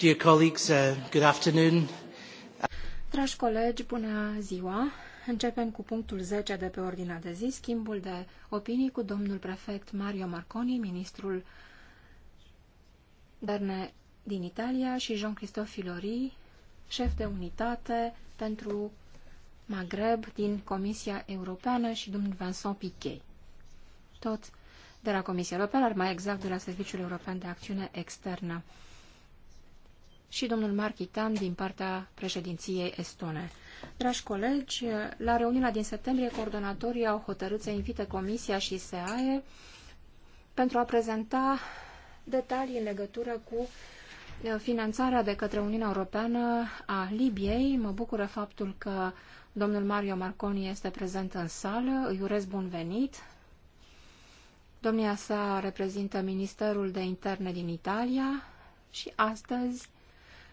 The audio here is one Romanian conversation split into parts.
Dear colleagues, uh, good afternoon. Dragi colegi, bună ziua! Începem cu punctul 10 de pe ordinea de zi, schimbul de opinii cu domnul prefect Mario Marconi, ministrul Berne din Italia și Jean-Christophe Filori, șef de unitate pentru Maghreb din Comisia Europeană și domnul Vincent Piquet. Tot de la Comisia Europeană, mai exact de la Serviciul European de Acțiune Externă și domnul Marchitan din partea președinției estone. Dragi colegi, la reuniunea din septembrie, coordonatorii au hotărât să invite Comisia și SEAE pentru a prezenta detalii în legătură cu uh, finanțarea de către Uniunea Europeană a Libiei. Mă bucură faptul că domnul Mario Marconi este prezent în sală. Îi urez bun venit. Domnia sa reprezintă Ministerul de Interne din Italia și astăzi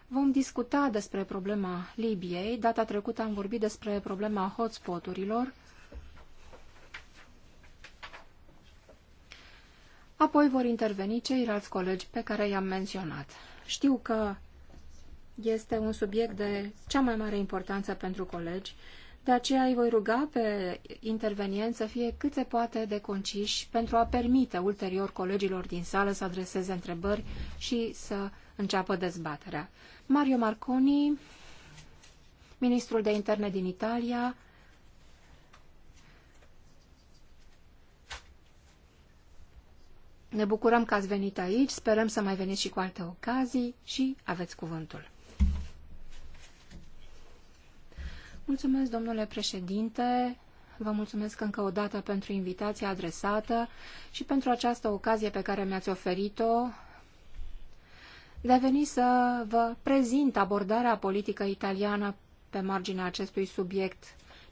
Vom discuta despre problema Libiei. Data trecută am vorbit despre problema hotspoturilor. Apoi vor interveni ceilalți colegi pe care i-am menționat. Știu că este un subiect de cea mai mare importanță pentru colegi, de aceea îi voi ruga pe intervenienți să fie cât se poate de conciși pentru a permite ulterior colegilor din sală să adreseze întrebări și să înceapă dezbaterea. Mario Marconi, ministrul de interne din Italia, Ne bucurăm că ați venit aici, sperăm să mai veniți și cu alte ocazii și aveți cuvântul. Mulțumesc, domnule președinte, vă mulțumesc încă o dată pentru invitația adresată și pentru această ocazie pe care mi-ați oferit-o de a veni să vă prezint abordarea politică italiană pe marginea acestui subiect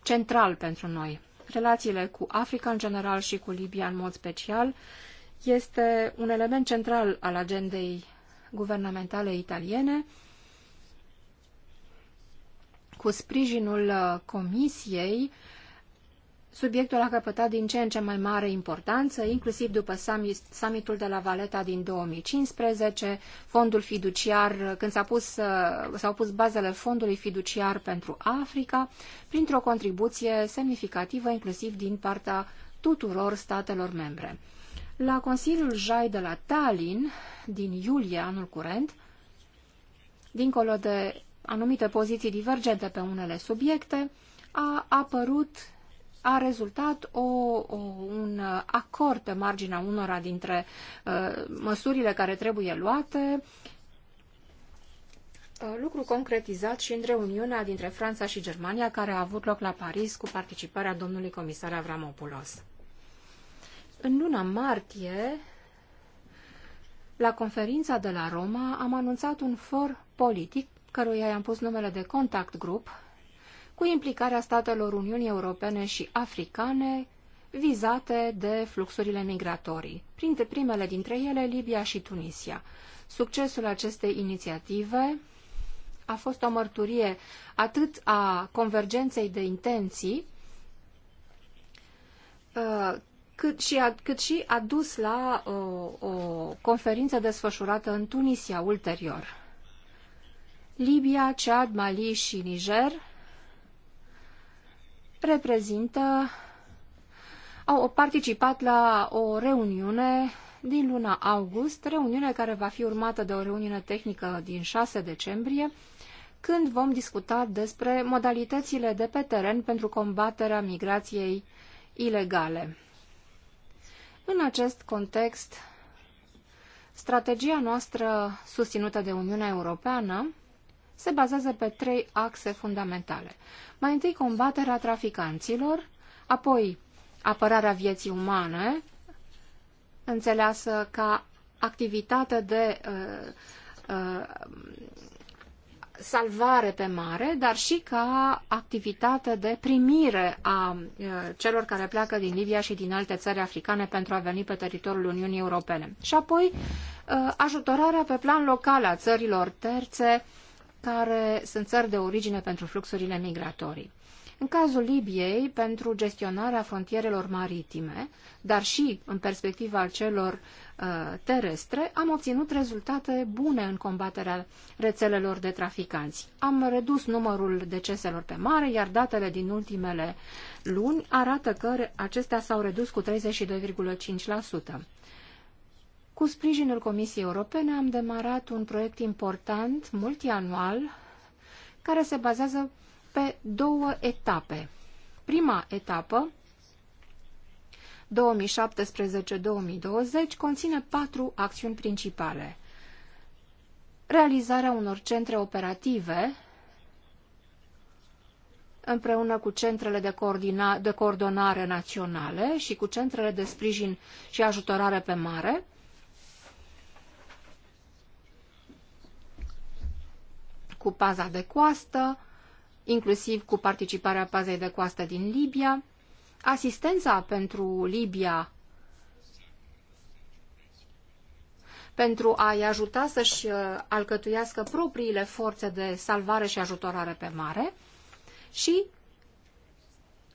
central pentru noi. Relațiile cu Africa în general și cu Libia în mod special este un element central al agendei guvernamentale italiene, cu sprijinul uh, Comisiei, Subiectul a căpătat din ce în ce mai mare importanță, inclusiv după summitul de la Valeta din 2015, fondul fiduciar, când s-a pus, uh, s-au pus bazele fondului fiduciar pentru Africa, printr-o contribuție semnificativă, inclusiv din partea tuturor statelor membre. La Consiliul Jai de la Tallinn, din iulie anul curent, dincolo de anumite poziții divergente pe unele subiecte, a apărut a rezultat o, o, un acord pe marginea unora dintre uh, măsurile care trebuie luate, uh, lucru concretizat și în reuniunea dintre Franța și Germania care a avut loc la Paris cu participarea domnului comisar Avramopoulos. În luna martie, la conferința de la Roma, am anunțat un for politic căruia i-am pus numele de contact grup cu implicarea statelor Uniunii Europene și Africane vizate de fluxurile migratorii, printre primele dintre ele Libia și Tunisia. Succesul acestei inițiative a fost o mărturie atât a convergenței de intenții, uh, cât și a, cât și a dus la o, uh, o conferință desfășurată în Tunisia ulterior. Libia, Chad, Mali și Niger reprezintă, au participat la o reuniune din luna august, reuniune care va fi urmată de o reuniune tehnică din 6 decembrie, când vom discuta despre modalitățile de pe teren pentru combaterea migrației ilegale. În acest context, strategia noastră susținută de Uniunea Europeană se bazează pe trei axe fundamentale. Mai întâi combaterea traficanților, apoi apărarea vieții umane, înțeleasă ca activitate de uh, uh, salvare pe mare, dar și ca activitate de primire a uh, celor care pleacă din Libia și din alte țări africane pentru a veni pe teritoriul Uniunii Europene. Și apoi uh, ajutorarea pe plan local a țărilor terțe care sunt țări de origine pentru fluxurile migratorii. În cazul Libiei, pentru gestionarea frontierelor maritime, dar și în perspectiva celor uh, terestre, am obținut rezultate bune în combaterea rețelelor de traficanți. Am redus numărul deceselor pe mare, iar datele din ultimele luni arată că acestea s-au redus cu 32,5%. Cu sprijinul Comisiei Europene am demarat un proiect important, multianual, care se bazează pe două etape. Prima etapă, 2017-2020 conține patru acțiuni principale. Realizarea unor centre operative împreună cu centrele de, coordina, de coordonare naționale și cu centrele de sprijin și ajutorare pe mare, cu paza de coastă, inclusiv cu participarea pazei de coastă din Libia. Asistența pentru Libia pentru a-i ajuta să-și uh, alcătuiască propriile forțe de salvare și ajutorare pe mare și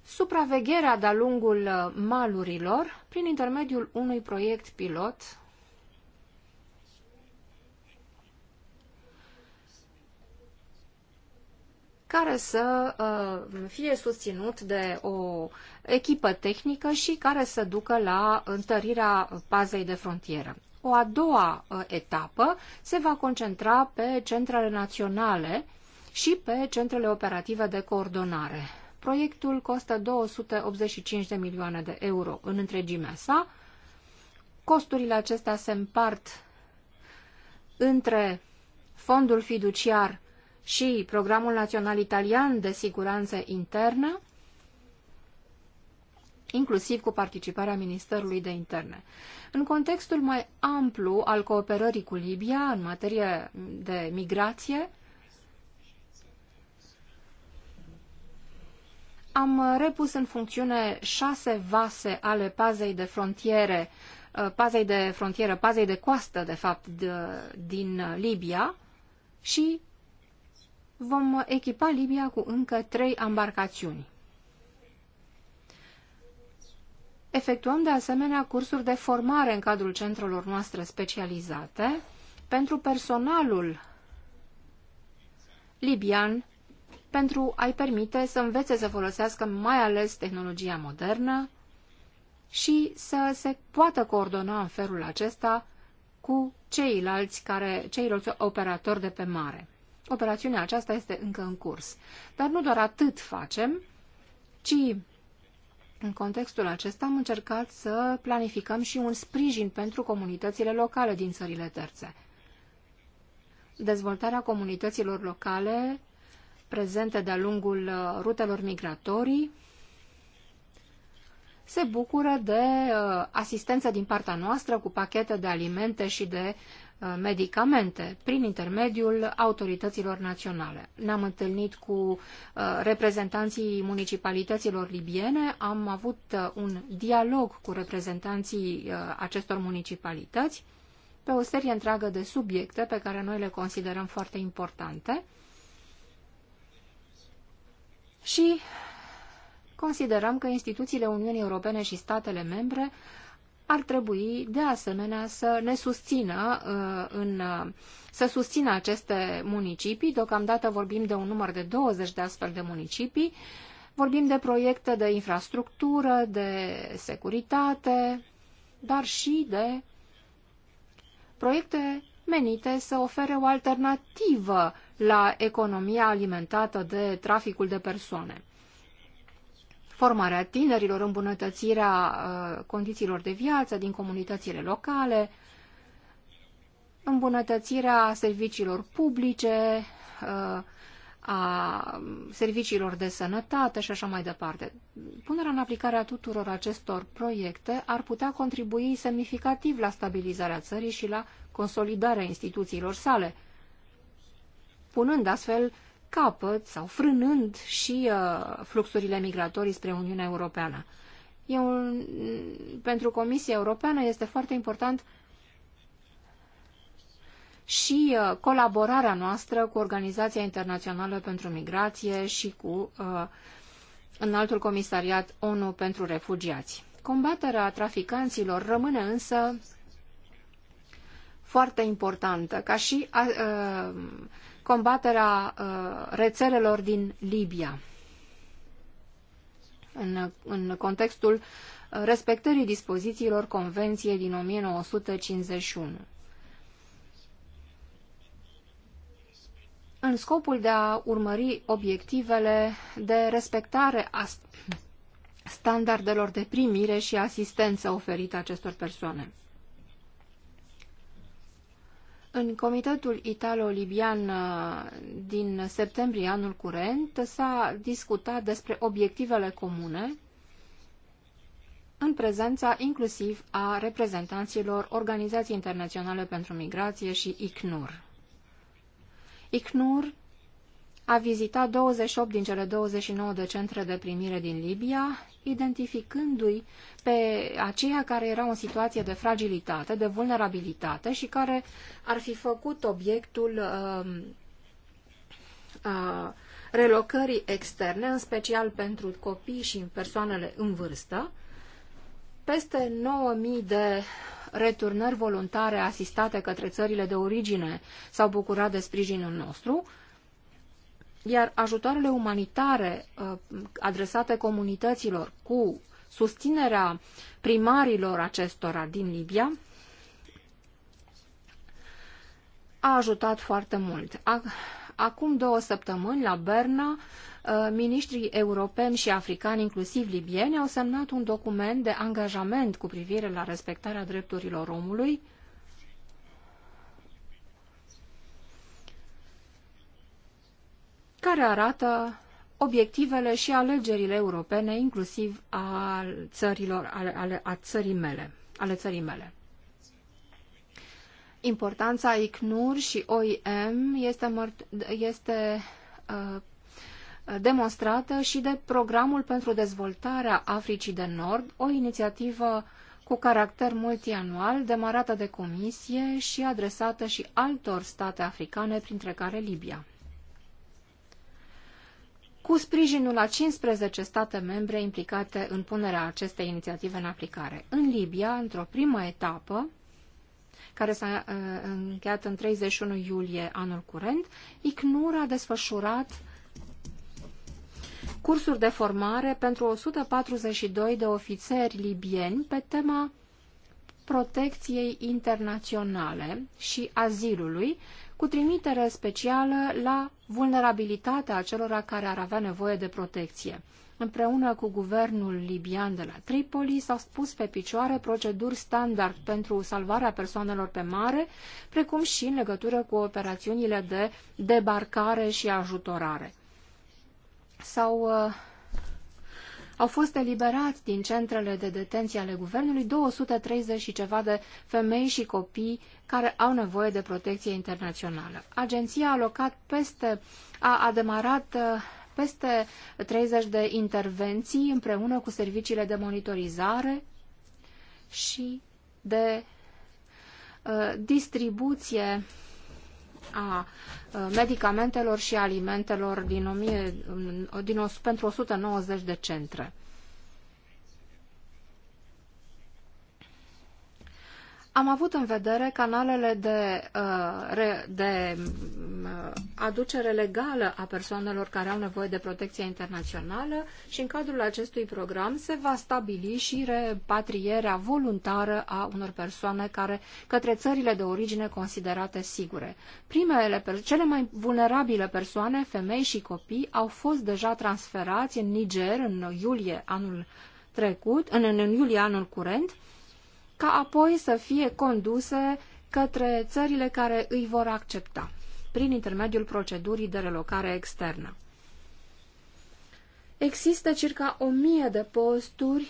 supravegherea de-a lungul uh, malurilor prin intermediul unui proiect pilot care să uh, fie susținut de o echipă tehnică și care să ducă la întărirea pazei de frontieră. O a doua uh, etapă se va concentra pe centrele naționale și pe centrele operative de coordonare. Proiectul costă 285 de milioane de euro în întregimea sa. Costurile acestea se împart între fondul fiduciar și Programul Național Italian de Siguranță Internă, inclusiv cu participarea Ministerului de Interne. În contextul mai amplu al cooperării cu Libia în materie de migrație, am repus în funcțiune șase vase ale pazei de frontiere, uh, pazei de frontieră, pazei de coastă, de fapt, de, din Libia și vom echipa Libia cu încă trei ambarcațiuni. Efectuăm de asemenea cursuri de formare în cadrul centrelor noastre specializate pentru personalul libian pentru a-i permite să învețe să folosească mai ales tehnologia modernă și să se poată coordona în felul acesta cu ceilalți, care, ceilalți operatori de pe mare. Operațiunea aceasta este încă în curs. Dar nu doar atât facem, ci în contextul acesta am încercat să planificăm și un sprijin pentru comunitățile locale din țările terțe. Dezvoltarea comunităților locale prezente de-a lungul uh, rutelor migratorii se bucură de uh, asistență din partea noastră cu pachete de alimente și de Uh, medicamente prin intermediul autorităților naționale. Ne-am întâlnit cu uh, reprezentanții municipalităților libiene, am avut uh, un dialog cu reprezentanții acestor municipalități pe o serie întreagă de subiecte pe care noi le considerăm foarte importante și considerăm că instituțiile Uniunii Europene și statele membre ar trebui de asemenea să ne susțină uh, în uh, să susțină aceste municipii. Deocamdată vorbim de un număr de 20 de astfel de municipii. Vorbim de proiecte de infrastructură, de securitate, dar și de proiecte menite să ofere o alternativă la economia alimentată de traficul de persoane formarea tinerilor, îmbunătățirea uh, condițiilor de viață din comunitățile locale, îmbunătățirea serviciilor publice, uh, a serviciilor de sănătate și așa mai departe. Punerea în aplicare a tuturor acestor proiecte ar putea contribui semnificativ la stabilizarea țării și la consolidarea instituțiilor sale, punând astfel capăt sau frânând și uh, fluxurile migratorii spre Uniunea Europeană. E un, pentru Comisia Europeană este foarte important și uh, colaborarea noastră cu Organizația Internațională pentru Migrație și cu uh, Înaltul Comisariat ONU pentru Refugiați. Combaterea traficanților rămâne însă foarte importantă, ca și uh, combaterea uh, rețelelor din Libia. În, în contextul uh, respectării dispozițiilor Convenției din 1951. În scopul de a urmări obiectivele de respectare a standardelor de primire și asistență oferită acestor persoane. În Comitetul Italo-Libian uh, din septembrie anul curent s-a discutat despre obiectivele comune în prezența inclusiv a reprezentanților Organizației Internaționale pentru Migrație și ICNUR. ICNUR a vizitat 28 din cele 29 de centre de primire din Libia, identificându-i pe aceia care erau în situație de fragilitate, de vulnerabilitate și care ar fi făcut obiectul uh, uh, relocării externe, în special pentru copii și persoanele în vârstă. Peste 9.000 de returnări voluntare asistate către țările de origine s-au bucurat de sprijinul nostru, iar ajutoarele umanitare uh, adresate comunităților cu susținerea primarilor acestora din Libia a ajutat foarte mult. Acum două săptămâni, la Berna, uh, ministrii europeni și africani, inclusiv libieni, au semnat un document de angajament cu privire la respectarea drepturilor omului, care arată obiectivele și alegerile europene, inclusiv al țărilor, ale, ale, a țării mele, ale țării mele. Importanța ICNUR și OIM este, este uh, demonstrată și de Programul pentru Dezvoltarea Africii de Nord, o inițiativă cu caracter multianual, demarată de comisie și adresată și altor state africane, printre care Libia cu sprijinul a 15 state membre implicate în punerea acestei inițiative în aplicare. În Libia, într-o primă etapă, care s-a uh, încheiat în 31 iulie anul curent, ICNUR a desfășurat cursuri de formare pentru 142 de ofițeri libieni pe tema protecției internaționale și azilului, cu trimitere specială la vulnerabilitatea acelora care ar avea nevoie de protecție. Împreună cu guvernul libian de la Tripoli s-au spus pe picioare proceduri standard pentru salvarea persoanelor pe mare, precum și în legătură cu operațiunile de debarcare și ajutorare. S-au uh, au fost eliberați din centrele de detenție ale guvernului 230 și ceva de femei și copii care au nevoie de protecție internațională. Agenția a alocat peste, a, a demarat uh, peste 30 de intervenții împreună cu serviciile de monitorizare și de uh, distribuție a medicamentelor și alimentelor din 1000, din, pentru 190 de centre. Am avut în vedere canalele de, uh, de mm, uh, aducere legală a persoanelor care au nevoie de protecție internațională și în cadrul acestui program se va stabili și repatrierea voluntară a unor persoane care către țările de origine considerate sigure. Primele, cele mai vulnerabile persoane, femei și copii, au fost deja transferați în Niger în iulie anul trecut, în, în iulie anul curent, ca apoi să fie conduse către țările care îi vor accepta, prin intermediul procedurii de relocare externă. Există circa o mie de posturi,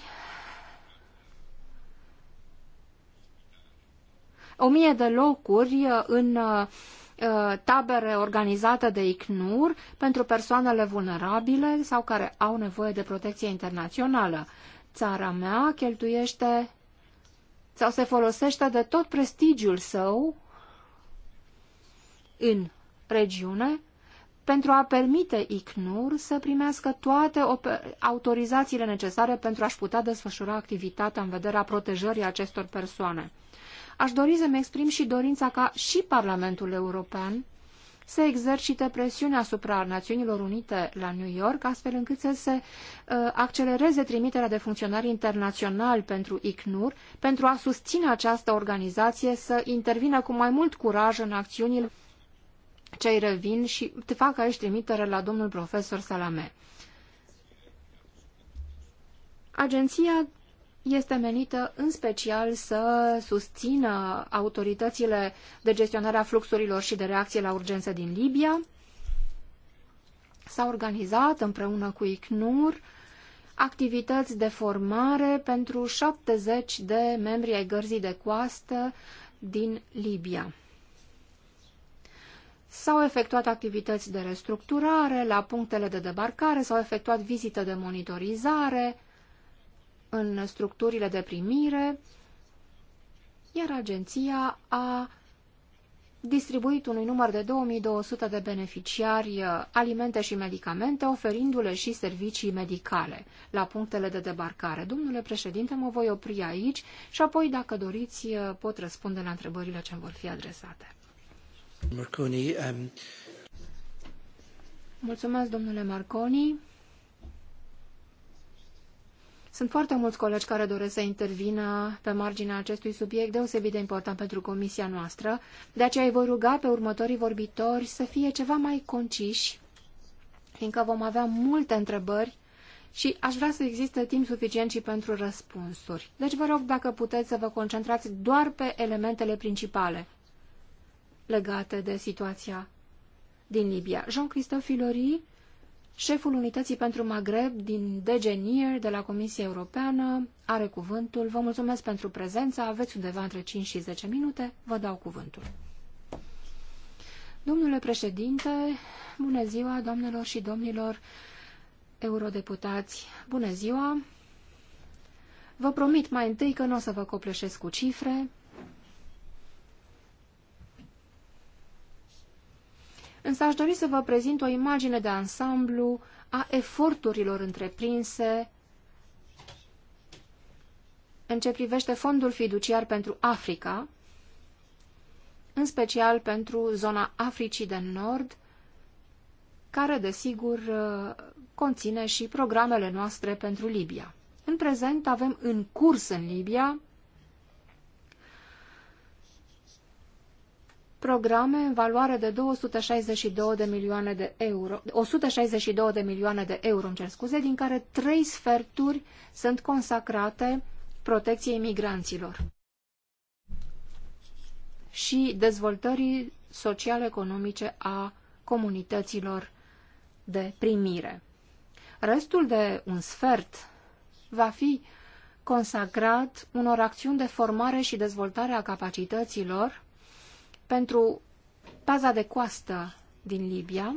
o mie de locuri în uh, tabere organizate de ICNUR pentru persoanele vulnerabile sau care au nevoie de protecție internațională. Țara mea cheltuiește sau se folosește de tot prestigiul său în regiune pentru a permite ICNUR să primească toate autorizațiile necesare pentru a-și putea desfășura activitatea în vederea protejării acestor persoane. Aș dori să-mi exprim și dorința ca și Parlamentul European să exercite presiune asupra Națiunilor Unite la New York, astfel încât să se uh, accelereze trimiterea de funcționari internaționali pentru ICNUR, pentru a susține această organizație să intervină cu mai mult curaj în acțiunile cei revin și te fac aici trimitere la domnul profesor Salame. Agenția este menită în special să susțină autoritățile de gestionare a fluxurilor și de reacție la urgență din Libia. S-a organizat împreună cu ICNUR activități de formare pentru 70 de membri ai gărzii de coastă din Libia. S-au efectuat activități de restructurare la punctele de debarcare, s-au efectuat vizite de monitorizare, în structurile de primire, iar agenția a distribuit unui număr de 2200 de beneficiari alimente și medicamente, oferindu-le și servicii medicale la punctele de debarcare. Domnule președinte, mă voi opri aici și apoi, dacă doriți, pot răspunde la întrebările ce vor fi adresate. Marconi, um... Mulțumesc, domnule Marconi. Sunt foarte mulți colegi care doresc să intervină pe marginea acestui subiect deosebit de important pentru comisia noastră, de aceea îi voi ruga pe următorii vorbitori să fie ceva mai conciși, fiindcă vom avea multe întrebări și aș vrea să existe timp suficient și pentru răspunsuri. Deci vă rog dacă puteți să vă concentrați doar pe elementele principale legate de situația din Libia. Jean-Christophe Filori Șeful Unității pentru Maghreb din Degenier, de la Comisia Europeană are cuvântul. Vă mulțumesc pentru prezența. Aveți undeva între 5 și 10 minute. Vă dau cuvântul. Domnule președinte, bună ziua, doamnelor și domnilor eurodeputați, bună ziua. Vă promit mai întâi că nu o să vă copleșesc cu cifre, însă aș dori să vă prezint o imagine de ansamblu a eforturilor întreprinse în ce privește fondul fiduciar pentru Africa, în special pentru zona Africii de Nord, care, desigur, conține și programele noastre pentru Libia. În prezent avem în curs în Libia programe în valoare de 262 de milioane de euro, 162 de milioane de euro, îmi cer scuze, din care trei sferturi sunt consacrate protecției migranților și dezvoltării social-economice a comunităților de primire. Restul de un sfert va fi consacrat unor acțiuni de formare și dezvoltare a capacităților pentru paza de coastă din Libia,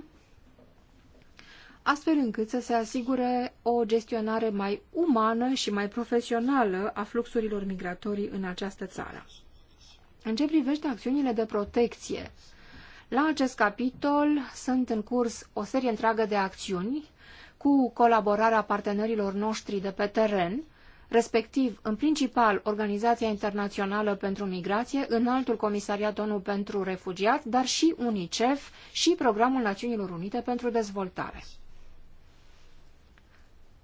astfel încât să se asigure o gestionare mai umană și mai profesională a fluxurilor migratorii în această țară. În ce privește acțiunile de protecție, la acest capitol sunt în curs o serie întreagă de acțiuni cu colaborarea partenerilor noștri de pe teren, respectiv, în principal, Organizația Internațională pentru Migrație, Înaltul Comisariat ONU pentru Refugiat, dar și UNICEF și Programul Națiunilor Unite pentru Dezvoltare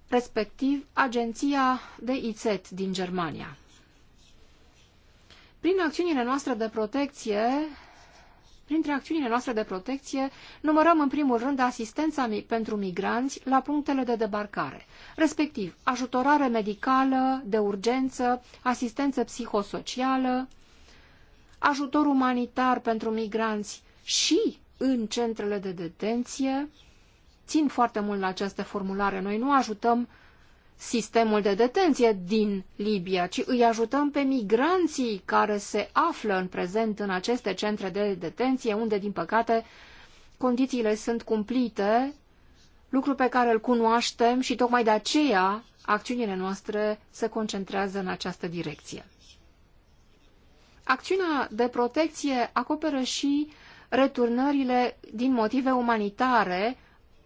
respectiv agenția de din Germania. Prin acțiunile noastre de protecție Printre acțiunile noastre de protecție, numărăm în primul rând asistența pentru migranți la punctele de debarcare, respectiv ajutorare medicală, de urgență, asistență psihosocială, ajutor umanitar pentru migranți și în centrele de detenție. Țin foarte mult la această formulare. Noi nu ajutăm sistemul de detenție din Libia, ci îi ajutăm pe migranții care se află în prezent în aceste centre de detenție, unde, din păcate, condițiile sunt cumplite, lucru pe care îl cunoaștem și tocmai de aceea acțiunile noastre se concentrează în această direcție. Acțiunea de protecție acoperă și returnările din motive umanitare,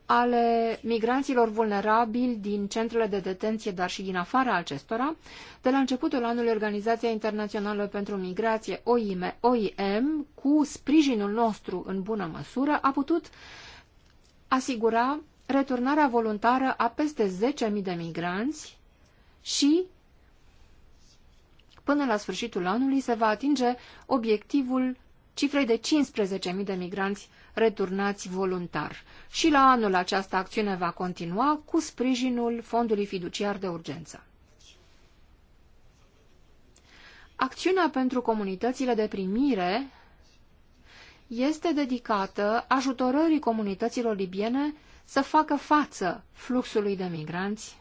ale migranților vulnerabili din centrele de detenție, dar și din afara acestora. De la începutul anului, Organizația Internațională pentru Migrație, OIM, OIM cu sprijinul nostru în bună măsură, a putut asigura returnarea voluntară a peste 10.000 de migranți și, până la sfârșitul anului, se va atinge obiectivul cifrei de 15.000 de migranți returnați voluntar. Și la anul această acțiune va continua cu sprijinul Fondului Fiduciar de Urgență. Acțiunea pentru comunitățile de primire este dedicată ajutorării comunităților libiene să facă față fluxului de migranți,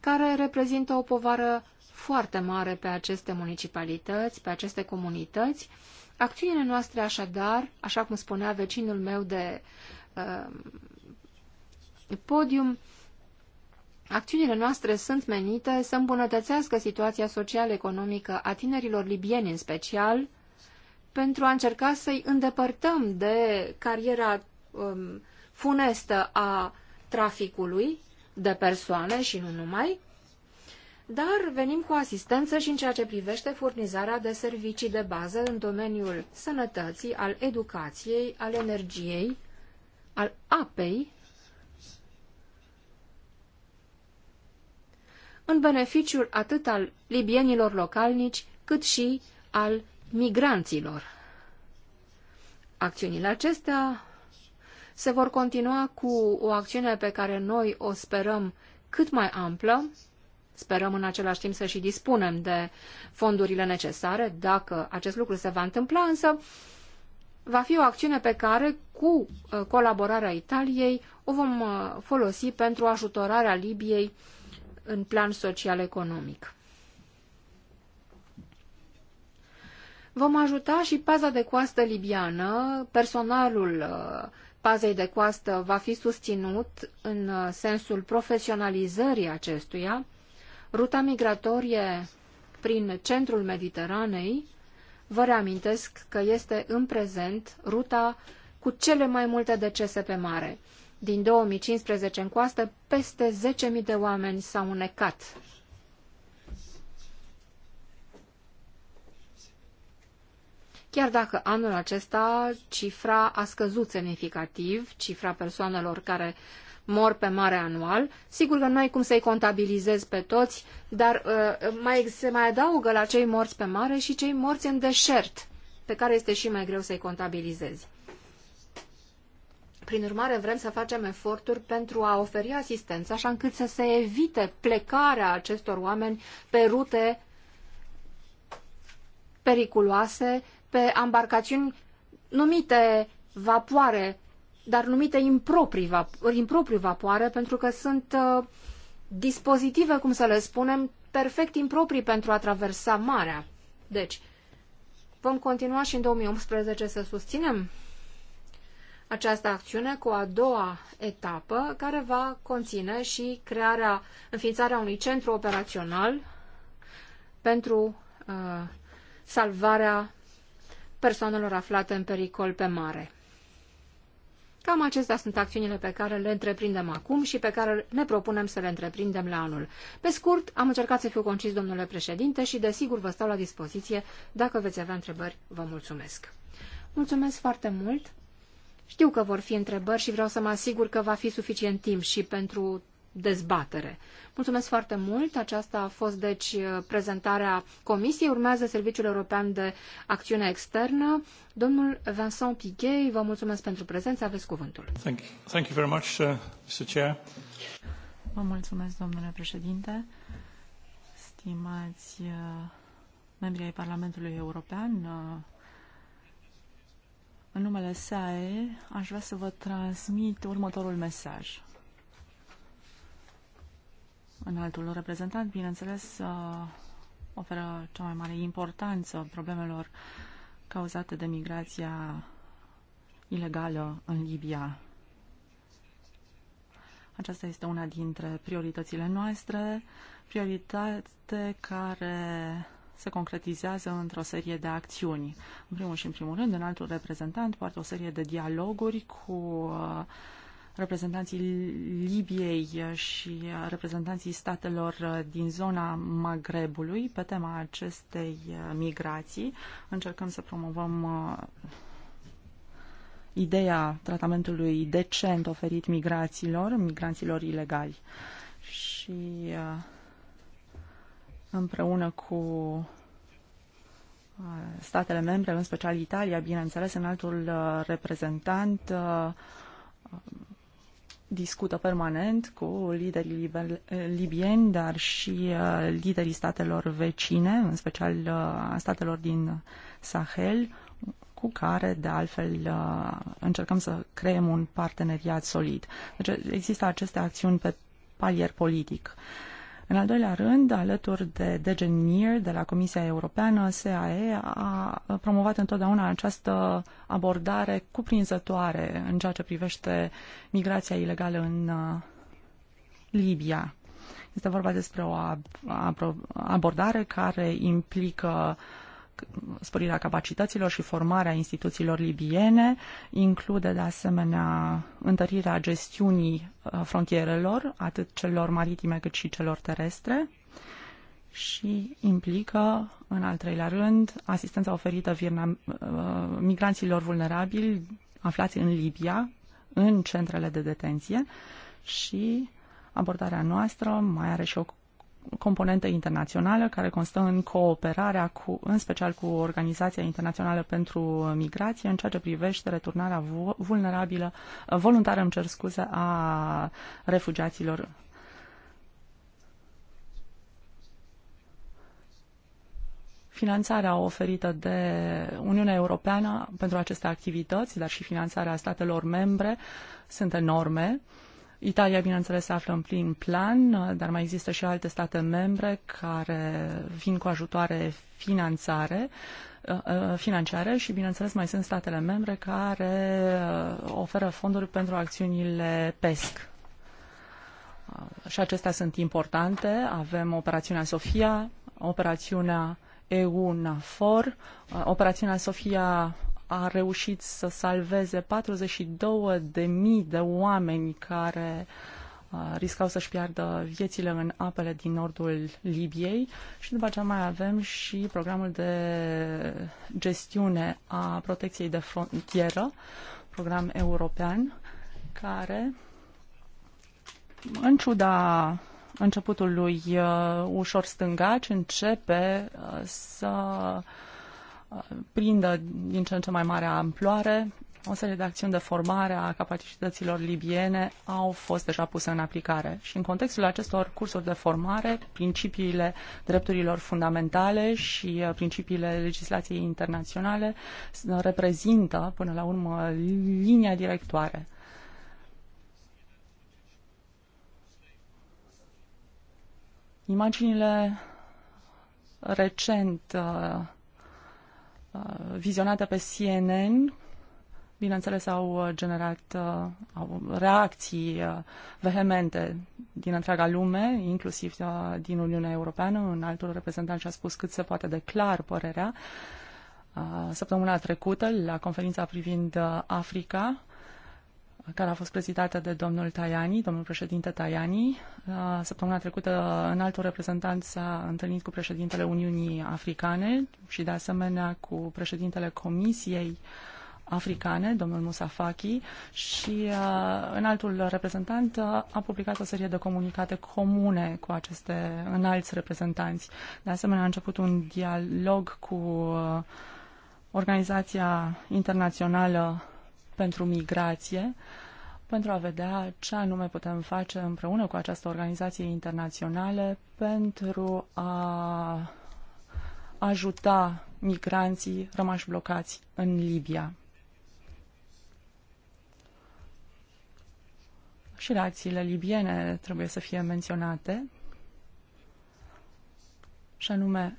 care reprezintă o povară foarte mare pe aceste municipalități, pe aceste comunități, Acțiunile noastre, așadar, așa cum spunea vecinul meu de uh, podium, acțiunile noastre sunt menite să îmbunătățească situația social-economică a tinerilor libieni în special, pentru a încerca să-i îndepărtăm de cariera um, funestă a traficului de persoane și nu numai, dar venim cu asistență și în ceea ce privește furnizarea de servicii de bază în domeniul sănătății, al educației, al energiei, al apei, în beneficiul atât al libienilor localnici, cât și al migranților. Acțiunile acestea se vor continua cu o acțiune pe care noi o sperăm cât mai amplă, Sperăm în același timp să și dispunem de fondurile necesare. Dacă acest lucru se va întâmpla, însă, va fi o acțiune pe care, cu uh, colaborarea Italiei, o vom uh, folosi pentru ajutorarea Libiei în plan social-economic. Vom ajuta și paza de coastă libiană. Personalul uh, pazei de coastă va fi susținut în sensul profesionalizării acestuia, Ruta migratorie prin centrul Mediteranei, vă reamintesc că este în prezent ruta cu cele mai multe decese pe mare. Din 2015 în coastă, peste 10.000 de oameni s-au unecat. Chiar dacă anul acesta cifra a scăzut semnificativ, cifra persoanelor care mor pe mare anual. Sigur că nu ai cum să-i contabilizezi pe toți, dar uh, mai, se mai adaugă la cei morți pe mare și cei morți în deșert, pe care este și mai greu să-i contabilizezi. Prin urmare, vrem să facem eforturi pentru a oferi asistență, așa încât să se evite plecarea acestor oameni pe rute periculoase, pe ambarcațiuni numite vapoare dar numite improprii, improprii vapoare, pentru că sunt uh, dispozitive, cum să le spunem, perfect improprii pentru a traversa marea. Deci, vom continua și în 2018 să susținem această acțiune cu a doua etapă, care va conține și crearea, înființarea unui centru operațional pentru uh, salvarea persoanelor aflate în pericol pe mare. Cam acestea sunt acțiunile pe care le întreprindem acum și pe care ne propunem să le întreprindem la anul. Pe scurt, am încercat să fiu concis, domnule președinte, și desigur vă stau la dispoziție. Dacă veți avea întrebări, vă mulțumesc. Mulțumesc foarte mult! Știu că vor fi întrebări și vreau să mă asigur că va fi suficient timp și pentru dezbatere. Mulțumesc foarte mult. Aceasta a fost, deci, prezentarea Comisiei. Urmează Serviciul European de Acțiune Externă. Domnul Vincent Piguet, vă mulțumesc pentru prezență. Aveți cuvântul. Thank you, Thank you very much, uh, Mr. Chair. Vă mulțumesc, domnule președinte. Stimați uh, membrii ai Parlamentului European, uh, în numele SAE aș vrea să vă transmit următorul mesaj. Înaltul reprezentant, bineînțeles, uh, oferă cea mai mare importanță problemelor cauzate de migrația ilegală în Libia. Aceasta este una dintre prioritățile noastre, prioritate care se concretizează într-o serie de acțiuni. În primul și în primul rând, în altul reprezentant poartă o serie de dialoguri cu uh, reprezentanții Libiei și reprezentanții statelor din zona Magrebului pe tema acestei migrații. Încercăm să promovăm uh, ideea tratamentului decent oferit migraților, migranților ilegali. Și uh, împreună cu uh, statele membre, în special Italia, bineînțeles, în altul reprezentant discută permanent cu liderii libieni, dar și uh, liderii statelor vecine, în special uh, statelor din Sahel, cu care, de altfel, uh, încercăm să creăm un parteneriat solid. Deci există aceste acțiuni pe palier politic. Uh, în al doilea rând, alături de Degenier de la Comisia Europeană, SAE a promovat întotdeauna această abordare cuprinzătoare în ceea ce privește migrația ilegală în uh, Libia. Este vorba despre o abordare care implică uh, sporirea capacităților și formarea instituțiilor libiene, include de asemenea întărirea gestiunii uh, frontierelor, atât celor maritime cât și celor terestre, și implică, în al treilea rând, asistența oferită Vietnam, uh, migranților vulnerabili aflați în Libia, în centrele de detenție și abordarea noastră mai are și o componentă internațională care constă în cooperarea cu, în special cu Organizația Internațională pentru Migrație în ceea ce privește returnarea vulnerabilă, voluntară, îmi cer scuze, a refugiaților finanțarea oferită de Uniunea Europeană pentru aceste activități, dar și finanțarea statelor membre sunt enorme. Uh, Italia, bineînțeles, se află în plin plan, dar mai există și alte state membre care vin cu ajutoare finanțare, uh, uh, financiare și, bineînțeles, mai sunt statele membre care uh, oferă fonduri pentru acțiunile PESC. Și acestea sunt importante. Avem operațiunea Sofia, operațiunea EU-NAFOR, operațiunea Sofia a reușit să salveze 42.000 de oameni care uh, riscau să-și piardă viețile în apele din nordul Libiei și după aceea mai avem și programul de gestiune a protecției de frontieră, program european, care, în ciuda începutului uh, ușor stângaci, începe uh, să prindă din ce în ce mai mare amploare. O serie de acțiuni de formare a capacităților libiene au fost deja puse în aplicare și în contextul acestor cursuri de formare, principiile drepturilor fundamentale și uh, principiile legislației internaționale uh, reprezintă până la urmă linia directoare. Imaginile recent uh, Uh, vizionată pe CNN, bineînțeles, au uh, generat uh, au reacții vehemente din întreaga lume, inclusiv din Uniunea Europeană. Un altul reprezentant și-a spus cât se poate de clar părerea. Săptămâna trecută, la conferința privind Africa, care a fost prezentată de domnul Tajani, domnul președinte Tajani. Uh, săptămâna trecută, în altul reprezentant s-a întâlnit cu președintele Uniunii Africane și, de asemenea, cu președintele Comisiei africane, domnul Musafaki, și în uh, altul reprezentant uh, a publicat o serie de comunicate comune cu aceste înalți reprezentanți. De asemenea, a început un dialog cu Organizația Internațională pentru migrație, pentru a vedea ce anume putem face împreună cu această organizație internațională pentru a ajuta migranții rămași blocați în Libia. Și reacțiile libiene trebuie să fie menționate, și anume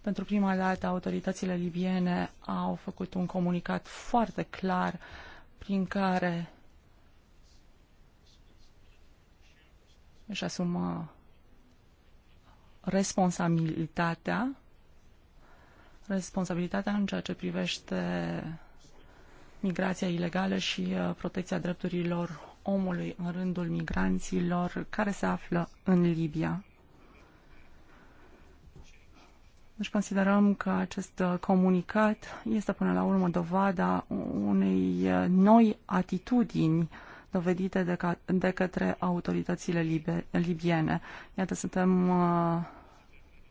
pentru prima dată, autoritățile libiene au făcut un comunicat foarte clar prin care își asumă responsabilitatea responsabilitatea în ceea ce privește migrația ilegală și uh, protecția drepturilor omului în rândul migranților care se află în Libia. Deci considerăm că acest uh, comunicat este până la urmă dovada unei uh, noi atitudini dovedite de, ca, de către autoritățile libe, libiene. Iată, suntem uh,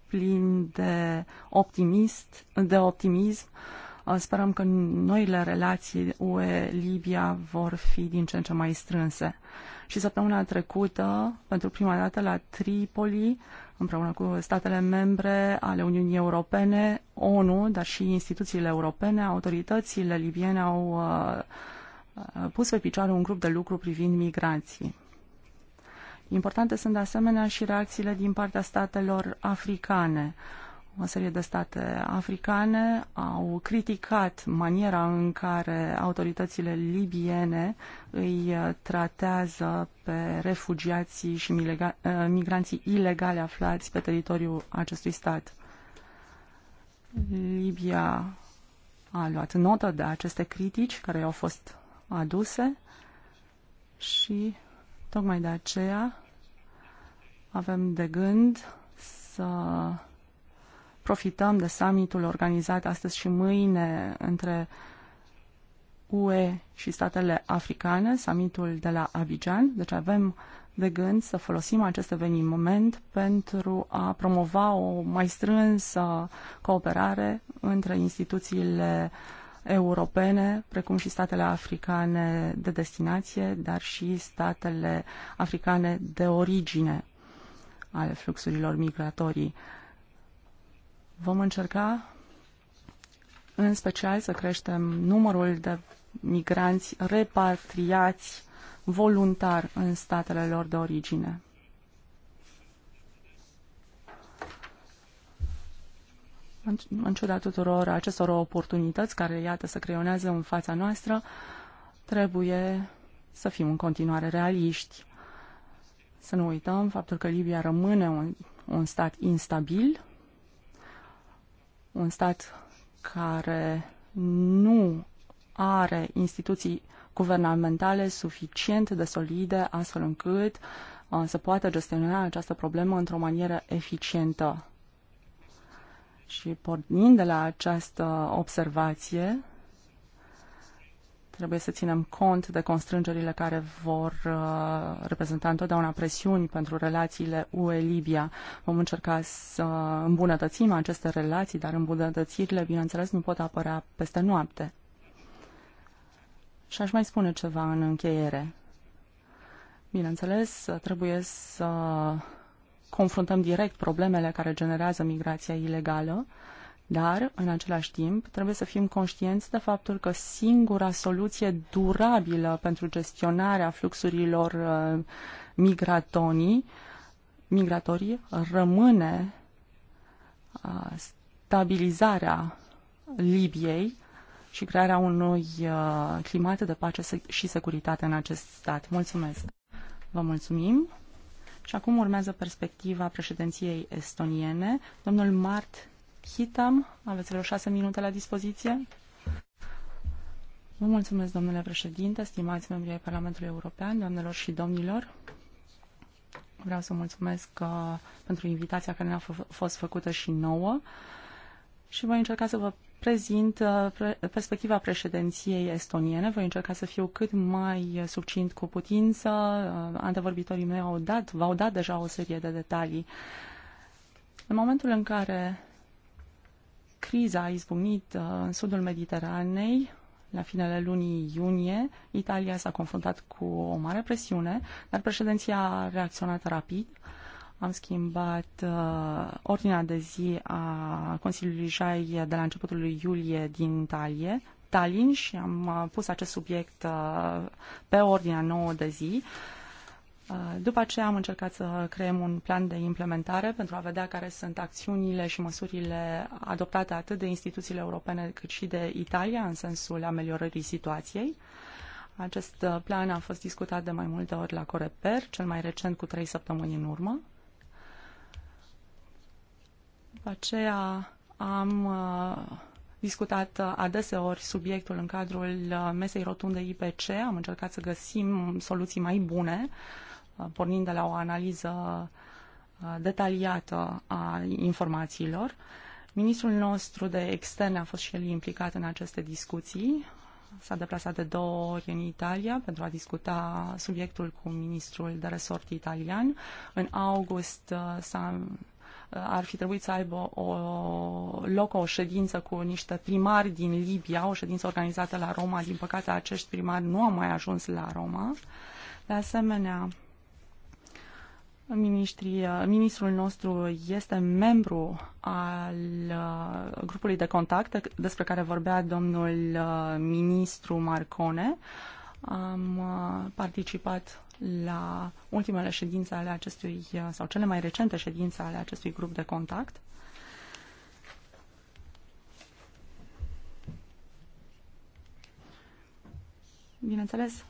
plini de, optimist, de optimism. sperăm că noile relații UE-Libia vor fi din ce în ce mai strânse și săptămâna trecută, pentru prima dată la Tripoli, împreună cu statele membre ale Uniunii Europene, ONU, dar și instituțiile europene, autoritățile libiene au uh, uh, pus pe picioare un grup de lucru privind migrații. Importante sunt de asemenea și reacțiile din partea statelor africane o serie de state africane au criticat maniera în care autoritățile libiene îi uh, tratează pe refugiații și uh, migranții ilegali aflați pe teritoriul acestui stat. Libia a luat notă de aceste critici care au fost aduse și tocmai de aceea avem de gând să profităm de summitul organizat astăzi și mâine între UE și statele africane, summitul de la Abidjan. Deci avem de gând să folosim acest eveniment pentru a promova o mai strânsă cooperare între instituțiile europene, precum și statele africane de destinație, dar și statele africane de origine ale fluxurilor migratorii. Vom încerca în special să creștem numărul de migranți repatriați voluntar în statele lor de origine. În ciuda tuturor acestor oportunități care, iată, se creionează în fața noastră, trebuie să fim în continuare realiști. Să nu uităm faptul că Libia rămâne un, un stat instabil un stat care nu are instituții guvernamentale suficient de solide astfel încât uh, să poată gestiona această problemă într-o manieră eficientă. Și pornind de la această observație, Trebuie să ținem cont de constrângerile care vor uh, reprezenta întotdeauna presiuni pentru relațiile UE-Libia. Vom încerca să îmbunătățim aceste relații, dar îmbunătățirile, bineînțeles, nu pot apărea peste noapte. Și aș mai spune ceva în încheiere. Bineînțeles, trebuie să confruntăm direct problemele care generează migrația ilegală, uh, dar, în același timp, trebuie să fim conștienți de faptul că singura soluție durabilă pentru gestionarea fluxurilor uh, migratonii, migratorii rămâne uh, stabilizarea Libiei și crearea unui uh, climat de pace și securitate în acest stat. Mulțumesc! Vă mulțumim! Și acum urmează perspectiva președinției estoniene. Domnul Mart Hitam. Aveți vreo șase minute la dispoziție. Vă mulțumesc, domnule președinte, stimați membrii ai Parlamentului European, doamnelor și domnilor. Vreau să mulțumesc uh, pentru invitația care ne-a fost făcută și nouă și voi încerca să vă prezint uh, pre perspectiva președinției estoniene. Voi încerca să fiu cât mai succint cu putință. Uh, antevorbitorii mei au dat, v-au dat deja o serie de detalii. În momentul în care criza a izbucnit uh, în sudul Mediteranei la finele lunii iunie. Italia s-a confruntat cu o mare presiune, dar președinția a reacționat rapid. Am schimbat uh, ordinea de zi a Consiliului Jai de la începutul lui iulie din Italie, Tallinn și am uh, pus acest subiect uh, pe ordinea nouă de zi. Uh, Uh, după aceea am încercat să creăm un plan de implementare pentru a vedea care sunt acțiunile și măsurile adoptate atât de instituțiile europene cât și de Italia în sensul ameliorării situației. Acest uh, plan a fost discutat de mai multe ori la Coreper, cel mai recent cu trei săptămâni în urmă. După aceea am uh, discutat adeseori subiectul în cadrul mesei rotunde IPC, am încercat să găsim soluții mai bune uh, pornind de la o analiză uh, detaliată a informațiilor. Ministrul nostru de externe a fost și el implicat în aceste discuții. S-a deplasat de două ori în Italia pentru a discuta subiectul cu ministrul de resort italian. În august uh, s-a uh, ar fi trebuit să aibă o loc o ședință cu niște primari din Libia, o ședință organizată la Roma. Din păcate, acești primari nu au mai ajuns la Roma. De asemenea, Uh, ministrul nostru este membru al uh, grupului de contact despre care vorbea domnul uh, ministru Marcone. Am participat la ultimele ședințe ale acestui, sau cele mai recente ședințe ale acestui grup de contact. Bineînțeles,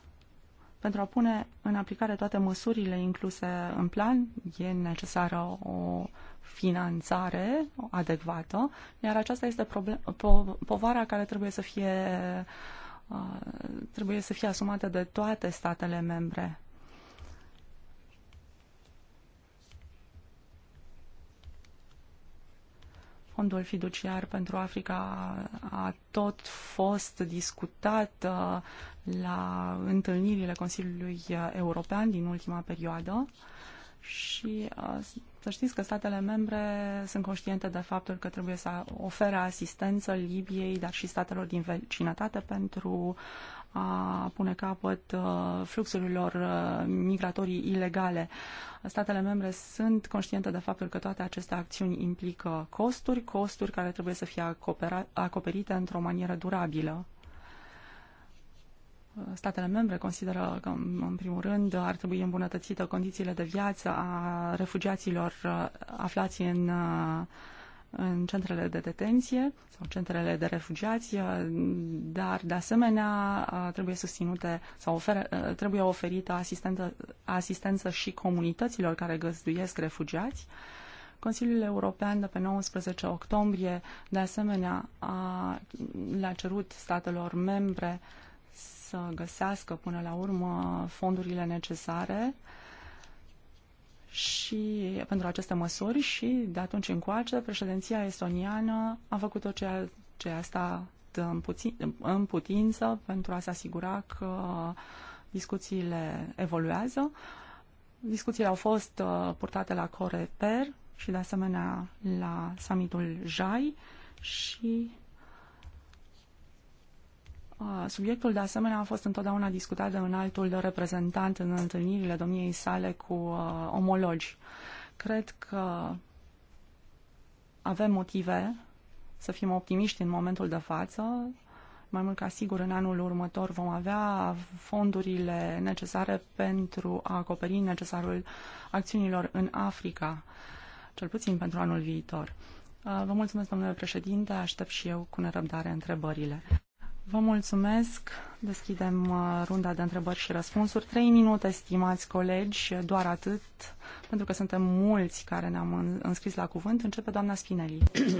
pentru a pune în aplicare toate măsurile incluse în plan, e necesară o finanțare adecvată, iar aceasta este po povara care trebuie să fie uh, trebuie să fie asumată de toate statele membre. Fondul fiduciar pentru Africa a tot fost discutat uh, la întâlnirile Consiliului European din ultima perioadă și uh, să știți că statele membre sunt conștiente de faptul că trebuie să ofere asistență Libiei, dar și statelor din vecinătate pentru a pune capăt uh, fluxurilor uh, migratorii ilegale. Statele membre sunt conștiente de faptul că toate aceste acțiuni implică costuri, costuri care trebuie să fie acoperite într-o manieră durabilă statele membre consideră că, în primul rând, ar trebui îmbunătățită condițiile de viață a refugiaților uh, aflați în în centrele de detenție sau centrele de refugiați, uh, dar de asemenea uh, trebuie susținute sau oferă, uh, trebuie oferită asistență, asistență și comunităților care găzduiesc refugiați. Consiliul European de pe 19 octombrie de asemenea a, le-a cerut statelor membre să găsească până la urmă fondurile necesare uh, și pentru aceste măsuri și de atunci încoace președinția estoniană a făcut tot ceea ce asta în, puțin, în putință pentru a se asigura că discuțiile evoluează. Discuțiile au fost uh, purtate la Coreper și de asemenea la summitul JAI și Subiectul, de asemenea, a fost întotdeauna discutat de un altul reprezentant în întâlnirile domniei sale cu uh, omologi. Cred că avem motive să fim optimiști în momentul de față. Mai mult ca sigur, în anul următor vom avea fondurile necesare pentru a acoperi necesarul acțiunilor în Africa, cel puțin pentru anul viitor. Uh, vă mulțumesc, domnule președinte, aștept și eu cu nerăbdare întrebările. Vă mulțumesc. Deschidem uh, runda de întrebări și răspunsuri. Trei minute, stimați colegi, doar atât, pentru că suntem mulți care ne-am înscris la cuvânt. Începe doamna Spinelli.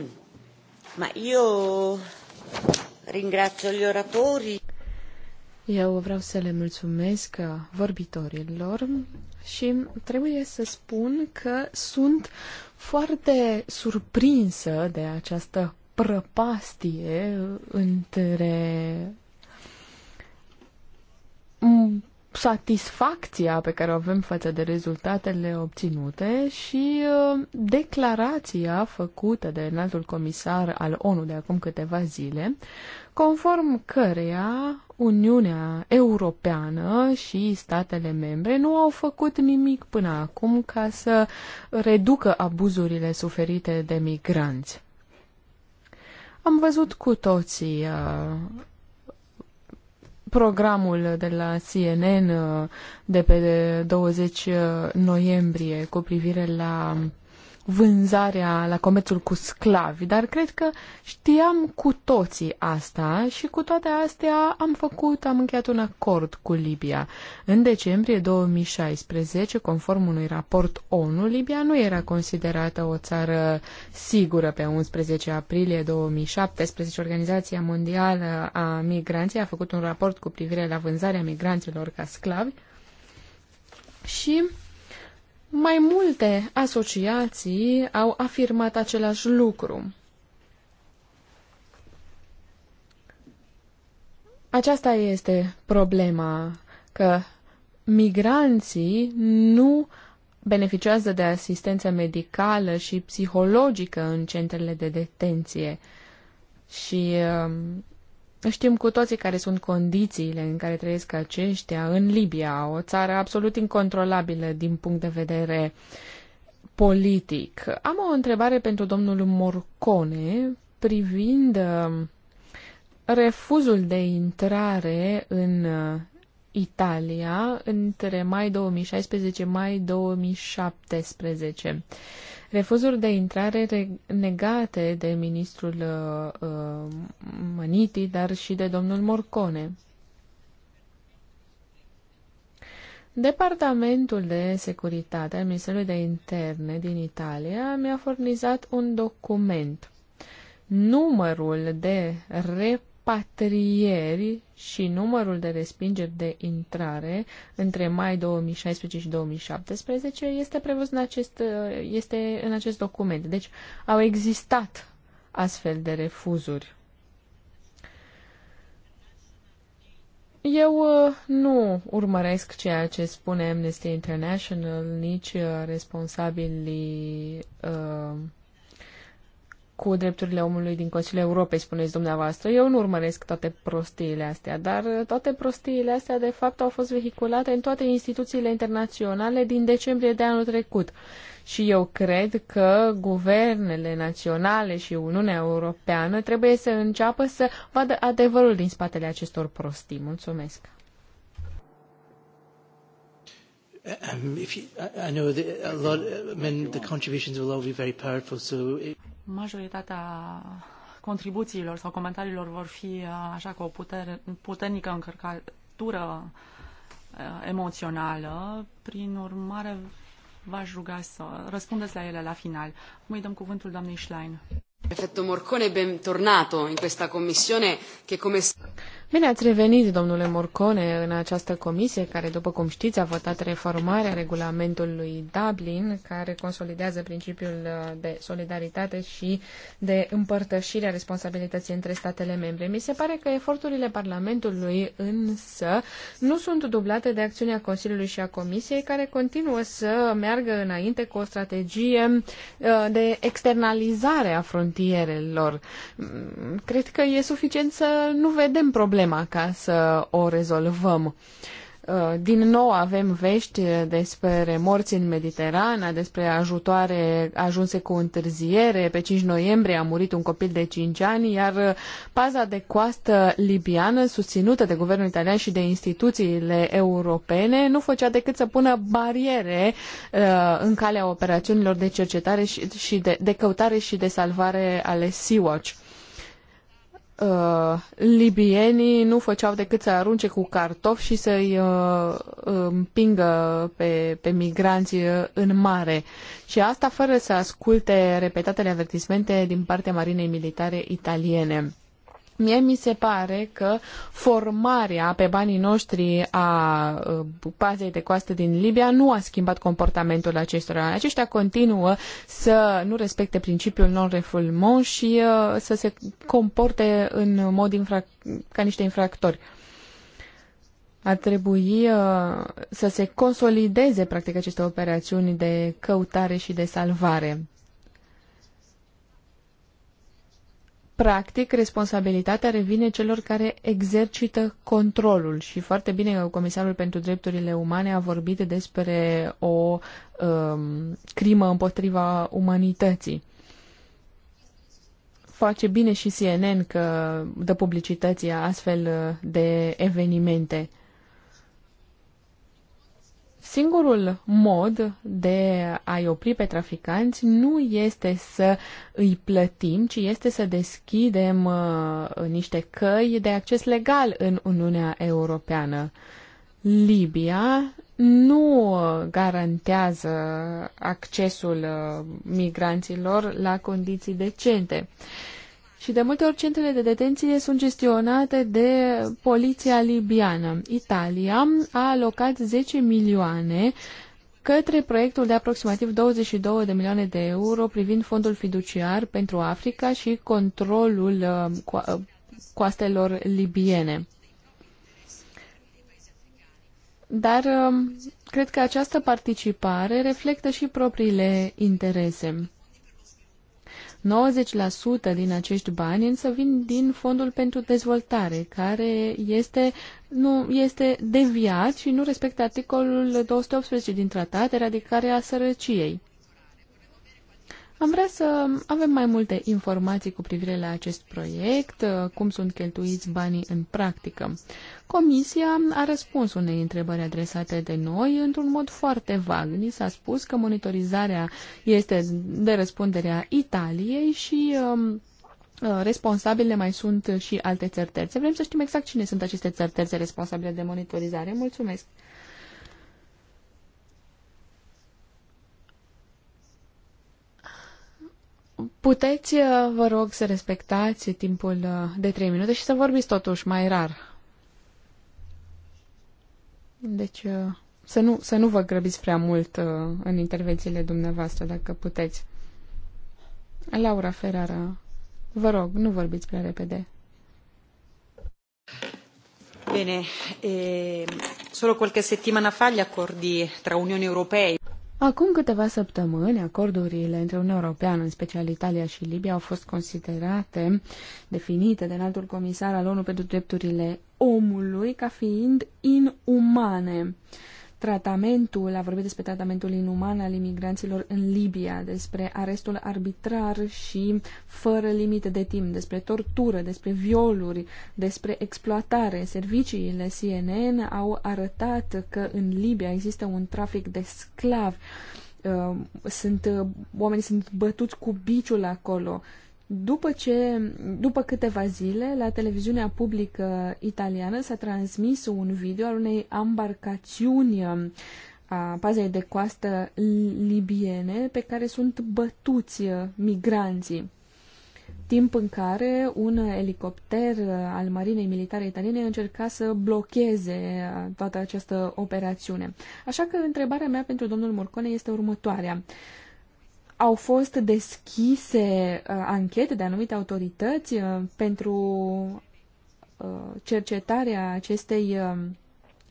Ma eu ringrazio gli oratori. Eu vreau să le mulțumesc vorbitorilor și trebuie să spun că sunt foarte surprinsă de această prăpastie între satisfacția pe care o avem față de rezultatele obținute și uh, declarația făcută de înaltul comisar al ONU de acum câteva zile, conform căreia Uniunea Europeană și statele membre nu au făcut nimic până acum ca să reducă abuzurile suferite de migranți. Am văzut cu toții uh, programul de la CNN uh, de pe 20 uh, noiembrie cu privire la vânzarea, la comerțul cu sclavi, dar cred că știam cu toții asta și cu toate astea am făcut, am încheiat un acord cu Libia. În decembrie 2016, conform unui raport ONU, Libia nu era considerată o țară sigură pe 11 aprilie 2017. Organizația Mondială a Migranței a făcut un raport cu privire la vânzarea migranților ca sclavi și mai multe asociații au afirmat același lucru. Aceasta este problema, că migranții nu beneficiază de asistență medicală și psihologică în centrele de detenție și um, Știm cu toții care sunt condițiile în care trăiesc aceștia în Libia, o țară absolut incontrolabilă din punct de vedere politic. Am o întrebare pentru domnul Morcone privind um, refuzul de intrare în uh, Italia între mai 2016 mai 2017 refuzuri de intrare negate de ministrul uh, uh, Măniti, dar și de domnul Morcone. Departamentul de Securitate al Ministerului de Interne din Italia mi-a furnizat un document. Numărul de rep repatrieri și numărul de respingeri de intrare între mai 2016 și 2017 este prevăzut în acest, este în acest document. Deci au existat astfel de refuzuri. Eu uh, nu urmăresc ceea ce spune Amnesty International, nici uh, responsabilii uh, cu drepturile omului din Consiliul Europei, spuneți dumneavoastră. Eu nu urmăresc toate prostiile astea, dar toate prostiile astea, de fapt, au fost vehiculate în toate instituțiile internaționale din decembrie de anul trecut. Și eu cred că guvernele naționale și Uniunea Europeană trebuie să înceapă să vadă adevărul din spatele acestor prostii. Mulțumesc! Um, if you, I know that a lot, I mean, the contributions will all be very powerful, so... It... Majoritatea contribuțiilor sau comentariilor vor fi uh, așa cu o putere, puternică încărcătură uh, emoțională. Prin urmare, v-aș ruga să răspundeți la ele la final. Cum îi dăm cuvântul doamnei Schlein? Prefetto Morcone, tornato in questa commissione che come... Bine ați revenit, domnule Morcone, în această comisie care, după cum știți, a votat reformarea regulamentului Dublin, care consolidează principiul uh, de solidaritate și de împărtășire a responsabilității între statele membre. Mi se pare că eforturile Parlamentului însă nu sunt dublate de acțiunea Consiliului și a Comisiei, care continuă să meargă înainte cu o strategie uh, de externalizare a frontierelor. Mm, cred că e suficient să nu vedem probleme problema ca să o rezolvăm. Uh, din nou avem vești despre morți în Mediterana, despre ajutoare ajunse cu întârziere. Pe 5 noiembrie a murit un copil de 5 ani, iar paza de coastă libiană, susținută de guvernul italian și de instituțiile europene, nu făcea decât să pună bariere uh, în calea operațiunilor de cercetare și de, de căutare și de salvare ale Sea-Watch uh, libienii nu făceau decât să arunce cu cartofi și să-i uh, împingă pe, pe migranți uh, în mare. Și asta fără să asculte repetatele avertismente din partea marinei militare italiene. Mie mi se pare că formarea pe banii noștri a bazei uh, de coastă din Libia nu a schimbat comportamentul acestora. Aceștia continuă să nu respecte principiul non-refoulement și uh, să se comporte în mod infrac- ca niște infractori ar trebui uh, să se consolideze practic aceste operațiuni de căutare și de salvare. practic, responsabilitatea revine celor care exercită controlul și foarte bine că Comisarul pentru Drepturile Umane a vorbit despre o um, crimă împotriva umanității. Face bine și CNN că dă publicității astfel de evenimente. Singurul mod de a-i opri pe traficanți nu este să îi plătim, ci este să deschidem uh, niște căi de acces legal în Uniunea Europeană. Libia nu garantează accesul uh, migranților la condiții decente. Uh, și de multe ori centrele de detenție sunt gestionate de poliția libiană. Italia a alocat 10 milioane către proiectul de aproximativ 22 de milioane de euro privind fondul fiduciar pentru Africa și controlul uh, uh, coastelor libiene. Dar uh, cred că această participare reflectă și propriile interese. 90% din acești bani însă vin din fondul pentru dezvoltare, care este, nu, este deviat și nu respectă articolul 218 din tratat, eradicarea sărăciei. Am vrea să avem mai multe informații cu privire la acest proiect, uh, cum sunt cheltuiți banii în practică. Comisia a răspuns unei întrebări adresate de noi într-un mod foarte vag. Ni s-a spus că monitorizarea este de răspunderea Italiei și um, uh, responsabile mai sunt și alte țări terțe. Vrem să știm exact cine sunt aceste țări terțe responsabile de monitorizare. Mulțumesc! Puteți, uh, vă rog, să respectați timpul uh, de 3 minute și să vorbiți totuși mai rar. Deci, uh, să nu, să nu vă grăbiți prea mult în intervențiile dumneavoastră, dacă puteți. Laura Ferrara, vă rog, nu vorbiți prea repede. Bine, e, solo qualche settimana fa gli accordi tra Unione Europea Acum câteva săptămâni, acordurile între Uniunea Europeană, în special Italia și Libia, au fost considerate, definite de înaltul comisar al ONU pentru drepturile omului, ca fiind inumane. Uh, tratamentul, a vorbit despre tratamentul inuman al imigranților în Libia, despre arestul arbitrar și fără limite de timp, despre tortură, despre violuri, despre exploatare. Serviciile CNN au arătat că în Libia există un trafic de sclavi, uh, sunt, oamenii sunt bătuți cu biciul acolo după, ce, după câteva zile, la televiziunea publică italiană s-a transmis un video al unei ambarcațiuni um, a pazei de coastă libiene pe care sunt bătuți uh, migranții timp în care un elicopter uh, al Marinei Militare Italiene încerca să blocheze uh, toată această operațiune. Așa că întrebarea mea pentru domnul Morcone este următoarea au fost deschise uh, anchete de anumite autorități uh, pentru uh, cercetarea acestei um,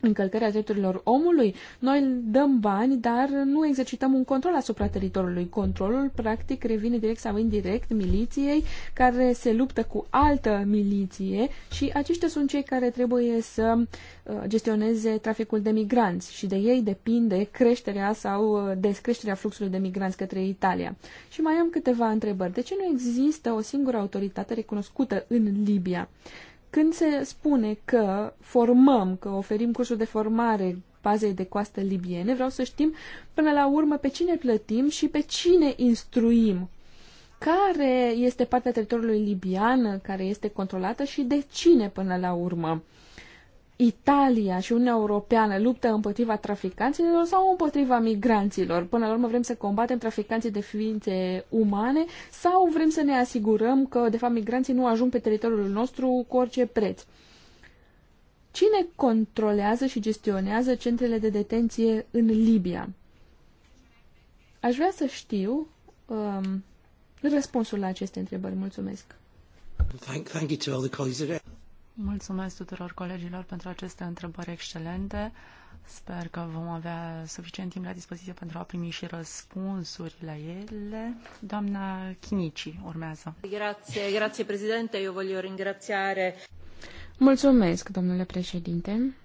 încălcarea drepturilor omului. Noi dăm bani, dar nu exercităm un control asupra teritoriului. Controlul, practic, revine direct sau indirect miliției care se luptă cu altă miliție și aceștia sunt cei care trebuie să uh, gestioneze traficul de migranți și de ei depinde creșterea sau uh, descreșterea fluxului de migranți către Italia. Și mai am câteva întrebări. De ce nu există o singură autoritate recunoscută în Libia? Când se spune că formăm, că oferim cursuri de formare bazei de coastă libiene, vreau să știm până la urmă pe cine plătim și pe cine instruim. Care este partea teritoriului libian care este controlată și de cine până la urmă? Uh, Italia și Uniunea Europeană luptă împotriva traficanților sau împotriva migranților? Până la urmă vrem să combatem traficanții de ființe umane sau vrem să ne asigurăm că, de fapt, migranții nu ajung pe teritoriul nostru cu orice preț? Cine controlează și gestionează centrele de detenție în Libia? Aș vrea să știu um, răspunsul la aceste întrebări. Mulțumesc! Thank, thank you to all the colleagues. Mulțumesc tuturor colegilor pentru aceste întrebări excelente. Sper că vom avea suficient timp la dispoziție pentru a primi și răspunsuri la ele. Doamna Chinici urmează. Grazie, grazie prezidente. Eu voglio ringraziare. Mulțumesc, domnule președinte.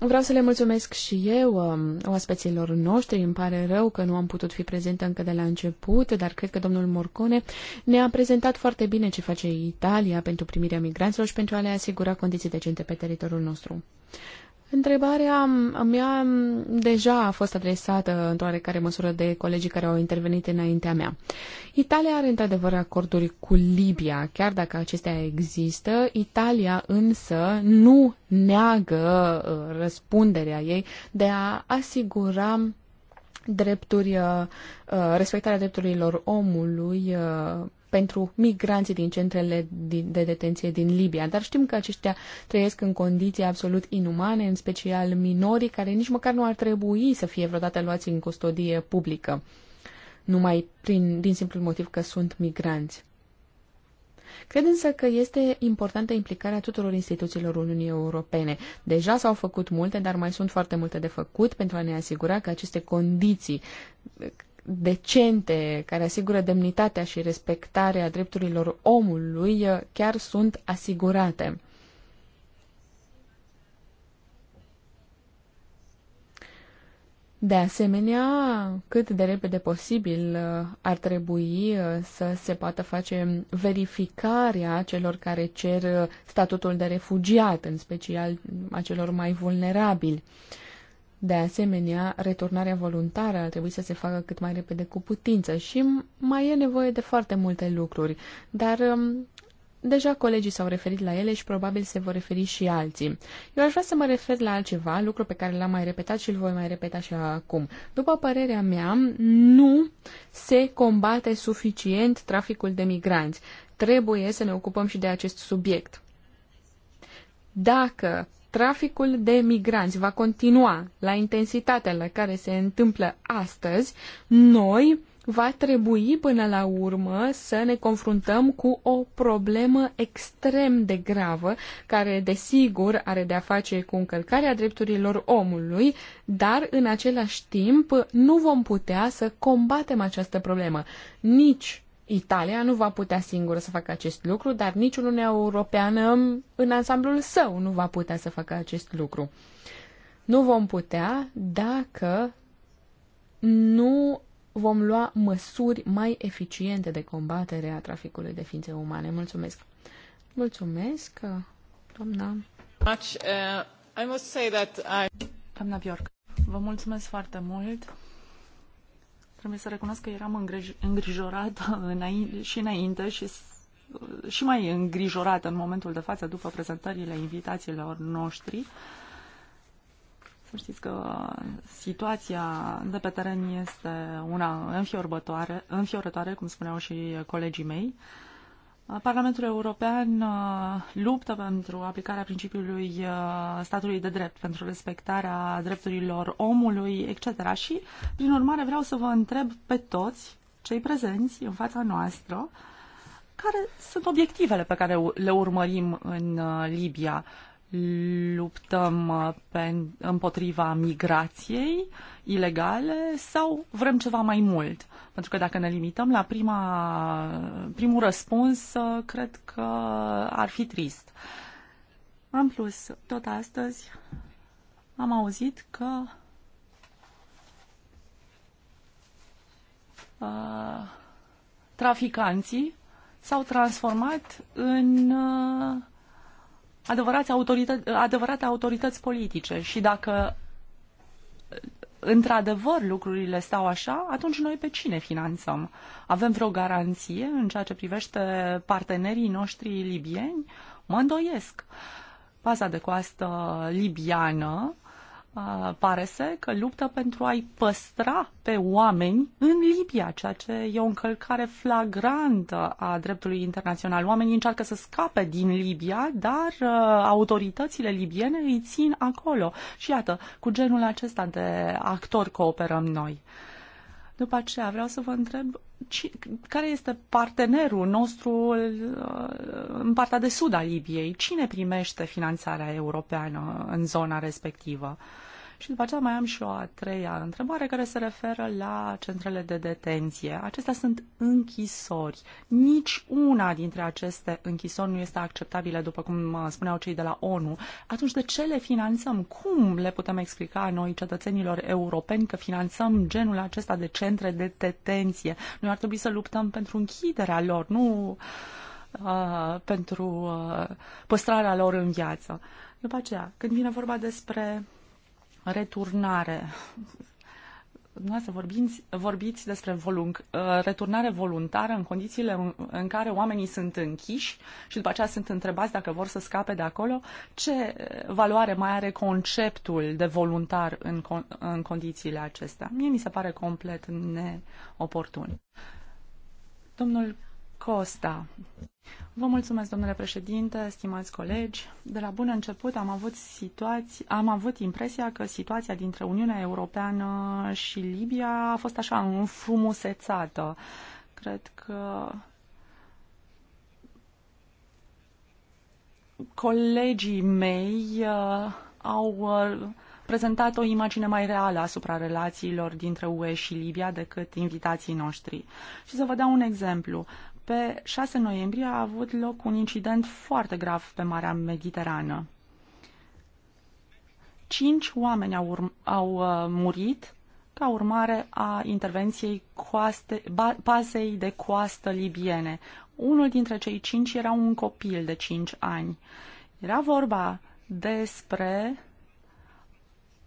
Vreau să le mulțumesc și eu um, oaspeților noștri. Îmi pare rău că nu am putut fi prezentă încă de la început, dar cred că domnul Morcone ne-a prezentat foarte bine ce face Italia pentru primirea migranților și pentru a le asigura condiții decente pe teritoriul nostru. Întrebarea mea deja a fost adresată într-o oarecare măsură de colegii care au intervenit înaintea mea. Italia are într-adevăr acorduri cu Libia, chiar dacă acestea există, Italia însă nu neagă uh, răspunderea ei de a asigura drepturi, uh, uh, respectarea drepturilor omului pentru migranții din centrele de detenție din Libia. Dar știm că aceștia trăiesc în condiții absolut inumane, în special minorii care nici măcar nu ar trebui să fie vreodată luați în custodie publică, numai prin, din simplul motiv că sunt migranți. Cred însă că este importantă implicarea tuturor instituțiilor Uniunii Europene. Deja s-au făcut multe, dar mai sunt foarte multe de făcut pentru a ne asigura că aceste condiții decente, care asigură demnitatea și respectarea drepturilor omului, eh, chiar sunt asigurate. De asemenea, cât de repede posibil eh, ar trebui eh, să se poată face verificarea celor care cer statutul de refugiat, în special mm, a celor mai vulnerabili. De asemenea, returnarea voluntară ar trebui să se facă cât mai repede cu putință și mai e nevoie de foarte multe lucruri, dar um, deja colegii s-au referit la ele și probabil se vor referi și alții. Eu aș vrea să mă refer la altceva, lucru pe care l-am mai repetat și îl voi mai repeta și acum. După părerea mea, nu se combate suficient traficul de migranți. Trebuie să ne ocupăm și de acest subiect. Dacă traficul de migranți va continua la intensitatea la care se întâmplă astăzi, noi va trebui până la urmă să ne confruntăm cu o problemă extrem de gravă, care desigur are de-a face cu încălcarea drepturilor omului, dar în același timp nu vom putea să combatem această problemă nici Italia nu va putea singură să facă acest lucru, dar nici Uniunea Europeană în ansamblul său nu va putea să facă acest lucru. Nu vom putea dacă nu vom lua măsuri mai eficiente de combatere a traficului de ființe umane. Mulțumesc! Mulțumesc, doamna. Much, uh, I must say that I... Doamna Bjork, vă mulțumesc foarte mult. Trebuie să recunosc că eram îngrijorată înainte, și înainte și și mai îngrijorată în momentul de față după prezentările invitațiilor noștri. Să știți că situația de pe teren este una înfiorătoare, înfiorătoare cum spuneau și colegii mei. Uh, Parlamentul European uh, luptă pentru aplicarea principiului uh, statului de drept, pentru respectarea drepturilor omului, etc. Și, prin urmare, vreau să vă întreb pe toți cei prezenți în fața noastră care sunt obiectivele pe care le urmărim în uh, Libia luptăm uh, pe, împotriva migrației ilegale sau vrem ceva mai mult? Pentru că dacă ne limităm la prima, primul răspuns, uh, cred că ar fi trist. În plus, tot astăzi am auzit că uh, traficanții s-au transformat în uh, adevărați autorități, adevărate autorități politice și dacă într-adevăr lucrurile stau așa, atunci noi pe cine finanțăm? Avem vreo garanție în ceea ce privește partenerii noștri libieni? Mă îndoiesc. Paza de coastă libiană uh, Uh, pare se că luptă pentru a-i păstra pe oameni în Libia, ceea ce e o încălcare flagrantă a dreptului internațional. Oamenii încearcă să scape din Libia, dar uh, autoritățile libiene îi țin acolo. Și iată, cu genul acesta de actori cooperăm noi. După aceea vreau să vă întreb care este partenerul nostru uh, în partea de sud a Libiei? Cine primește finanțarea europeană în zona respectivă? Uh, și după aceea mai am și o a treia întrebare care se referă la centrele de detenție. Acestea sunt închisori. Nici una dintre aceste închisori nu este acceptabilă, după cum uh, spuneau cei de la ONU. Atunci de ce le finanțăm? Cum le putem explica noi cetățenilor europeni că finanțăm genul acesta de centre de detenție? Noi ar trebui să luptăm pentru închiderea lor, nu uh, pentru uh, păstrarea lor în viață. După aceea, când vine vorba despre returnare. Dumneavoastră vorbiți, vorbiți despre volunc, uh, returnare voluntară în condițiile în, în care oamenii sunt închiși și după aceea sunt întrebați dacă vor să scape de acolo. Ce valoare mai are conceptul de voluntar în, în condițiile acestea? Mie mi se pare complet neoportun. Domnul Costa. Vă mulțumesc, domnule președinte, stimați colegi. De la bun început am avut, situații, am avut impresia că situația dintre Uniunea Europeană și Libia a fost așa înfrumusețată. Cred că colegii mei uh, au uh, prezentat o imagine mai reală asupra relațiilor dintre UE și Libia decât invitații noștri. Și să vă dau un exemplu. Uh, pe 6 noiembrie a avut loc un incident foarte grav pe Marea Mediterană. Cinci oameni au, au uh, murit ca urmare a intervenției coaste, bazei de coastă libiene. Unul dintre cei cinci era un copil de cinci ani. Era vorba despre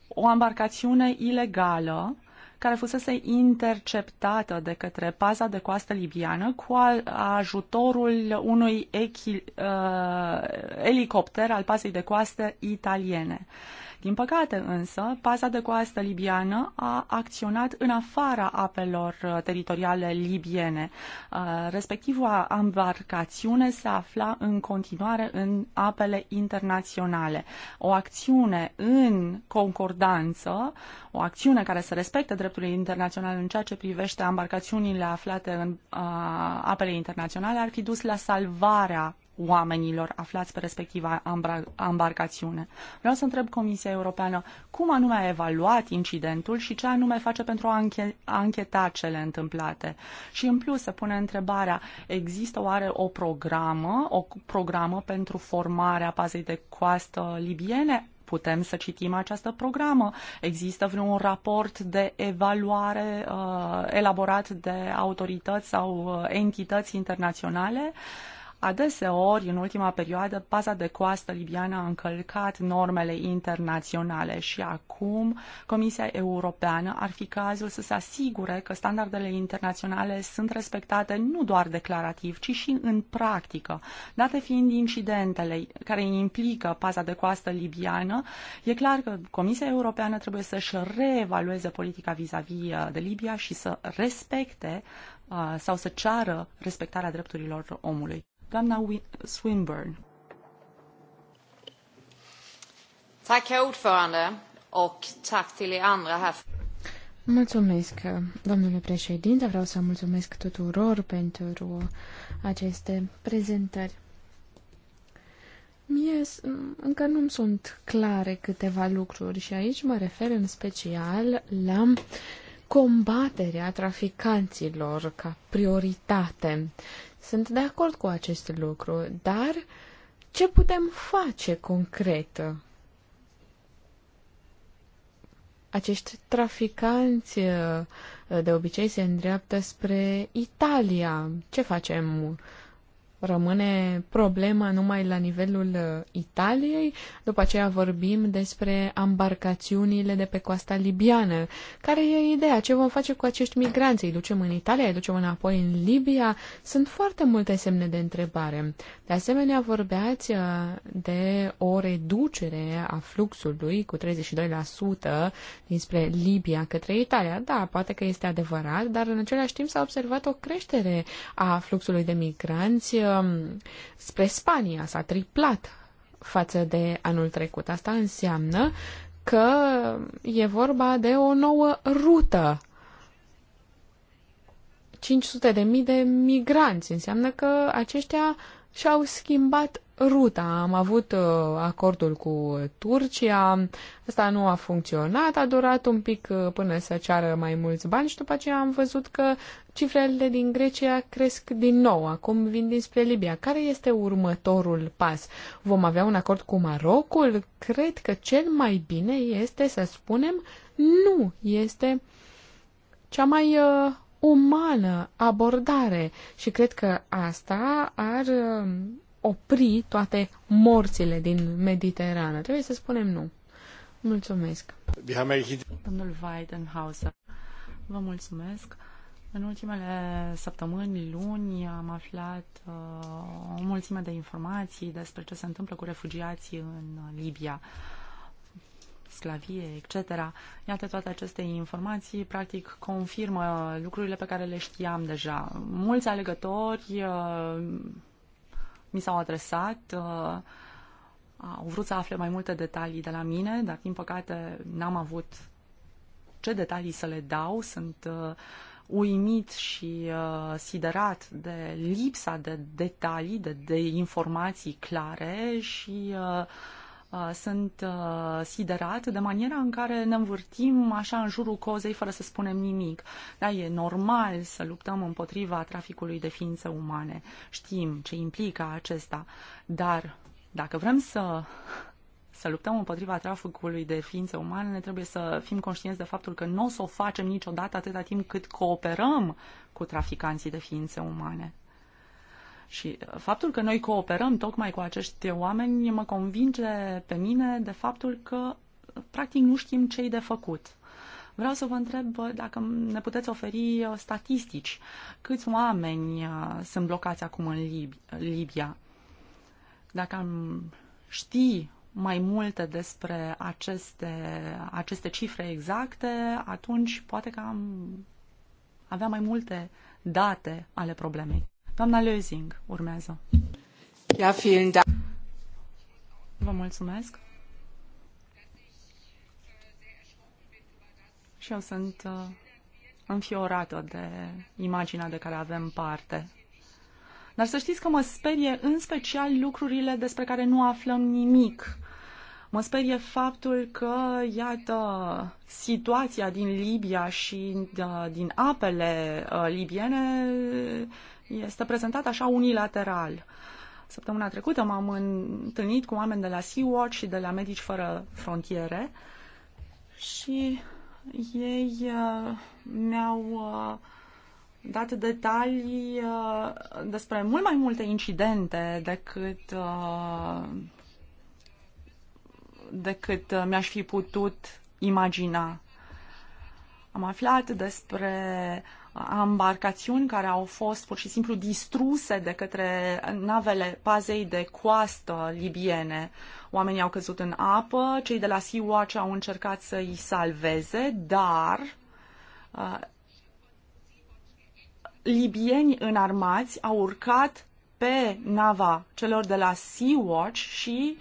o embarcațiune ilegală care fusese interceptată de către paza de coastă libiană cu ajutorul unui echi, uh, elicopter al pazei de coastă italiene. Uh, din păcate însă, paza de coastă libiană a acționat în afara apelor uh, teritoriale libiene. Uh, Respectiva embarcațiune se afla în continuare în apele internaționale. O acțiune în concordanță, o acțiune care să respecte dreptul internațional în ceea ce privește embarcațiunile aflate în uh, apele internaționale, ar fi dus la salvarea oamenilor aflați pe respectiva embarcațiune. Vreau să întreb Comisia Europeană cum anume a evaluat incidentul și ce anume face pentru a, anche- a încheta cele întâmplate. Și în plus se pune întrebarea, există oare o programă, o programă pentru formarea pazei de coastă libiene? Putem să citim această programă. Există vreun raport de evaluare uh, elaborat de autorități sau uh, entități internaționale? Uh, Adeseori, în ultima perioadă, paza de coastă libiană a încălcat normele internaționale și acum Comisia Europeană ar fi cazul să se asigure că standardele internaționale sunt respectate nu doar declarativ, ci și în practică. Date fiind incidentele care implică paza de coastă libiană, e clar că Comisia Europeană trebuie să-și reevalueze politica vis-a-vis -vis uh, de Libia și să respecte uh, sau să ceară respectarea drepturilor omului doamna Swinburne. Er mulțumesc, domnule președinte. Vreau să mulțumesc tuturor pentru aceste prezentări. Mie încă nu sunt clare câteva lucruri și aici mă refer în special la combaterea traficanților ca prioritate. Sunt de acord cu acest lucru, dar ce putem face concret? Acești traficanți de obicei se îndreaptă spre Italia. Ce facem? rămâne problema numai la nivelul uh, Italiei. După aceea vorbim despre ambarcațiunile de pe coasta libiană. Care e ideea? Ce vom face cu acești migranți? Îi ducem în Italia? Îi ducem înapoi în Libia? Sunt foarte multe semne de întrebare. De asemenea, vorbeați uh, de o reducere a fluxului cu 32% dinspre Libia către Italia. Da, poate că este adevărat, dar în același timp s-a observat o creștere a fluxului de migranți uh, Um, spre Spania, s-a triplat față de anul trecut. Asta înseamnă că e vorba de o nouă rută 500 de mii de migranți. Înseamnă că aceștia și-au schimbat ruta. Am avut uh, acordul cu Turcia, asta nu a funcționat, a durat un pic uh, până să ceară mai mulți bani și după aceea am văzut că cifrele din Grecia cresc din nou, acum vin dinspre Libia. Care este următorul pas? Vom avea un acord cu Marocul? Cred că cel mai bine este să spunem nu, este cea mai uh, umană abordare și cred că asta ar uh, opri toate morțile din Mediterană. Trebuie să spunem nu. Mulțumesc. Domnul Weidenhauser, vă mulțumesc. În ultimele săptămâni, luni, am aflat uh, o mulțime de informații despre ce se întâmplă cu refugiații în Libia, sclavie, etc. Iată, toate aceste informații, practic, confirmă lucrurile pe care le știam deja. Mulți alegători uh, mi s-au adresat, uh, au vrut să afle mai multe detalii de la mine, dar din păcate n-am avut ce detalii să le dau. Sunt uh, uimit și uh, siderat de lipsa de detalii, de, de informații clare și uh, Uh, sunt uh, siderat de maniera în care ne învârtim așa în jurul cozei fără să spunem nimic. Da, e normal să luptăm împotriva traficului de ființe umane. Știm ce implică acesta, dar dacă vrem să să luptăm împotriva traficului de ființe umane, ne trebuie să fim conștienți de faptul că nu o să o facem niciodată atâta timp cât cooperăm cu traficanții de ființe umane. Și faptul că noi cooperăm tocmai cu acești oameni mă convinge pe mine de faptul că practic nu știm ce-i de făcut. Vreau să vă întreb dacă ne puteți oferi uh, statistici. Câți oameni uh, sunt blocați acum în Lib- Libia? Dacă am ști mai multe despre aceste, aceste cifre exacte, atunci poate că am avea mai multe date ale problemei. Doamna Lözing urmează. Ja, vielen Dank. Vă mulțumesc. Și eu sunt uh, înfiorată de imaginea de care avem parte. Dar să știți că mă sperie în special lucrurile despre care nu aflăm nimic. Mă sperie faptul că, iată, situația din Libia și uh, din apele uh, libiene este prezentat așa unilateral. Săptămâna trecută m-am întâlnit cu oameni de la Sea-Watch și de la Medici Fără Frontiere și ei uh, mi-au uh, dat detalii uh, despre mult mai multe incidente decât decât mi-aș fi putut imagina. Am aflat despre embarcațiuni care au fost pur și simplu distruse de către navele pazei de coastă libiene. Oamenii au căzut în apă, cei de la Sea-Watch au încercat să-i salveze, dar uh, libieni înarmați au urcat pe nava celor de la Sea-Watch și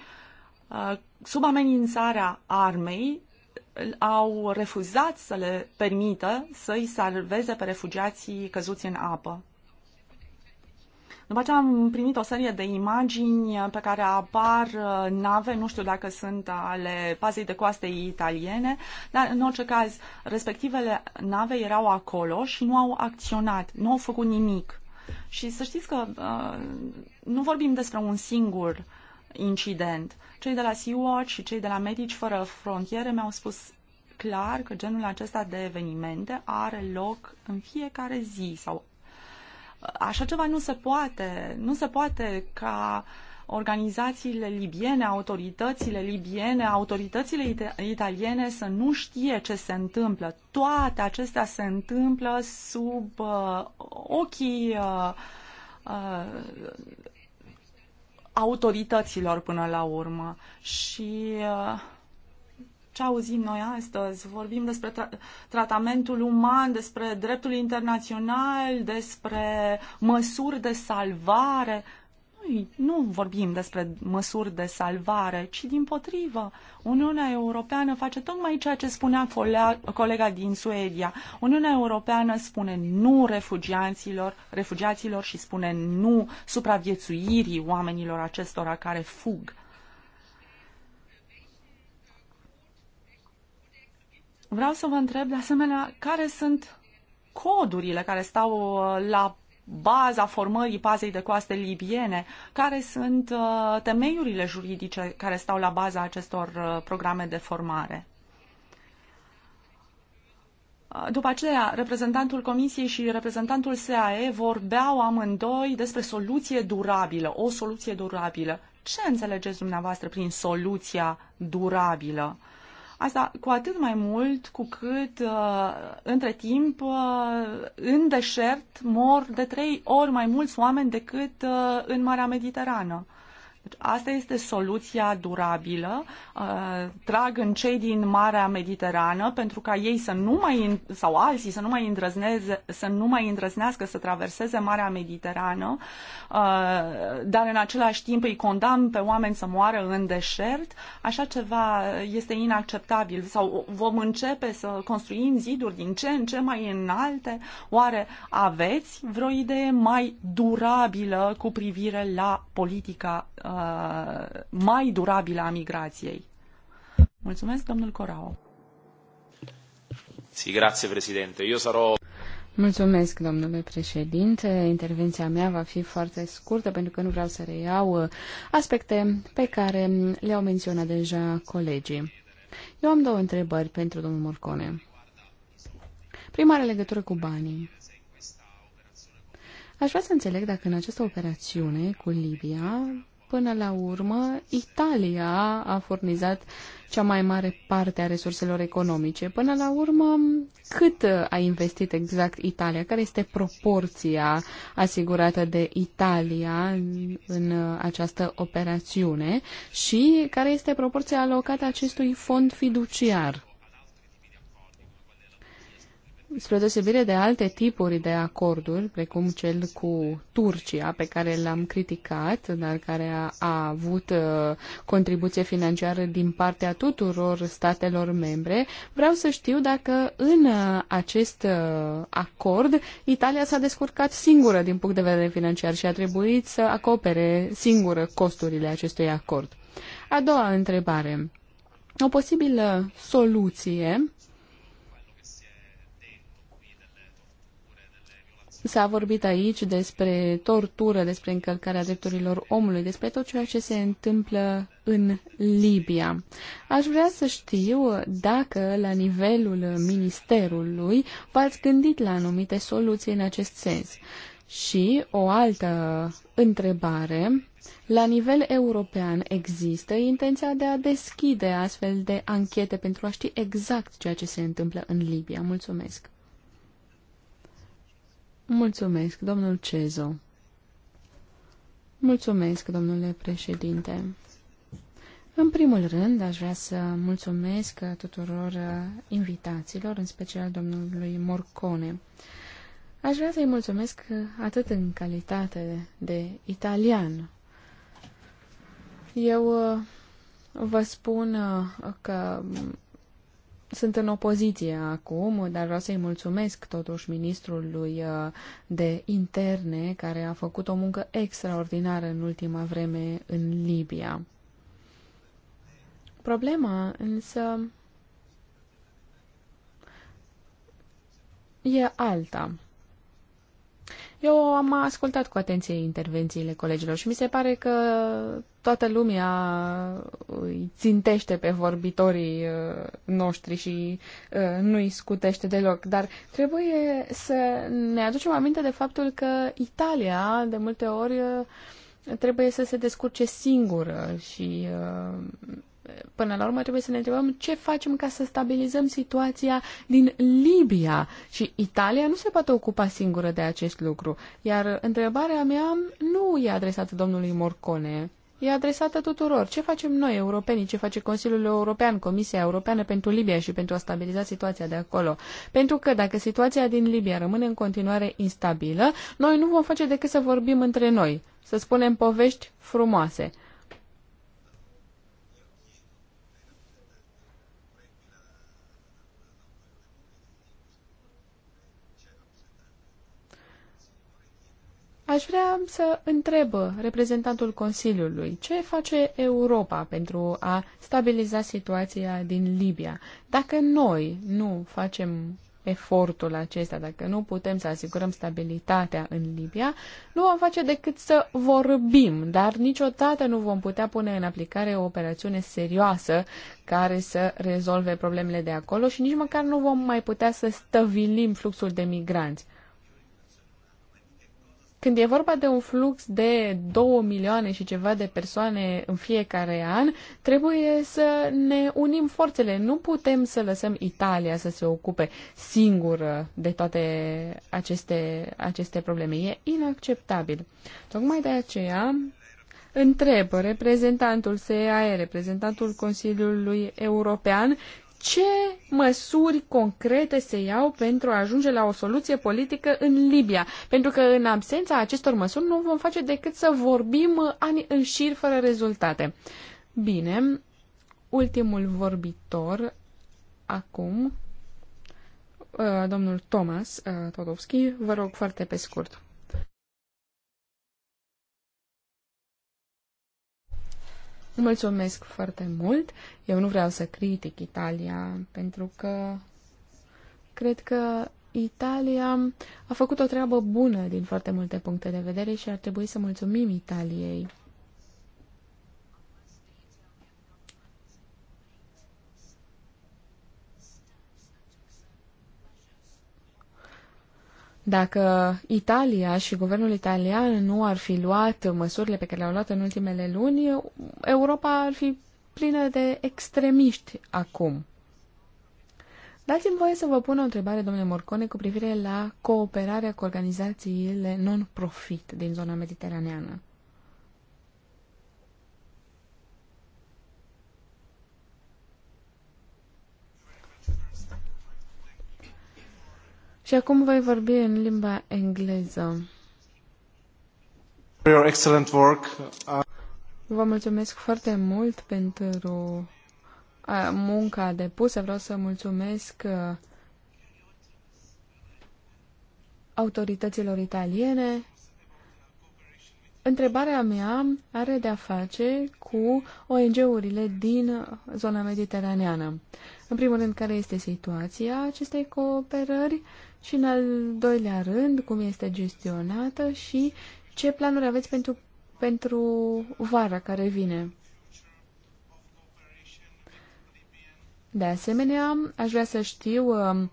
uh, sub amenințarea armei au refuzat să le permită să-i salveze pe refugiații căzuți în apă. După aceea am primit o serie de imagini pe care apar uh, nave, nu știu dacă sunt ale pazei de coaste italiene, dar în orice caz, respectivele nave erau acolo și nu au acționat, nu au făcut nimic. Și să știți că uh, nu vorbim despre un singur incident. Cei de la Sea-Watch și cei de la Medici Fără Frontiere mi-au spus clar că genul acesta de evenimente are loc în fiecare zi sau uh, așa ceva nu se poate. Nu se poate ca organizațiile libiene, autoritățile libiene, autoritățile italiene să nu știe ce se întâmplă. Toate acestea se întâmplă sub uh, ochii uh, uh, autorităților până la urmă. Și uh, ce auzim noi astăzi? Vorbim despre tra- tratamentul uman, despre dreptul internațional, despre măsuri de salvare nu vorbim despre măsuri de salvare, ci din potrivă. Uniunea Europeană face tocmai ceea ce spunea colega din Suedia. Uniunea Europeană spune nu refugiaților, refugiaților și spune nu supraviețuirii oamenilor acestora care fug. Vreau să vă întreb, de asemenea, care sunt codurile care stau uh, la baza formării pazei de coaste libiene, care sunt uh, temeiurile juridice care stau la baza acestor uh, programe de formare. Uh, după aceea, reprezentantul Comisiei și reprezentantul SAE vorbeau amândoi despre soluție durabilă, o soluție durabilă. Ce înțelegeți dumneavoastră prin soluția durabilă? Asta cu atât mai mult cu cât uh, între timp uh, în deșert mor de trei ori mai mulți oameni decât uh, în Marea Mediterană. Uh, deci asta este soluția durabilă. Uh, trag în cei din Marea Mediterană pentru ca ei să nu mai, sau alții să nu mai, îndrăzneze, să nu mai îndrăznească să traverseze Marea Mediterană, uh, dar în același timp îi condamn pe oameni să moară în deșert. Așa ceva este inacceptabil. Sau vom începe să construim ziduri din ce în ce mai înalte. Oare aveți vreo idee mai durabilă cu privire la politica uh, Uh, mai durabilă a migrației. Mulțumesc, domnul Corao. Sì, grazie Presidente. Io sarò... Mulțumesc, domnule președinte. Intervenția mea va fi foarte scurtă pentru că nu vreau să reiau uh, aspecte pe care le-au menționat deja colegii. Eu am două întrebări pentru domnul Morcone. Prima are legătură cu banii. Aș vrea să înțeleg dacă în această operațiune cu Libia Până la urmă, Italia a furnizat cea mai mare parte a resurselor economice. Până la urmă, cât a investit exact Italia? Care este proporția asigurată de Italia în, în această operațiune? Și care este proporția alocată acestui fond fiduciar? spre deosebire de alte tipuri de acorduri, precum cel cu Turcia, pe care l-am criticat, dar care a, a avut uh, contribuție financiară din partea tuturor statelor membre, vreau să știu dacă în uh, acest uh, acord Italia s-a descurcat singură din punct de vedere financiar și a trebuit să acopere singură costurile acestui acord. A doua întrebare. O posibilă soluție S-a vorbit aici despre tortură, despre încălcarea drepturilor omului, despre tot ceea ce se întâmplă în Libia. Aș vrea să știu dacă la nivelul ministerului v-ați gândit la anumite soluții în acest sens. Și o altă întrebare. La nivel european există intenția de a deschide astfel de anchete pentru a ști exact ceea ce se întâmplă în Libia. Mulțumesc. Mulțumesc, domnul Cezo. Mulțumesc, domnule președinte. În primul rând, aș vrea să mulțumesc tuturor uh, invitațiilor, în special domnului Morcone. Aș vrea să-i mulțumesc uh, atât în calitate de italian. Eu uh, vă spun că sunt în opoziție acum, dar vreau să-i mulțumesc totuși ministrului uh, de interne care a făcut o muncă extraordinară în ultima vreme în Libia. Problema însă e alta. Eu am ascultat cu atenție intervențiile colegilor și mi se pare că toată lumea îi țintește pe vorbitorii uh, noștri și uh, nu îi scutește deloc. Dar trebuie să ne aducem aminte de faptul că Italia, de multe ori, uh, trebuie să se descurce singură și până la urmă trebuie să ne întrebăm ce facem ca să stabilizăm situația din Libia și Italia nu se poate ocupa singură de acest lucru. Iar întrebarea mea nu e adresată domnului Morcone, e adresată tuturor. Ce facem noi, europenii, ce face Consiliul European, Comisia Europeană pentru Libia și pentru a stabiliza situația de acolo? Pentru că dacă situația din Libia rămâne în continuare instabilă, noi nu vom face decât să vorbim între noi, să spunem povești frumoase. Aș vrea să întreb reprezentantul Consiliului ce face Europa pentru a stabiliza situația din Libia. Dacă noi nu facem efortul acesta, dacă nu putem să asigurăm stabilitatea în Libia, nu vom face decât să vorbim, dar niciodată nu vom putea pune în aplicare o operațiune serioasă care să rezolve problemele de acolo și nici măcar nu vom mai putea să stăvilim fluxul de migranți. Când e vorba de un flux de 2 milioane și ceva de persoane în fiecare an, trebuie să ne unim forțele. Nu putem să lăsăm Italia să se ocupe singură de toate aceste, aceste probleme. E inacceptabil. Tocmai de aceea întreb reprezentantul SEAE, reprezentantul Consiliului European, ce măsuri concrete se iau pentru a ajunge la o soluție politică în Libia? Pentru că în absența acestor măsuri nu vom face decât să vorbim ani în șir fără rezultate. Bine, ultimul vorbitor acum, uh, domnul Thomas uh, Todovski, vă rog foarte pe scurt. Mulțumesc foarte mult. Eu nu vreau să critic Italia, pentru că cred că Italia a făcut o treabă bună din foarte multe puncte de vedere și ar trebui să mulțumim Italiei. Dacă Italia și guvernul italian nu ar fi luat măsurile pe care le-au luat în ultimele luni, Europa ar fi plină de extremiști acum. Dați-mi voie să vă pun o întrebare, domnule Morcone, cu privire la cooperarea cu organizațiile non-profit din zona mediteraneană. Și acum voi vorbi în limba engleză. For your excellent work. Uh, Vă mulțumesc foarte mult pentru uh, munca depusă. Vreau să mulțumesc uh, autorităților italiene Întrebarea mea are de-a face cu ONG-urile din zona mediteraneană. În primul rând, care este situația acestei cooperări și, în al doilea rând, cum este gestionată și ce planuri aveți pentru, pentru vara care vine. De asemenea, aș vrea să știu um,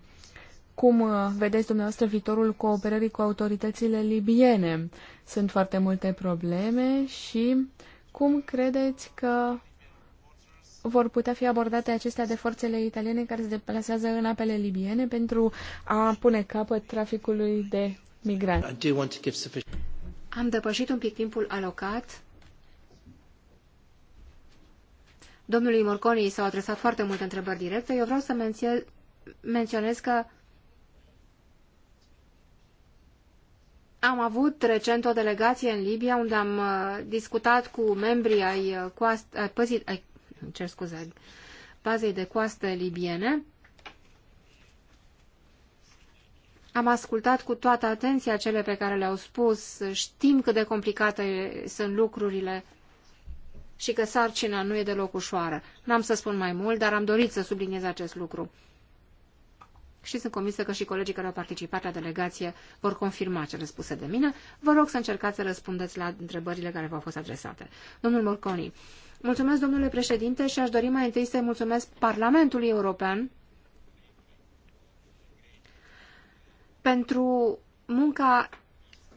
cum uh, vedeți dumneavoastră viitorul cooperării cu autoritățile libiene? Sunt foarte multe probleme și cum credeți că vor putea fi abordate acestea de forțele italiene care se deplasează în apele libiene pentru a pune capăt traficului de migranți? Am depășit un pic timpul alocat. Domnului Morconi s-au adresat foarte multe întrebări directe. Eu vreau să menționez că Am avut recent o delegație în Libia unde am uh, discutat cu membrii ai, uh, coast, ai, ai cer scuze, bazei de coastă libiene. Am ascultat cu toată atenția cele pe care le-au spus, știm cât de complicate sunt lucrurile și că sarcina nu e deloc ușoară. N-am să spun mai mult, dar am dorit să subliniez acest lucru și sunt convinsă că și colegii care au participat la delegație vor confirma cele spuse de mine. Vă rog să încercați să răspundeți la întrebările care v-au fost adresate. Domnul Morconi, mulțumesc domnule președinte și aș dori mai întâi să mulțumesc Parlamentului European pentru munca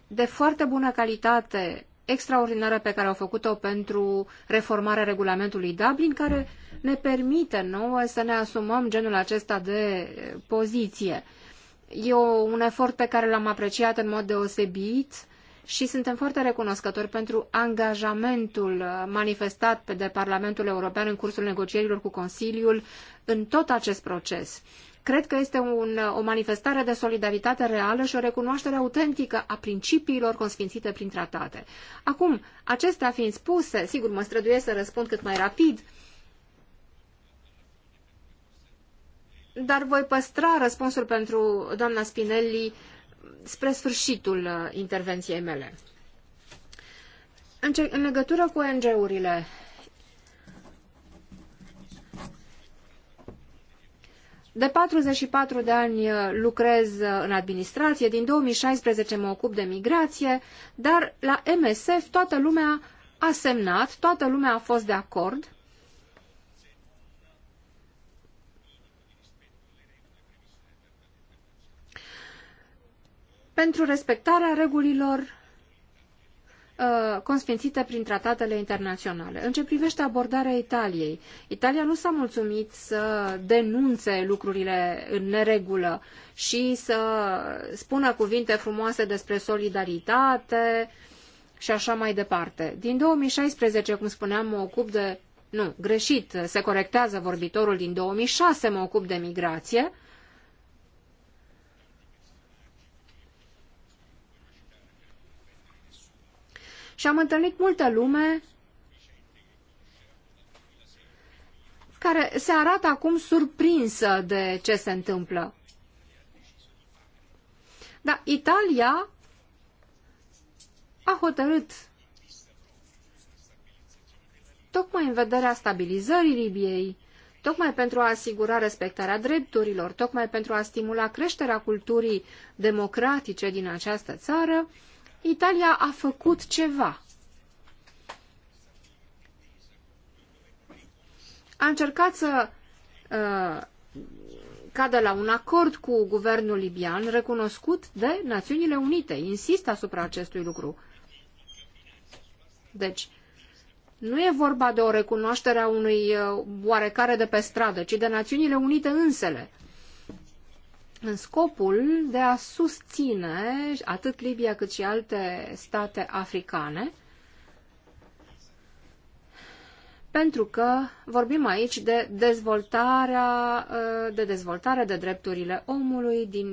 de foarte bună calitate extraordinară pe care au făcut-o pentru reformarea regulamentului Dublin, care ne permite nouă să ne asumăm genul acesta de poziție. E un efort pe care l-am apreciat în mod deosebit și suntem foarte recunoscători pentru angajamentul manifestat de Parlamentul European în cursul negocierilor cu Consiliul în tot acest proces. Cred că este un, o manifestare de solidaritate reală și o recunoaștere autentică a principiilor consfințite prin tratate. Acum, acestea fiind spuse, sigur mă străduiesc să răspund cât mai rapid, dar voi păstra răspunsul pentru doamna Spinelli spre sfârșitul uh, intervenției mele. În, ce, în legătură cu ONG-urile De 44 de ani uh, lucrez uh, în administrație, din 2016 mă ocup de migrație, dar la MSF toată lumea a semnat, toată lumea a fost de acord. pentru respectarea regulilor Uh, consfințită prin tratatele internaționale. În ce privește abordarea Italiei, Italia nu s-a mulțumit să denunțe lucrurile în neregulă și să spună cuvinte frumoase despre solidaritate și așa mai departe. Din 2016, cum spuneam, mă ocup de... Nu, greșit, se corectează vorbitorul din 2006, mă ocup de migrație Și am întâlnit multă lume care se arată acum surprinsă de ce se întâmplă. Dar Italia a hotărât tocmai în vederea stabilizării Libiei, tocmai pentru a asigura respectarea drepturilor, tocmai pentru a stimula creșterea culturii democratice din această țară, Italia a făcut ceva. A încercat să uh, cadă la un acord cu guvernul libian recunoscut de Națiunile Unite. Insist asupra acestui lucru. Deci, nu e vorba de o recunoaștere a unui uh, oarecare de pe stradă, ci de Națiunile Unite însele în scopul de a susține atât Libia cât și alte state africane, pentru că vorbim aici de dezvoltarea, uh, de dezvoltare de drepturile omului din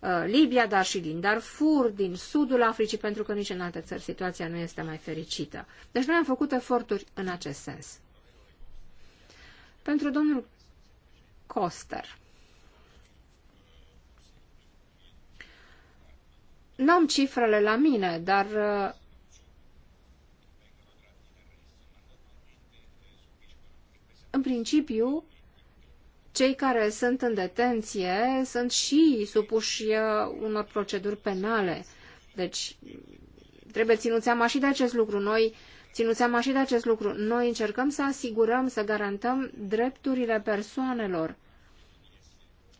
uh, Libia, dar și din Darfur, din sudul Africii, pentru că nici în alte țări situația nu este mai fericită. Deci noi am făcut eforturi în acest sens. Pentru domnul Coster. N-am cifrele la mine, dar uh, în principiu cei care sunt în detenție sunt și supuși uh, unor proceduri penale. Deci trebuie ținut seama și de acest lucru. Noi Ținut seama și de acest lucru, noi încercăm să asigurăm, să garantăm drepturile persoanelor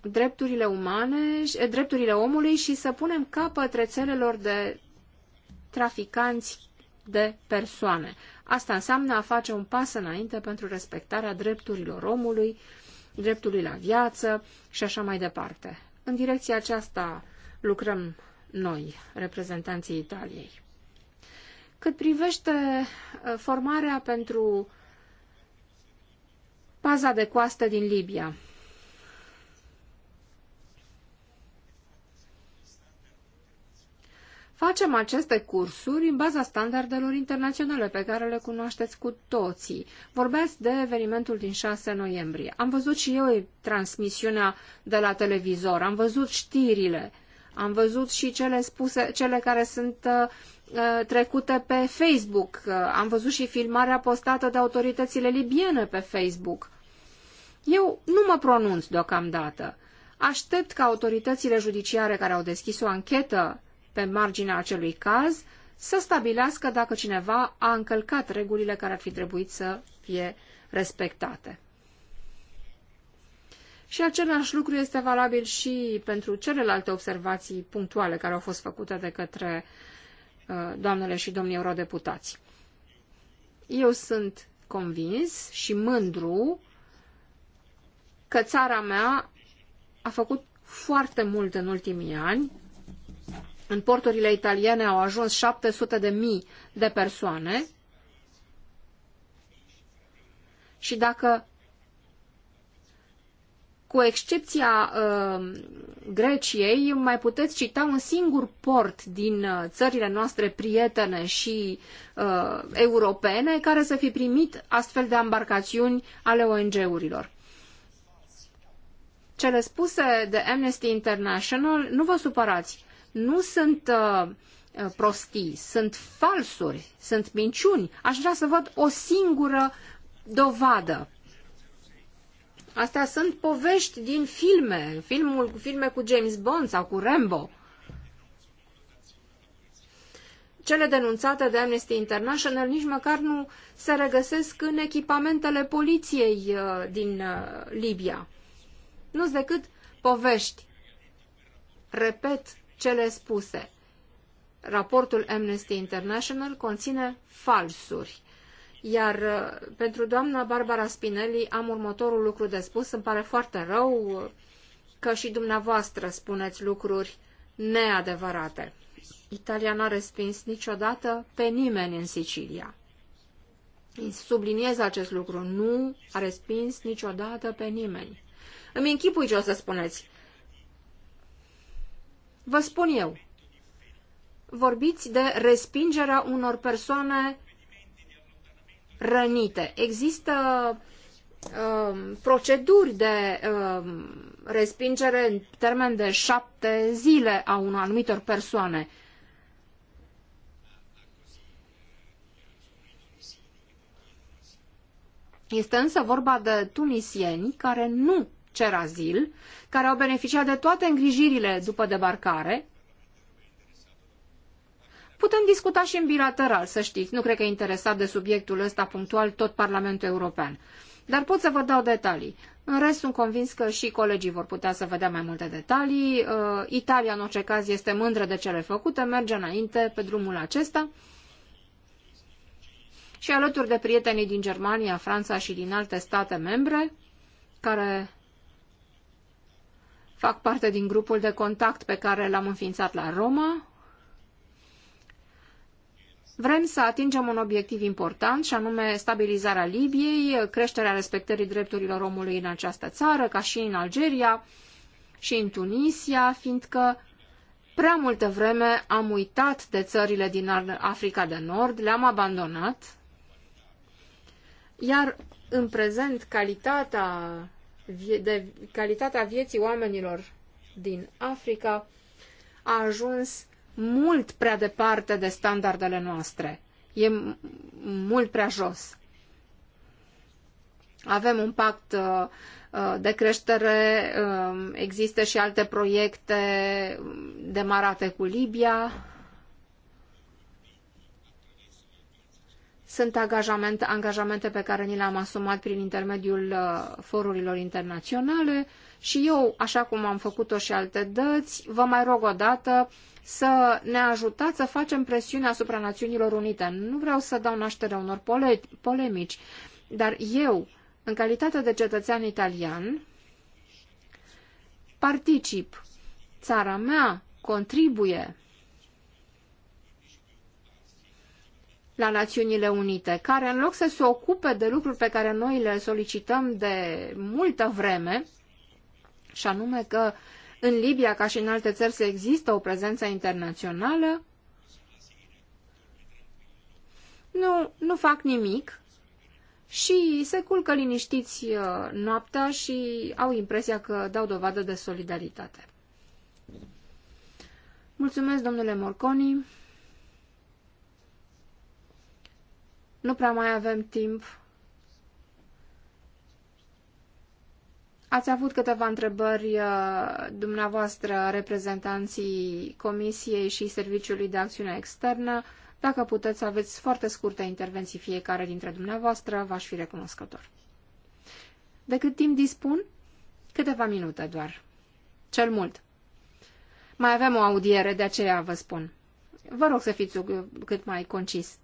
drepturile umane, eh, drepturile omului și să punem capăt rețelelor de traficanți de persoane. Asta înseamnă a face un pas înainte pentru respectarea drepturilor omului, dreptului la viață și așa mai departe. În direcția aceasta lucrăm noi, reprezentanții Italiei. Cât privește eh, formarea pentru paza de coastă din Libia, Facem aceste cursuri în baza standardelor internaționale pe care le cunoașteți cu toții. Vorbesc de evenimentul din 6 noiembrie. Am văzut și eu transmisiunea de la televizor, am văzut știrile, am văzut și cele spuse, cele care sunt uh, uh, trecute pe Facebook, uh, am văzut și filmarea postată de autoritățile libiene pe Facebook. Eu nu mă pronunț deocamdată. Aștept ca autoritățile judiciare care au deschis o anchetă pe marginea acelui caz să stabilească dacă cineva a încălcat regulile care ar fi trebuit să fie respectate. Și același lucru este valabil și pentru celelalte observații punctuale care au fost făcute de către uh, doamnele și domnii eurodeputați. Eu sunt convins și mândru că țara mea a făcut foarte mult în ultimii ani în porturile italiene au ajuns 700 de mii de persoane și dacă cu excepția uh, Greciei, mai puteți cita un singur port din uh, țările noastre prietene și uh, europene care să fi primit astfel de embarcațiuni ale ONG-urilor. Cele spuse de Amnesty International, nu vă supărați, nu sunt uh, uh, prostii, sunt falsuri, sunt minciuni. Aș vrea să văd o singură dovadă. Astea sunt povești din filme, filmul, filme cu James Bond sau cu Rambo. Cele denunțate de Amnesty International nici măcar nu se regăsesc în echipamentele poliției uh, din Libia. Nu-s decât povești. Repet, cele spuse. Raportul Amnesty International conține falsuri. Iar uh, pentru doamna Barbara Spinelli am următorul lucru de spus. Îmi pare foarte rău uh, că și dumneavoastră spuneți lucruri neadevărate. Italia n-a respins niciodată pe nimeni în Sicilia. Subliniez acest lucru. Nu a respins niciodată pe nimeni. Îmi închipui ce o să spuneți. Vă spun eu, vorbiți de respingerea unor persoane rănite. Există um, proceduri de um, respingere în termen de șapte zile a unor anumitor persoane. Este însă vorba de tunisieni care nu cer azil, care au beneficiat de toate îngrijirile după debarcare, Putem discuta și în bilateral, să știți. Nu cred că e interesat de subiectul ăsta punctual tot Parlamentul European. Dar pot să vă dau detalii. În rest, sunt convins că și colegii vor putea să vedea mai multe detalii. Uh, Italia, în orice caz, este mândră de cele făcute, merge înainte pe drumul acesta. Și alături de prietenii din Germania, Franța și din alte state membre, care fac parte din grupul de contact pe care l-am înființat la Roma. Vrem să atingem un obiectiv important și anume stabilizarea Libiei, creșterea respectării drepturilor omului în această țară, ca și în Algeria și în Tunisia, fiindcă prea multă vreme am uitat de țările din Africa de Nord, le-am abandonat, iar în prezent calitatea de calitatea vieții oamenilor din Africa a ajuns mult prea departe de standardele noastre. E mult prea jos. Avem un pact uh, uh, de creștere, um, există și alte proiecte um, demarate cu Libia, Sunt angajamente, angajamente pe care ni le-am asumat prin intermediul uh, forurilor internaționale și eu, așa cum am făcut-o și alte dăți, vă mai rog o dată să ne ajutați să facem presiune asupra Națiunilor Unite. Nu vreau să dau naștere unor pole polemici, dar eu, în calitate de cetățean italian, particip. Țara mea contribuie la Națiunile Unite, care în loc să se ocupe de lucruri pe care noi le solicităm de multă vreme, și anume că în Libia, ca și în alte țări, să există o prezență internațională, nu, nu fac nimic și se culcă liniștiți uh, noaptea și au impresia că dau dovadă de solidaritate. Mulțumesc, domnule Morconi. Nu prea mai avem timp. Ați avut câteva întrebări uh, dumneavoastră, reprezentanții Comisiei și Serviciului de Acțiune Externă. Dacă puteți să aveți foarte scurte intervenții fiecare dintre dumneavoastră, v-aș fi recunoscător. De cât timp dispun? Câteva minute doar. Cel mult. Mai avem o audiere, de aceea vă spun. Vă rog să fiți cât mai concis.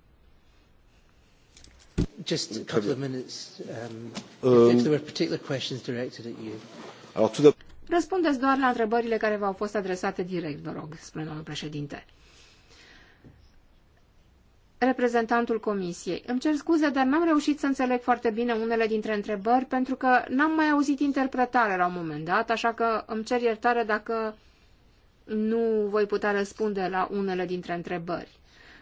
Just a couple of minutes, um, if um, there were particular questions directed at you. Răspundeți doar la întrebările care v-au fost adresate direct, vă rog, spune domnul președinte. Reprezentantul comisiei. Îmi cer scuze, dar n-am reușit să înțeleg foarte bine unele dintre întrebări, pentru că n-am mai auzit interpretare la un moment dat, așa că îmi cer iertare dacă nu voi putea răspunde la unele dintre întrebări.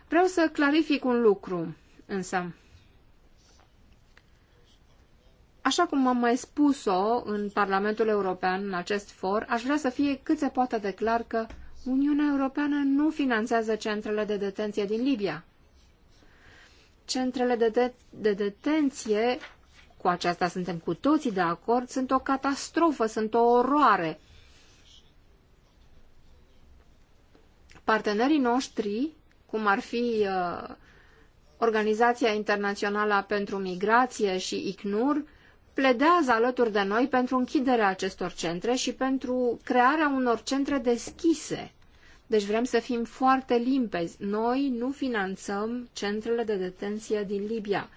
Vreau să clarific un lucru, însă. Așa cum am mai spus-o în Parlamentul European, în acest for, aș vrea să fie cât se poate de clar că Uniunea Europeană nu finanțează centrele de detenție din Libia. Centrele de, de, de detenție, cu aceasta suntem cu toții de acord, sunt o catastrofă, sunt o oroare. Partenerii noștri, cum ar fi uh, Organizația Internațională pentru Migrație și ICNUR, pledează alături de noi pentru închiderea acestor centre și pentru crearea unor centre deschise. Deci vrem să fim foarte limpezi. Noi nu finanțăm centrele de detenție din Libia.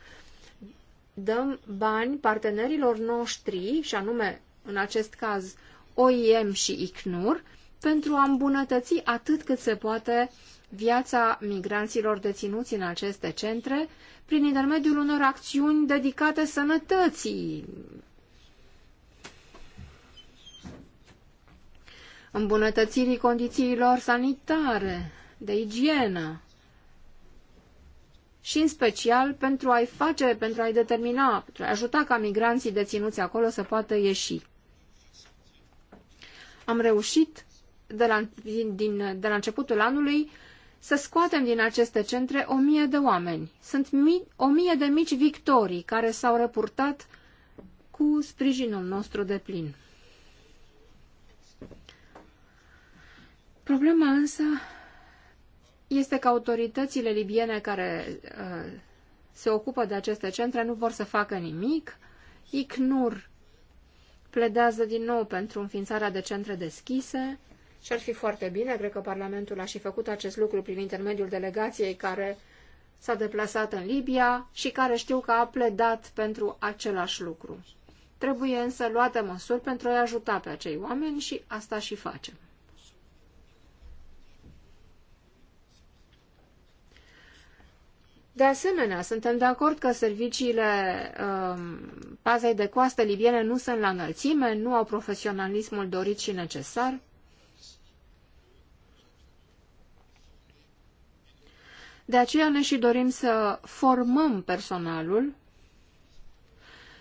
Dăm bani partenerilor noștri, și anume, în acest caz, OIM și ICNUR, pentru a îmbunătăți atât cât se poate viața migranților deținuți în aceste centre prin intermediul unor acțiuni dedicate sănătății. Îmbunătățirii condițiilor sanitare, de igienă și în special pentru a-i face, pentru a-i determina, pentru a ajuta ca migranții deținuți acolo să poată ieși. Am reușit de la, din, din, de la începutul anului să scoatem din aceste centre o mie de oameni. Sunt mi- o mie de mici victorii care s-au repurtat cu sprijinul nostru de plin. Problema însă este că autoritățile libiene care uh, se ocupă de aceste centre nu vor să facă nimic. ICNUR pledează din nou pentru înființarea de centre deschise, și ar fi foarte bine, cred că Parlamentul a și făcut acest lucru prin intermediul delegației care s-a deplasat în Libia și care știu că a pledat pentru același lucru. Trebuie însă luate măsuri pentru a-i ajuta pe acei oameni și asta și facem. De asemenea, suntem de acord că serviciile um, pazei de coastă libiene nu sunt la înălțime, nu au profesionalismul dorit și necesar. De aceea ne și dorim să formăm personalul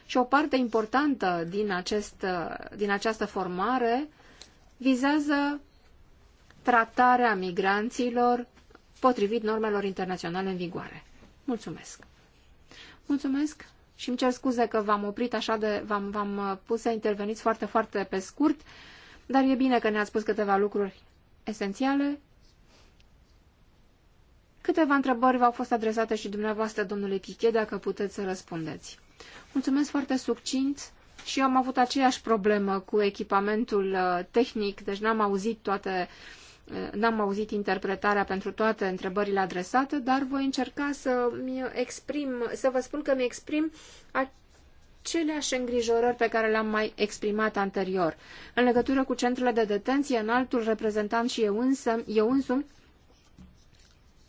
și o parte importantă din, acest, din această formare vizează tratarea migranților potrivit normelor internaționale în vigoare. Mulțumesc! Mulțumesc și îmi cer scuze că v-am oprit așa de... v-am, v-am pus să interveniți foarte, foarte pe scurt, dar e bine că ne-ați spus câteva lucruri esențiale Câteva întrebări v-au fost adresate și dumneavoastră, domnule Chiche, dacă puteți să răspundeți. Mulțumesc foarte succint și eu am avut aceeași problemă cu echipamentul uh, tehnic, deci n-am auzit toate uh, N-am auzit interpretarea pentru toate întrebările adresate, dar voi încerca să, -mi exprim, să vă spun că mi exprim aceleași îngrijorări pe care le-am mai exprimat anterior. În legătură cu centrele de detenție, în altul reprezentant și eu, însă, eu însumi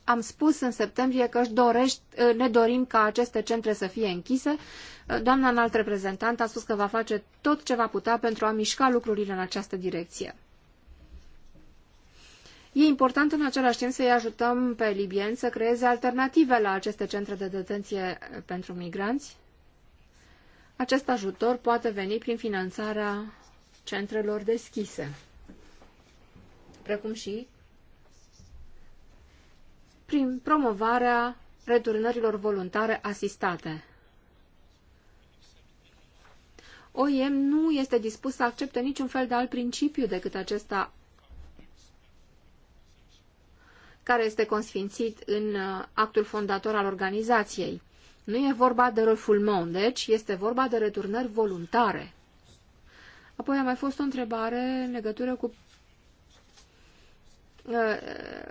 am spus în septembrie că își dorești, ă, ne dorim ca aceste centre să fie închise. Ă, doamna înalt reprezentant a spus că va face tot ce va putea pentru a mișca lucrurile în această direcție. E important în același timp să-i ajutăm pe libieni să creeze alternative la aceste centre de detenție pentru migranți. Acest ajutor poate veni prin finanțarea centrelor deschise, precum și prin promovarea returnărilor voluntare asistate. OIM nu este dispus să accepte niciun fel de alt principiu decât acesta care este consfințit în uh, actul fondator al organizației. Nu e vorba de refoulement, deci este vorba de returnări voluntare. Apoi a mai fost o întrebare în legătură cu uh,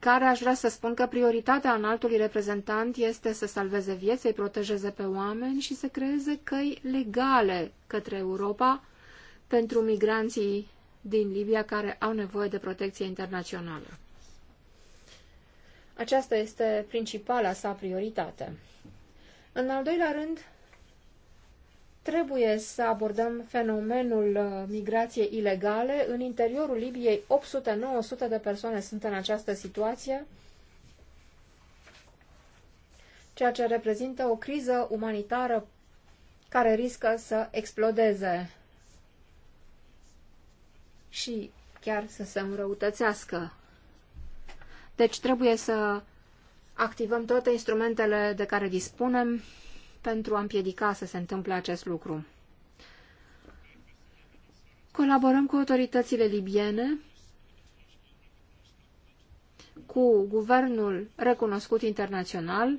care aș vrea să spun că prioritatea înaltului reprezentant este să salveze vieți, să-i protejeze pe oameni și să creeze căi legale către Europa pentru migranții din Libia care au nevoie de protecție internațională. Aceasta este principala sa prioritate. În al doilea rând, trebuie să abordăm fenomenul uh, migrației ilegale. În interiorul Libiei, 800-900 de persoane sunt în această situație, ceea ce reprezintă o criză umanitară care riscă să explodeze și chiar să se înrăutățească. Deci trebuie să activăm toate instrumentele de care dispunem pentru a împiedica să se întâmple acest lucru. Colaborăm cu autoritățile libiene, cu guvernul recunoscut internațional.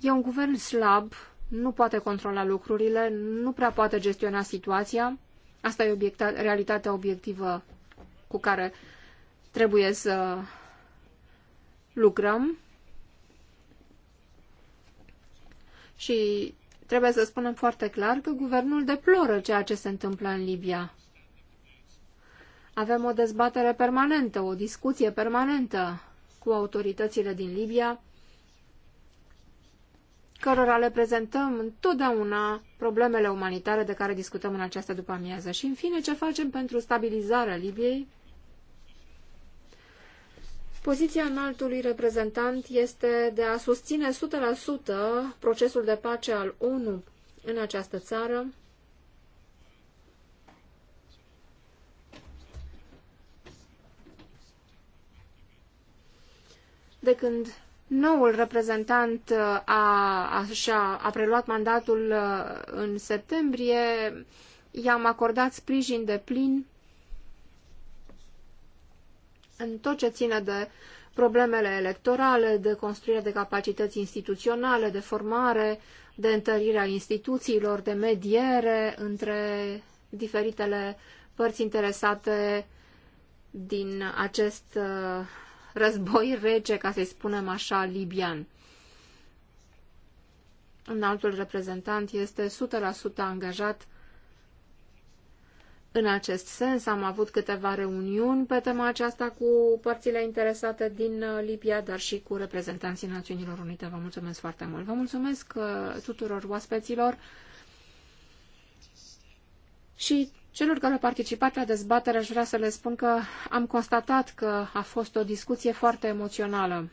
E un guvern slab, nu poate controla lucrurile, nu prea poate gestiona situația. Asta e obiecta realitatea obiectivă cu care trebuie să lucrăm. și trebuie să spunem foarte clar că guvernul deploră ceea ce se întâmplă în Libia. Avem o dezbatere permanentă, o discuție permanentă cu autoritățile din Libia, cărora le prezentăm întotdeauna problemele umanitare de care discutăm în această după-amiază. Și, în fine, ce facem pentru stabilizarea Libiei? Poziția înaltului reprezentant este de a susține 100% procesul de pace al ONU în această țară, de când noul reprezentant uh, a, așa, a preluat mandatul uh, în septembrie, i-am acordat sprijin de plin în tot ce ține de problemele electorale, de construire de capacități instituționale, de formare, de întărirea instituțiilor, de mediere între diferitele părți interesate din acest uh, război rece, ca să-i spunem așa, libian. Un altul reprezentant este 100% angajat în acest sens am avut câteva reuniuni pe tema aceasta cu părțile interesate din uh, Libia, dar și cu reprezentanții Națiunilor Unite. Vă mulțumesc foarte mult. Vă mulțumesc uh, tuturor oaspeților și celor care au participat la dezbatere. Aș vrea să le spun că am constatat că a fost o discuție foarte emoțională.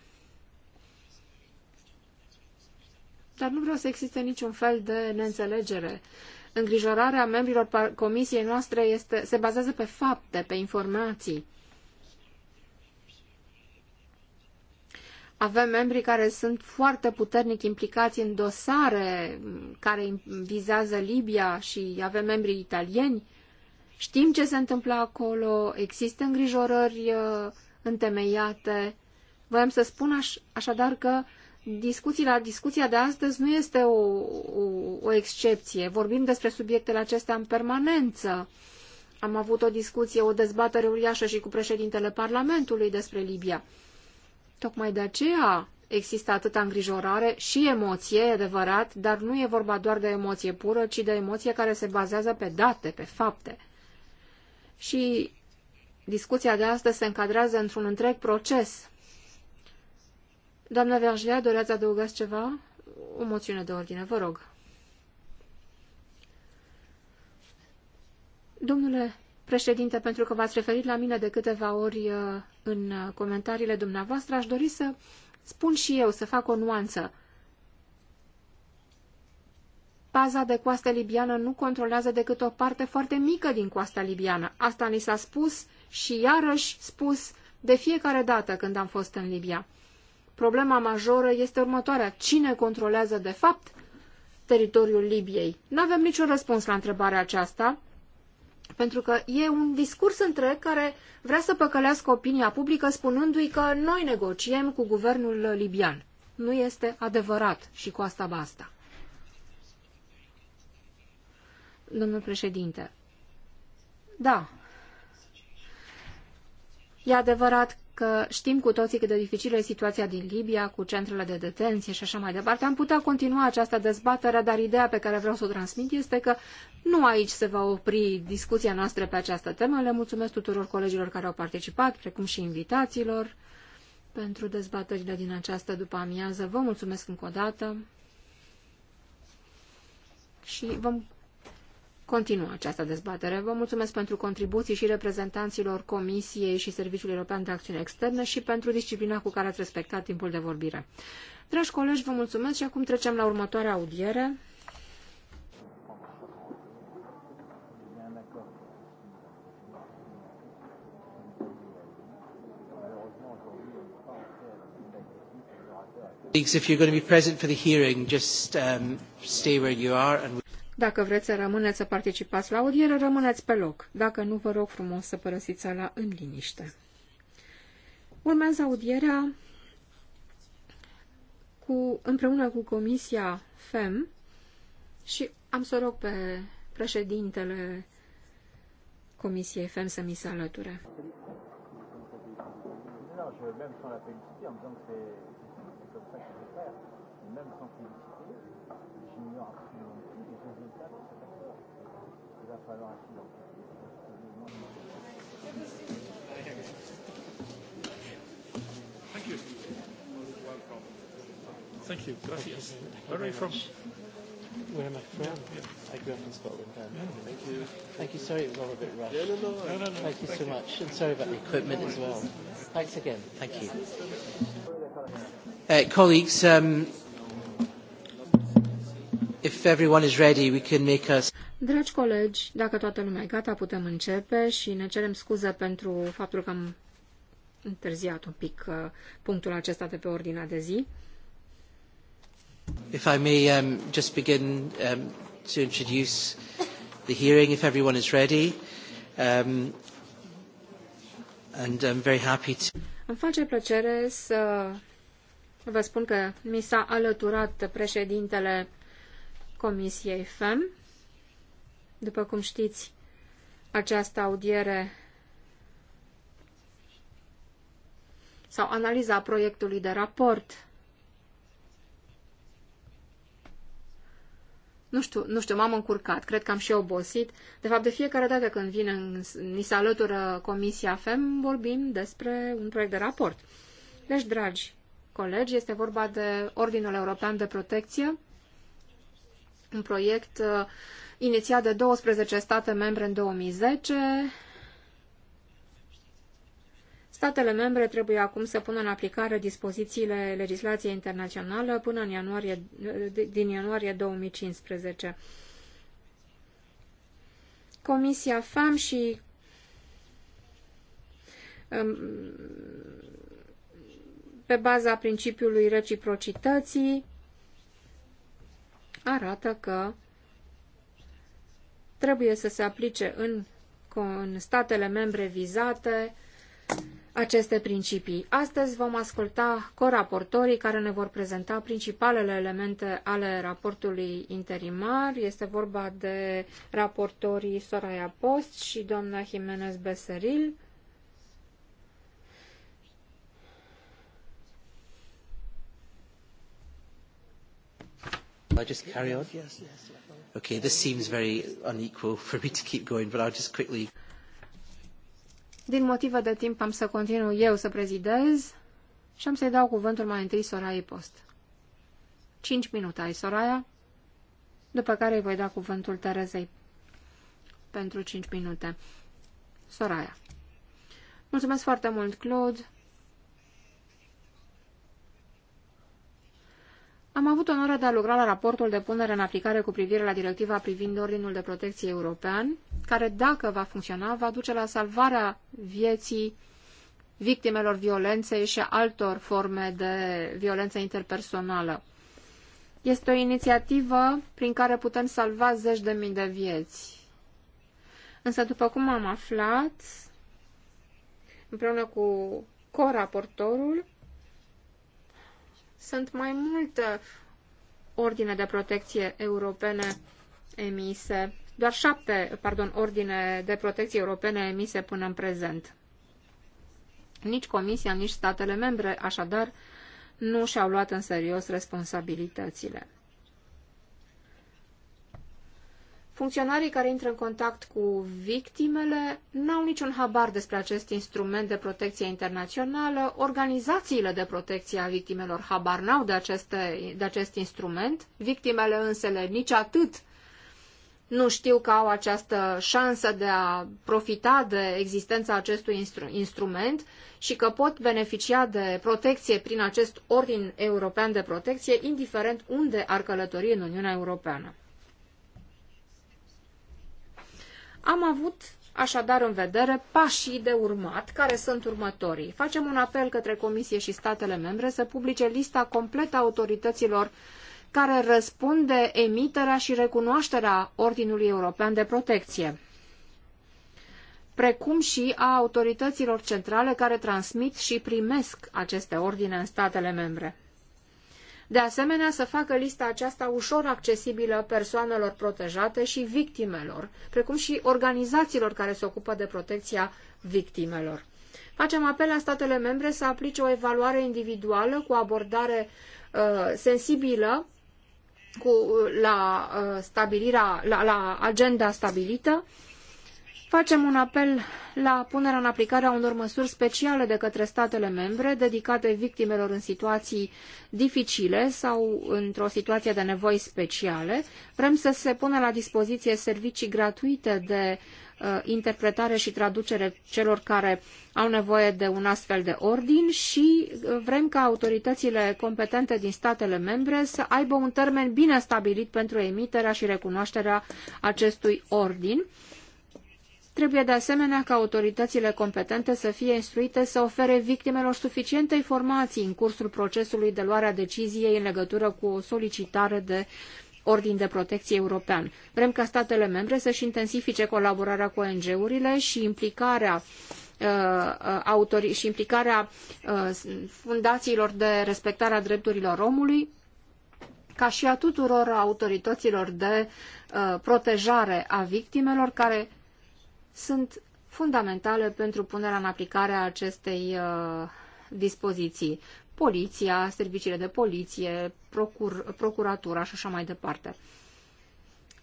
Dar nu vreau să existe niciun fel de neînțelegere îngrijorarea membrilor comisiei noastre este, se bazează pe fapte, pe informații. Avem membri care sunt foarte puternic implicați în dosare care vizează Libia și avem membri italieni. Știm ce se întâmplă acolo, există îngrijorări uh, întemeiate. Voiam să spun aș, așadar că uh, discuții, la discuția de astăzi nu este o, o, o excepție. Vorbim despre subiectele acestea în permanență. Am avut o discuție, o dezbatere uriașă și cu președintele Parlamentului despre Libia. Tocmai de aceea există atâta îngrijorare și emoție, e adevărat, dar nu e vorba doar de emoție pură, ci de emoție care se bazează pe date, pe fapte. Și discuția de astăzi se încadrează într-un întreg proces Doamna Vergea, doreați adăugați ceva? O moțiune de ordine, vă rog. Domnule președinte, pentru că v-ați referit la mine de câteva ori uh, în comentariile dumneavoastră, aș dori să spun și eu, să fac o nuanță. Paza de coastă libiană nu controlează decât o parte foarte mică din coasta libiană. Asta ni s-a spus și iarăși spus de fiecare dată când am fost în Libia problema majoră este următoarea. Cine controlează de fapt teritoriul Libiei? Nu avem niciun răspuns la întrebarea aceasta, pentru că e un discurs întreg care vrea să păcălească opinia publică spunându-i că noi negociem cu guvernul libian. Nu este adevărat și cu asta basta. Domnul președinte, da, E adevărat că știm cu toții cât de dificilă e situația din Libia, cu centrele de detenție și așa mai departe. Am putea continua această dezbatere, dar ideea pe care vreau să o transmit este că nu aici se va opri discuția noastră pe această temă. Le mulțumesc tuturor colegilor care au participat, precum și invitațiilor pentru dezbaterile din această după amiază. Vă mulțumesc încă o dată și vom Continuă această dezbatere. Vă mulțumesc pentru contribuții și reprezentanților Comisiei și Serviciului European de Acțiune Externă și pentru disciplina cu care ați respectat timpul de vorbire. Dragi colegi, vă mulțumesc și acum trecem la următoarea audiere. If you're going to be present for the hearing, just um, stay where you are and dacă vreți să rămâneți să participați la audiere, rămâneți pe loc. Dacă nu, vă rog frumos să părăsiți sala în liniște. Urmează audierea cu, împreună cu Comisia FEM și am să rog pe președintele Comisiei FEM să mi se alăture. je, même sans la féliciter, en disant que c'est comme ça faire, même sans féliciter, j'ignore Thank you. Welcome. Thank you. Gracias. Where are you from? Where am I from? Yeah. I grew up in Scotland. Um, yeah. Thank you. Thank you. Sorry, it was all a bit rushed. Yeah, no, no, no, no, no. Thank you Thank so you. much. And sorry about the equipment as well. Thanks again. Thank you. Uh, colleagues, um, everyone is ready, we can make us... Dragi colegi, dacă toată lumea e gata, putem începe și ne cerem scuze pentru faptul că am întârziat un pic uh, punctul acesta de pe ordinea de zi. If I may um, just begin um, to introduce the hearing, if everyone is ready. Um, and I'm very happy to... Îmi face plăcere să vă spun că mi s-a alăturat președintele Comisiei FEM. După cum știți, această audiere sau analiza proiectului de raport. Nu știu, nu știu, m-am încurcat, cred că am și obosit. De fapt, de fiecare dată când vine, ni se alătură Comisia FEM, vorbim despre un proiect de raport. Deci, dragi colegi, este vorba de Ordinul European de Protecție un proiect uh, inițiat de 12 state membre în 2010. Statele membre trebuie acum să pună în aplicare dispozițiile legislației internaționale până în ianuarie, uh, din ianuarie 2015. Comisia FAM și um, pe baza principiului reciprocității arată că trebuie să se aplice în, în statele membre vizate aceste principii. Astăzi vom asculta coraportorii care ne vor prezenta principalele elemente ale raportului interimar. Este vorba de raportorii Soraya Post și doamna Jimenez Beseril. I just carry on? Yes, yes. Okay, this seems very unequal for me to keep going, but I'll just quickly... Din motive de timp am să continu eu să prezidez și am să-i dau cuvântul mai întâi Soraya Post. Cinci minute ai, Soraya, după care îi voi da cuvântul Terezei pentru cinci minute. Soraya. Mulțumesc foarte mult, Claude. Am avut onoarea de a lucra la raportul de punere în aplicare cu privire la directiva privind Ordinul de Protecție European, care, dacă va funcționa, va duce la salvarea vieții victimelor violenței și altor forme de violență interpersonală. Este o inițiativă prin care putem salva zeci de mii de vieți. Însă, după cum am aflat, împreună cu coraportorul, sunt mai multe ordine de protecție europene emise, doar șapte, pardon, ordine de protecție europene emise până în prezent. Nici Comisia, nici statele membre, așadar, nu și-au luat în serios responsabilitățile. Funcționarii care intră în contact cu victimele n-au niciun habar despre acest instrument de protecție internațională, organizațiile de protecție a victimelor habar n-au de, aceste, de acest instrument, victimele însele nici atât nu știu că au această șansă de a profita de existența acestui instru instrument și că pot beneficia de protecție prin acest ordin european de protecție, indiferent unde ar călători în Uniunea Europeană. Am avut așadar în vedere pașii de urmat, care sunt următorii. Facem un apel către Comisie și statele membre să publice lista completă a autorităților care răspund de emiterea și recunoașterea Ordinului European de Protecție, precum și a autorităților centrale care transmit și primesc aceste ordine în statele membre. De asemenea, să facă lista aceasta ușor accesibilă persoanelor protejate și victimelor, precum și organizațiilor care se ocupă de protecția victimelor. Facem apel la statele membre să aplice o evaluare individuală cu abordare uh, sensibilă cu, la, uh, stabilirea, la, la agenda stabilită Facem un apel la punerea în aplicare a unor măsuri speciale de către statele membre dedicate victimelor în situații dificile sau într-o situație de nevoi speciale. Vrem să se pună la dispoziție servicii gratuite de uh, interpretare și traducere celor care au nevoie de un astfel de ordin și uh, vrem ca autoritățile competente din statele membre să aibă un termen bine stabilit pentru emiterea și recunoașterea acestui ordin Trebuie de asemenea ca autoritățile competente să fie instruite să ofere victimelor suficiente informații în cursul procesului de luare a deciziei în legătură cu o solicitare de ordin de protecție european. Vrem ca statele membre să-și intensifice colaborarea cu ONG-urile și implicarea uh, uh, autorii și implicarea uh, fundațiilor de respectare a drepturilor omului, ca și a tuturor autorităților de protejare a victimelor care sunt fundamentale pentru punerea în aplicare a acestei uh, dispoziții. Poliția, serviciile de poliție, procur, procuratura și așa mai departe.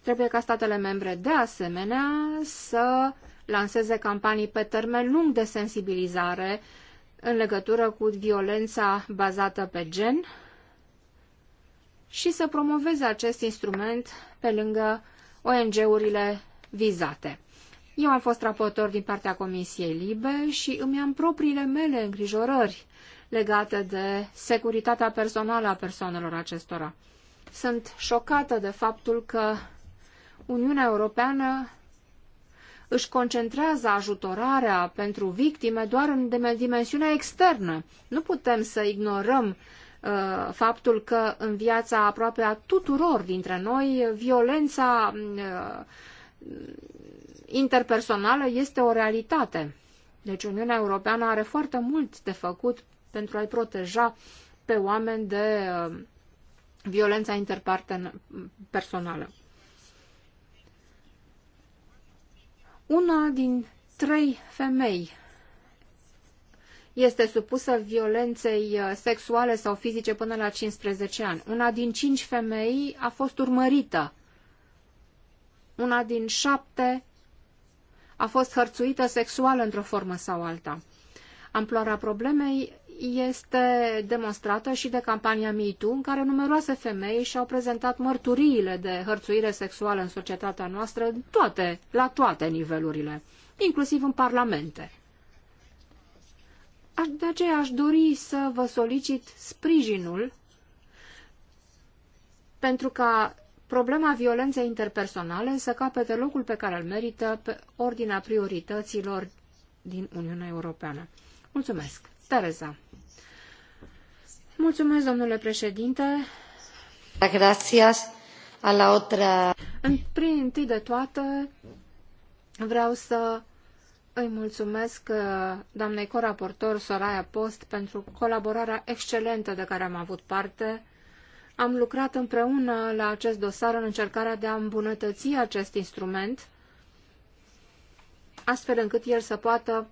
Trebuie ca statele membre, de asemenea, să lanseze campanii pe termen lung de sensibilizare în legătură cu violența bazată pe gen și să promoveze acest instrument pe lângă ONG-urile vizate. Eu am fost raportor din partea Comisiei Libe și îmi am propriile mele îngrijorări legate de securitatea personală a persoanelor acestora. Sunt șocată de faptul că Uniunea Europeană își concentrează ajutorarea pentru victime doar în dimensiunea externă. Nu putem să ignorăm uh, faptul că în viața aproape a tuturor dintre noi violența uh, interpersonală este o realitate. Deci Uniunea Europeană are foarte mult de făcut pentru a-i proteja pe oameni de uh, violența interpersonală. Una din trei femei este supusă violenței uh, sexuale sau fizice până la 15 ani. Una din cinci femei a fost urmărită. Una din șapte a fost hărțuită sexual într-o formă sau alta. Amploarea problemei este demonstrată și de campania MeToo, în care numeroase femei și-au prezentat mărturiile de hărțuire sexuală în societatea noastră, toate, la toate nivelurile, inclusiv în parlamente. De aceea aș dori să vă solicit sprijinul pentru ca Problema violenței interpersonale să capete locul pe care îl merită pe ordinea priorităților din Uniunea Europeană. Mulțumesc. Tereza. Mulțumesc, domnule președinte. Gracias a la otra. În prin întâi de toate, vreau să îi mulțumesc uh, doamnei coraportor Soraya Post pentru colaborarea excelentă de care am avut parte am lucrat împreună la acest dosar în încercarea de a îmbunătăți acest instrument, astfel încât el să poată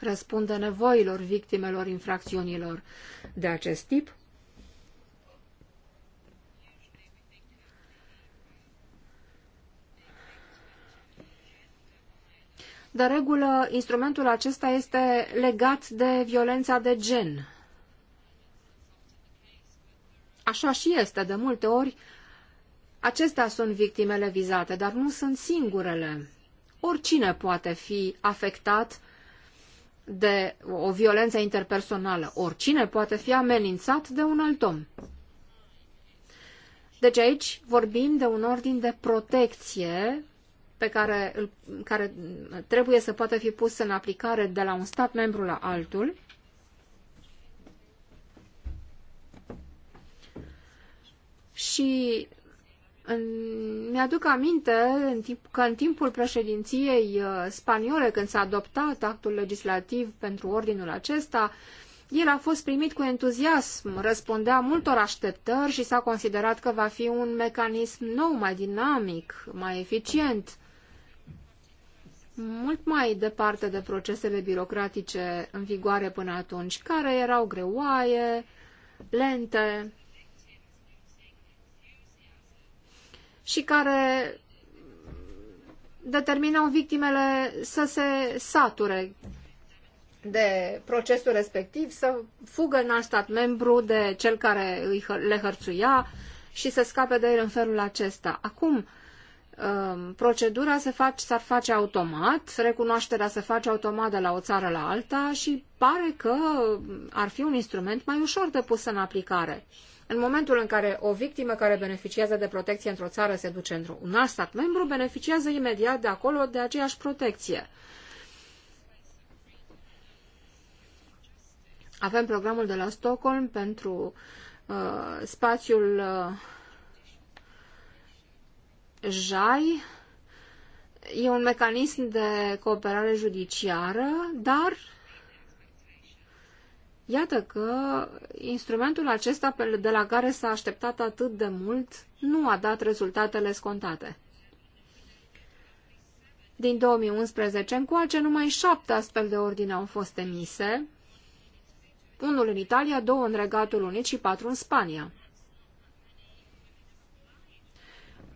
răspunde nevoilor victimelor infracțiunilor de acest tip. De regulă, instrumentul acesta este legat de violența de gen, Așa și este, de multe ori acestea sunt victimele vizate, dar nu sunt singurele. Oricine poate fi afectat de o violență interpersonală, oricine poate fi amenințat de un alt om. Deci aici vorbim de un ordin de protecție pe care, care trebuie să poată fi pus în aplicare de la un stat membru la altul, și în, mi-aduc aminte în timp, că în timpul președinției uh, spaniole, când s-a adoptat actul legislativ pentru ordinul acesta, el a fost primit cu entuziasm, răspundea multor așteptări și s-a considerat că va fi un mecanism nou, mai dinamic, mai eficient, mult mai departe de procesele birocratice în vigoare până atunci, care erau greoaie, lente, și care determinau victimele să se sature de procesul respectiv, să fugă în alt stat membru de cel care îi, le hărțuia și să scape de el în felul acesta. Acum, um, procedura se face, s-ar face automat, recunoașterea se face automat de la o țară la alta și pare că ar fi un instrument mai ușor de pus în aplicare. În momentul în care o victimă care beneficiază de protecție într-o țară se duce într-un alt stat membru, beneficiază imediat de acolo de aceeași protecție. Avem programul de la Stockholm pentru uh, spațiul uh, JAI. E un mecanism de cooperare judiciară, dar Iată că instrumentul acesta de la care s-a așteptat atât de mult nu a dat rezultatele scontate. Din 2011 încoace, numai șapte astfel de ordine au fost emise, unul în Italia, două în Regatul Unit și patru în Spania.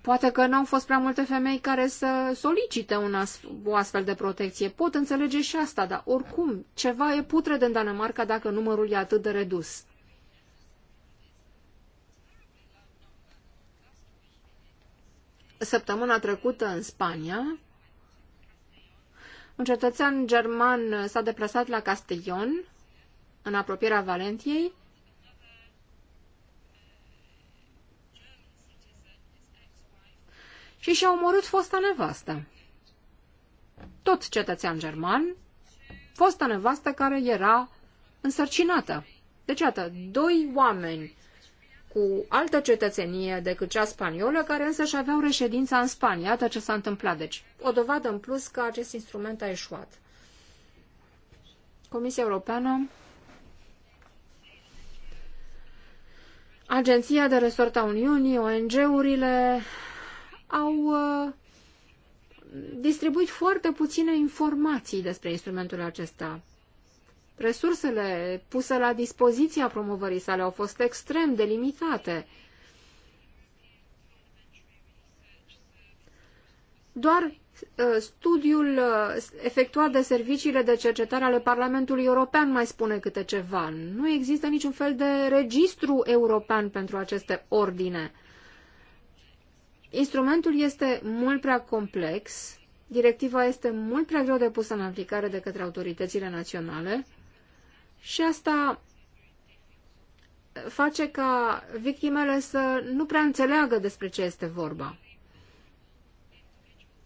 Poate că n-au fost prea multe femei care să solicite un as- o astfel de protecție. Pot înțelege și asta, dar oricum, ceva e putred în Danemarca dacă numărul e atât de redus. Săptămâna trecută în Spania, un cetățean german s-a deplasat la Castellon, în apropierea Valentiei, și și-a omorât fosta nevastă. Tot cetățean german, fosta nevastă care era însărcinată. Deci, iată, doi oameni cu altă cetățenie decât cea spaniolă, care însă și aveau reședința în Spania. Iată ce s-a întâmplat. Deci, o dovadă în plus că acest instrument a eșuat. Comisia Europeană, Agenția de Resort a Uniunii, ONG-urile, au uh, distribuit foarte puține informații despre instrumentul acesta. Resursele puse la dispoziția promovării sale au fost extrem de limitate. Doar uh, studiul uh, efectuat de serviciile de cercetare ale Parlamentului European mai spune câte ceva. Nu există niciun fel de registru european pentru aceste ordine. Instrumentul este mult prea complex, directiva este mult prea greu de pusă în aplicare de către autoritățile naționale și asta face ca victimele să nu prea înțeleagă despre ce este vorba.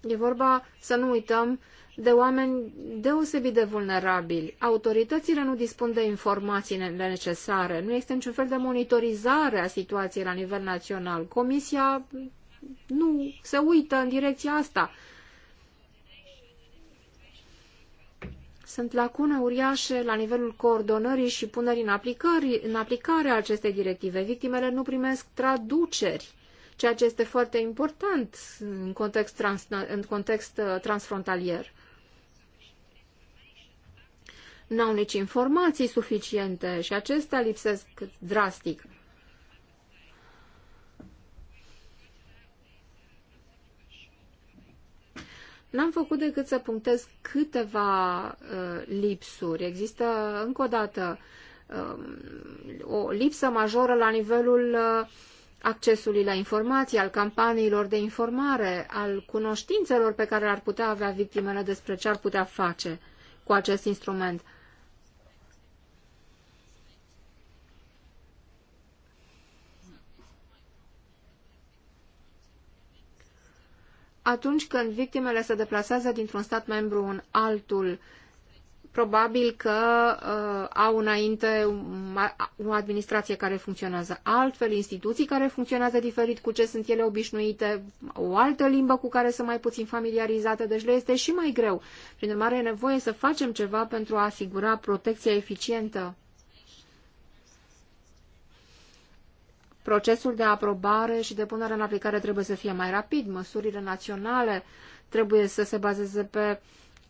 E vorba, să nu uităm, de oameni deosebit de vulnerabili. Autoritățile nu dispun de informațiile necesare, nu este niciun fel de monitorizare a situației la nivel național. Comisia nu se uită în direcția asta. Sunt lacune uriașe la nivelul coordonării și punerii în, aplicări, în aplicare a acestei directive. Victimele nu primesc traduceri, ceea ce este foarte important în context, trans, în context uh, transfrontalier. N-au nici informații suficiente și acestea lipsesc drastic. N-am făcut decât să punctez câteva uh, lipsuri. Există, încă o dată, uh, o lipsă majoră la nivelul uh, accesului la informații, al campaniilor de informare, al cunoștințelor pe care ar putea avea victimele despre ce ar putea face cu acest instrument. atunci când victimele se deplasează dintr-un stat membru în altul, probabil că uh, au înainte o administrație care funcționează altfel, instituții care funcționează diferit cu ce sunt ele obișnuite, o altă limbă cu care sunt mai puțin familiarizate, deci le este și mai greu. Prin urmare, e nevoie să facem ceva pentru a asigura protecția eficientă Procesul de aprobare și de punere în aplicare trebuie să fie mai rapid. Măsurile naționale trebuie să se bazeze pe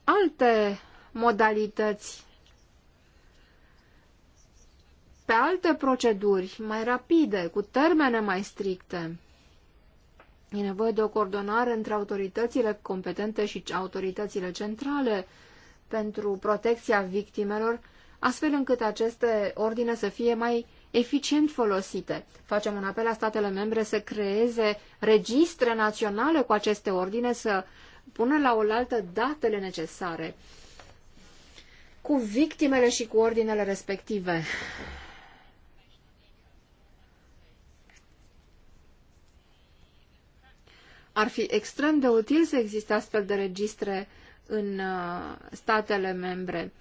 alte modalități, pe alte proceduri mai rapide, cu termene mai stricte. E nevoie de o coordonare între autoritățile competente și autoritățile centrale pentru protecția victimelor, astfel încât aceste ordine să fie mai eficient folosite. Facem un apel la statele membre să creeze registre naționale cu aceste ordine, să pună la oaltă datele necesare cu victimele și cu ordinele respective. Ar fi extrem de util să existe astfel de registre în uh, statele membre,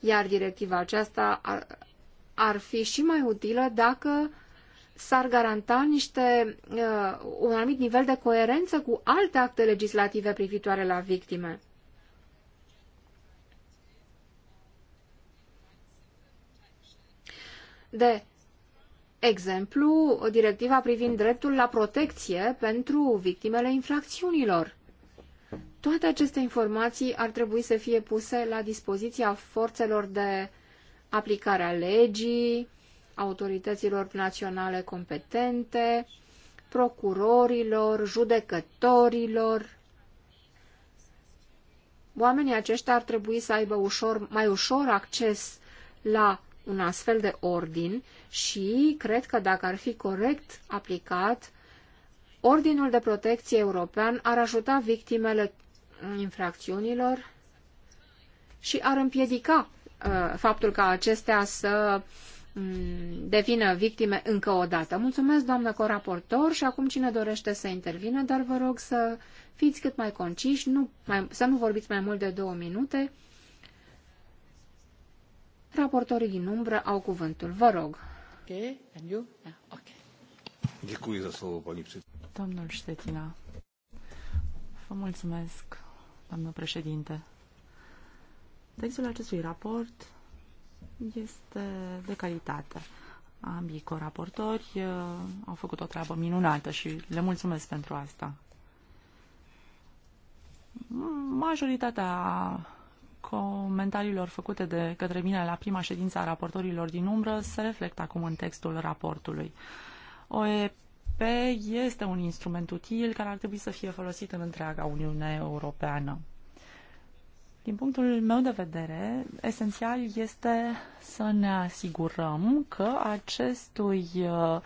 iar directiva aceasta ar fi și mai utilă dacă s-ar garanta niște, uh, un anumit nivel de coerență cu alte acte legislative privitoare la victime. De exemplu, directiva privind dreptul la protecție pentru victimele infracțiunilor. Toate aceste informații ar trebui să fie puse la dispoziția forțelor de aplicarea legii, autorităților naționale competente, procurorilor, judecătorilor. Oamenii aceștia ar trebui să aibă ușor, mai ușor acces la un astfel de ordin și cred că dacă ar fi corect aplicat, Ordinul de protecție european ar ajuta victimele infracțiunilor și ar împiedica Uh, faptul ca acestea să mm, devină victime încă o dată. Mulțumesc, doamnă coraportor, și acum cine dorește să intervine, dar vă rog să fiți cât mai conciși, nu, mai, să nu vorbiți mai mult de două minute. Raportorii din umbră au cuvântul. Vă rog. Okay, and you? Yeah, okay. Děkuji za slovo, paní Domnul Ștetina. Vă mulțumesc, doamnă președinte. Textul acestui raport este de calitate. Ambii coraportori uh, au făcut o treabă minunată și le mulțumesc pentru asta. Majoritatea comentariilor făcute de către mine la prima ședință a raportorilor din umbră se reflectă acum în textul raportului. OEP este un instrument util care ar trebui să fie folosit în întreaga Uniune Europeană. Din punctul meu de vedere, esențial este să ne asigurăm că acestui uh,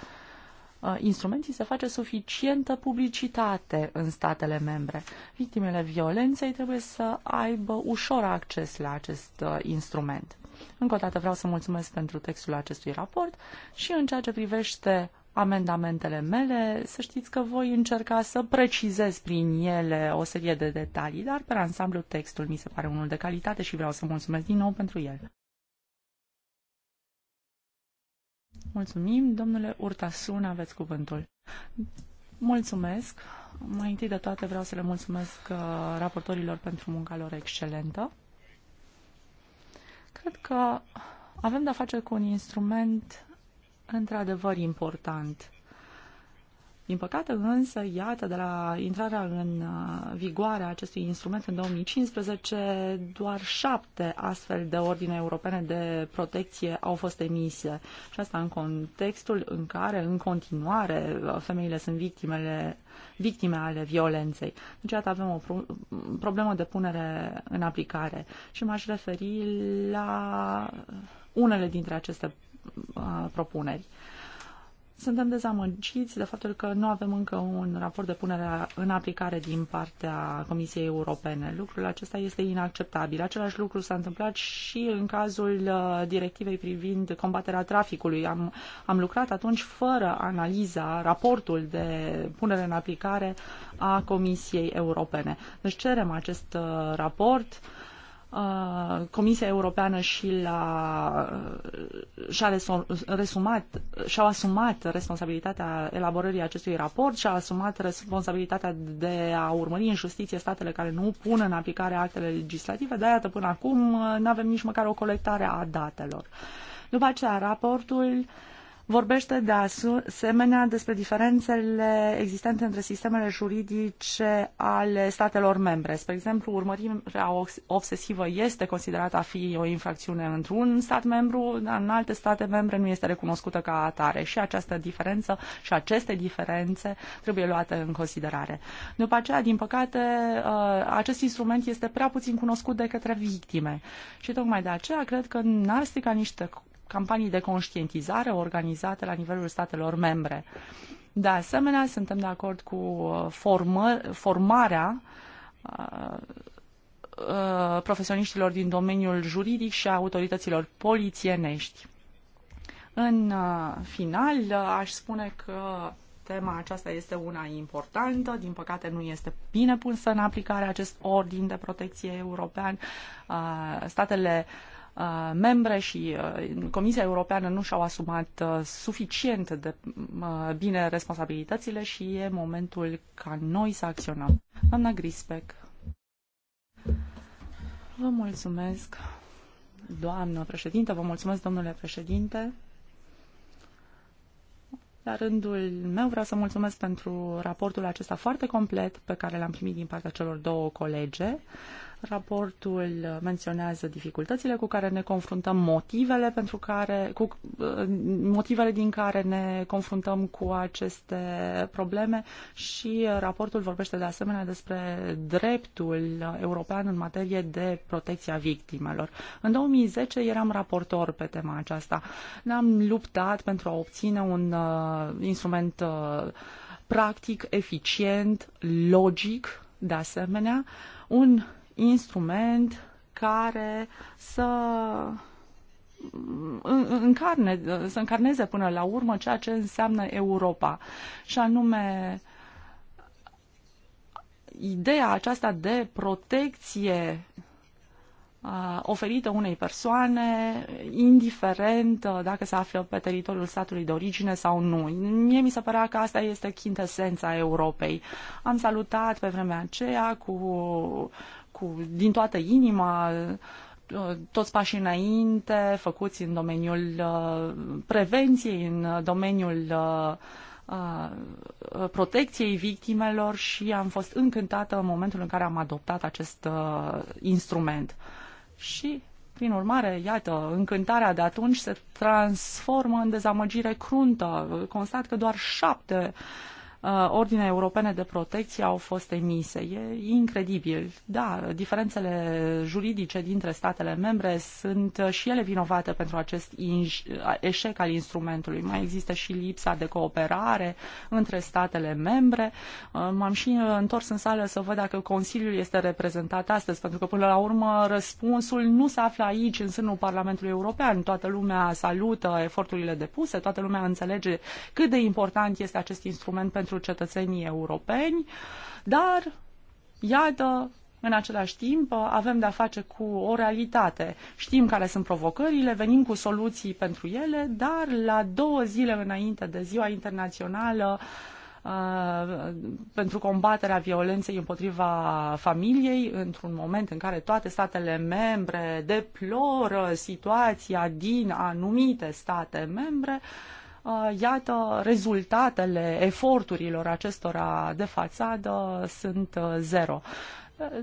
instrument se face suficientă publicitate în statele membre. Victimele violenței trebuie să aibă ușor acces la acest uh, instrument. Încă o dată vreau să mulțumesc pentru textul acestui raport și în ceea ce privește amendamentele mele, să știți că voi încerca să precizez prin ele o serie de detalii, dar pe ansamblu textul mi se pare unul de calitate și vreau să mulțumesc din nou pentru el. Mulțumim, domnule Urtasun, aveți cuvântul. Mulțumesc. Mai întâi de toate vreau să le mulțumesc uh, raportorilor pentru munca lor excelentă. Cred că avem de-a face cu un instrument într-adevăr important. Din păcate însă, iată, de la intrarea în uh, vigoare a acestui instrument în 2015, doar șapte astfel de ordine europene de protecție au fost emise. Și asta în contextul în care, în continuare, uh, femeile sunt victimele, victime ale violenței. Deci, iată, avem o pro- problemă de punere în aplicare. Și m-aș referi la unele dintre aceste Uh, propuneri. Suntem dezamăgiți de faptul că nu avem încă un raport de punere în aplicare din partea Comisiei Europene. Lucrul acesta este inacceptabil. Același lucru s-a întâmplat și în cazul uh, directivei privind combaterea traficului. Am, am lucrat atunci fără analiza, raportul de punere în aplicare a Comisiei Europene. Deci cerem acest uh, raport. Uh, Uh, Comisia Europeană și la, uh, și-a resumat, și-au asumat responsabilitatea elaborării acestui raport și-a asumat responsabilitatea de a urmări în justiție statele care nu pun în aplicare actele legislative, de iată până acum uh, nu avem nici măcar o colectare a datelor. După aceea, raportul uh, Vorbește de asemenea despre diferențele existente între sistemele juridice ale statelor membre. Spre exemplu, urmărirea obsesivă este considerată a fi o infracțiune într-un stat membru, dar în alte state membre nu este recunoscută ca atare și această diferență și aceste diferențe trebuie luate în considerare. După aceea, din păcate, uh, acest instrument este prea puțin cunoscut de către victime și tocmai de aceea cred că n-ar strica niște campanii de conștientizare organizate la nivelul statelor membre. De asemenea, suntem de acord cu uh, formă, formarea uh, uh, profesioniștilor din domeniul juridic și a autorităților polițienești. În final, aș spune că tema aceasta este una importantă, din păcate nu este bine pusă în aplicare acest ordin de protecție european. Statele uh, Uh, membre și uh, Comisia Europeană nu și-au asumat uh, suficient de bine responsabilitățile și e momentul ca noi să acționăm. Doamna Grisbeck. Vă mulțumesc, doamnă președinte, vă mulțumesc, domnule președinte. La rândul meu vreau să mulțumesc pentru raportul acesta foarte complet pe care l-am primit din partea celor două colege. Raportul menționează dificultățile cu care ne confruntăm, motivele pentru care, cu, uh, motivele din care ne confruntăm cu aceste probleme și raportul vorbește de asemenea despre dreptul european în materie de protecția victimelor. În 2010 eram raportor pe tema aceasta. Ne-am luptat pentru a obține un uh, instrument uh, practic, eficient, logic, de asemenea, un instrument care să mm, încarne, să încarneze până la urmă ceea ce înseamnă Europa, și anume ideea aceasta de protecție oferită unei persoane, indiferent uh, dacă se află pe teritoriul statului de origine sau nu. Mie mi se părea că asta este chintesența Europei. Am salutat pe vremea aceea cu cu, din toată inima toți pașii înainte făcuți în domeniul uh, prevenției, în domeniul uh, uh, protecției victimelor și am fost încântată în momentul în care am adoptat acest instrument. Și, prin urmare, iată, încântarea de atunci se transformă în dezamăgire cruntă. Constat că doar șapte uh, Uh, ordine europene de protecție au fost emise. E incredibil. Da, diferențele juridice dintre statele membre sunt uh, și ele vinovate pentru acest uh, eșec al instrumentului. Mai există și lipsa de cooperare între statele membre. M-am și întors în sală să văd dacă Consiliul este reprezentat astăzi, pentru că până la urmă răspunsul nu se află aici, în sânul Parlamentului European. Toată lumea salută eforturile depuse, toată lumea înțelege cât de important este acest instrument pentru pentru cetățenii europeni, dar, iată, în același timp, avem de-a face cu o realitate. Știm care sunt provocările, venim cu soluții pentru ele, dar la două zile înainte de Ziua Internațională uh, pentru combaterea violenței împotriva familiei, într-un moment în care toate statele membre deploră situația din anumite state membre, uh, Uh, iată, rezultatele eforturilor acestora de fațadă sunt uh, zero.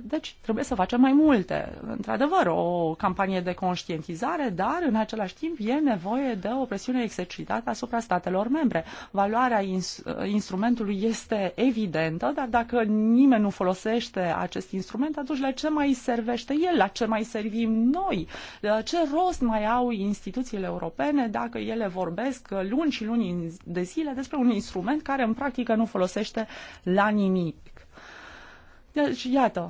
Deci trebuie să facem mai multe. Într-adevăr, o campanie de conștientizare, dar în același timp e nevoie de o presiune exercitată asupra statelor membre. Valoarea ins- instrumentului este evidentă, dar dacă nimeni nu folosește acest instrument, atunci la ce mai servește el? La ce mai servim noi? Ce rost mai au instituțiile europene dacă ele vorbesc luni și luni de zile despre un instrument care în practică nu folosește la nimic? Deci, iată.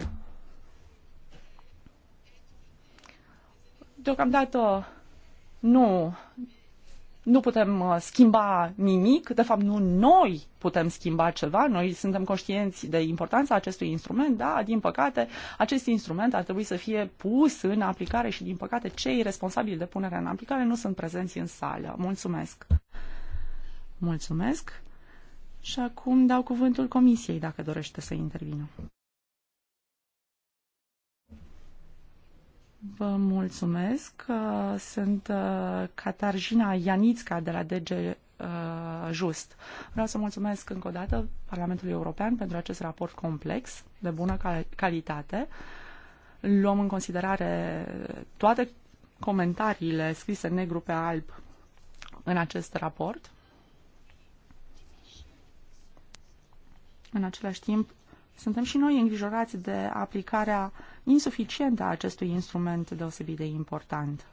Deocamdată nu, nu putem uh, schimba nimic, de fapt nu noi putem schimba ceva, noi suntem conștienți de importanța acestui instrument, da, din păcate, acest instrument ar trebui să fie pus în aplicare și, din păcate, cei responsabili de punerea în aplicare nu sunt prezenți în sală. Mulțumesc! Mulțumesc! Și acum dau cuvântul comisiei, dacă dorește să intervină. Vă mulțumesc. Uh, sunt uh, Catarjina Ianițca de la DG uh, Just. Vreau să mulțumesc încă o dată Parlamentului European pentru acest raport complex, de bună calitate. Luăm în considerare toate comentariile scrise negru pe alb în acest raport. În același timp, suntem și noi îngrijorați de aplicarea uh, insuficientă a acestui instrument deosebit de important.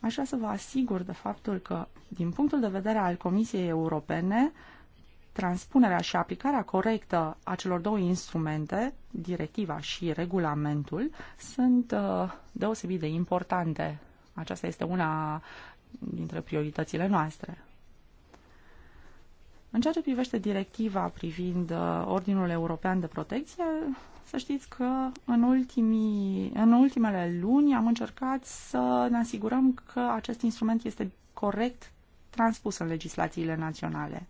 Aș vrea să vă asigur de faptul că, din punctul de vedere al Comisiei Europene, transpunerea și aplicarea corectă a celor două instrumente, directiva și regulamentul, sunt uh, deosebit de importante. Aceasta este una dintre prioritățile noastre. În ceea ce privește directiva privind uh, Ordinul European de Protecție, să știți că în, ultimii, în ultimele luni am încercat să ne asigurăm că acest instrument este corect transpus în legislațiile naționale.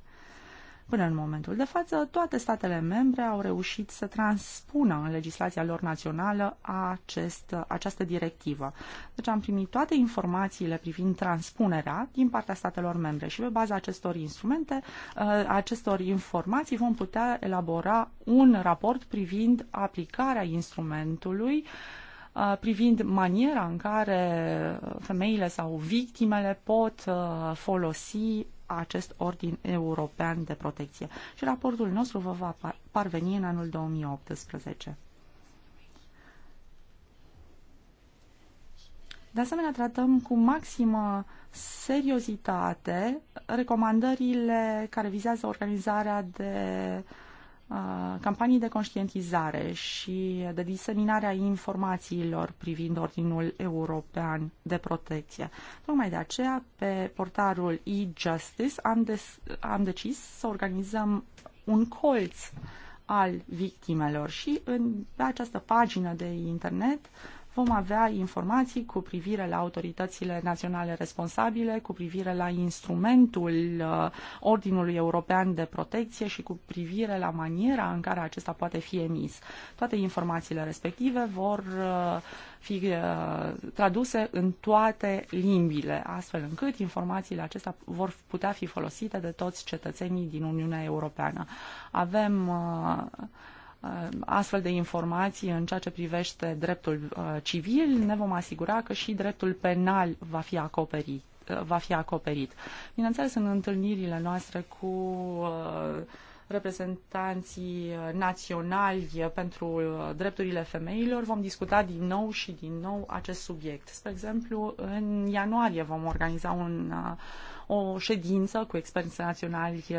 Până în momentul de față, toate statele membre au reușit să transpună în legislația lor națională acest, această directivă. Deci am primit toate informațiile privind transpunerea din partea statelor membre și pe baza acestor instrumente, uh, acestor informații vom putea elabora un raport privind aplicarea instrumentului uh, privind maniera în care femeile sau victimele pot uh, folosi acest ordin european de protecție. Și raportul nostru vă va parveni în anul 2018. De asemenea, tratăm cu maximă seriozitate recomandările care vizează organizarea de uh, campanii de conștientizare și de diseminare a informațiilor privind Ordinul European de Protecție. Tocmai de aceea, pe portarul e-Justice am, am decis să organizăm un colț al victimelor și în, pe această pagină de internet uh, vom avea informații cu privire la autoritățile naționale responsabile, cu privire la instrumentul uh, Ordinului European de Protecție și cu privire la maniera în care acesta poate fi emis. Toate informațiile respective vor uh, fi uh, traduse în toate limbile, astfel încât informațiile acestea vor putea fi folosite de toți cetățenii din Uniunea Europeană. Avem uh, Uh, astfel de informații în ceea ce privește dreptul uh, civil, ne vom asigura că și dreptul penal va fi acoperit. Uh, va fi acoperit. Bineînțeles, în întâlnirile noastre cu reprezentanții naționali pentru drepturile femeilor, vom discuta din nou și din nou acest subiect. Spre exemplu, în ianuarie vom organiza un o ședință cu experți naționali uh,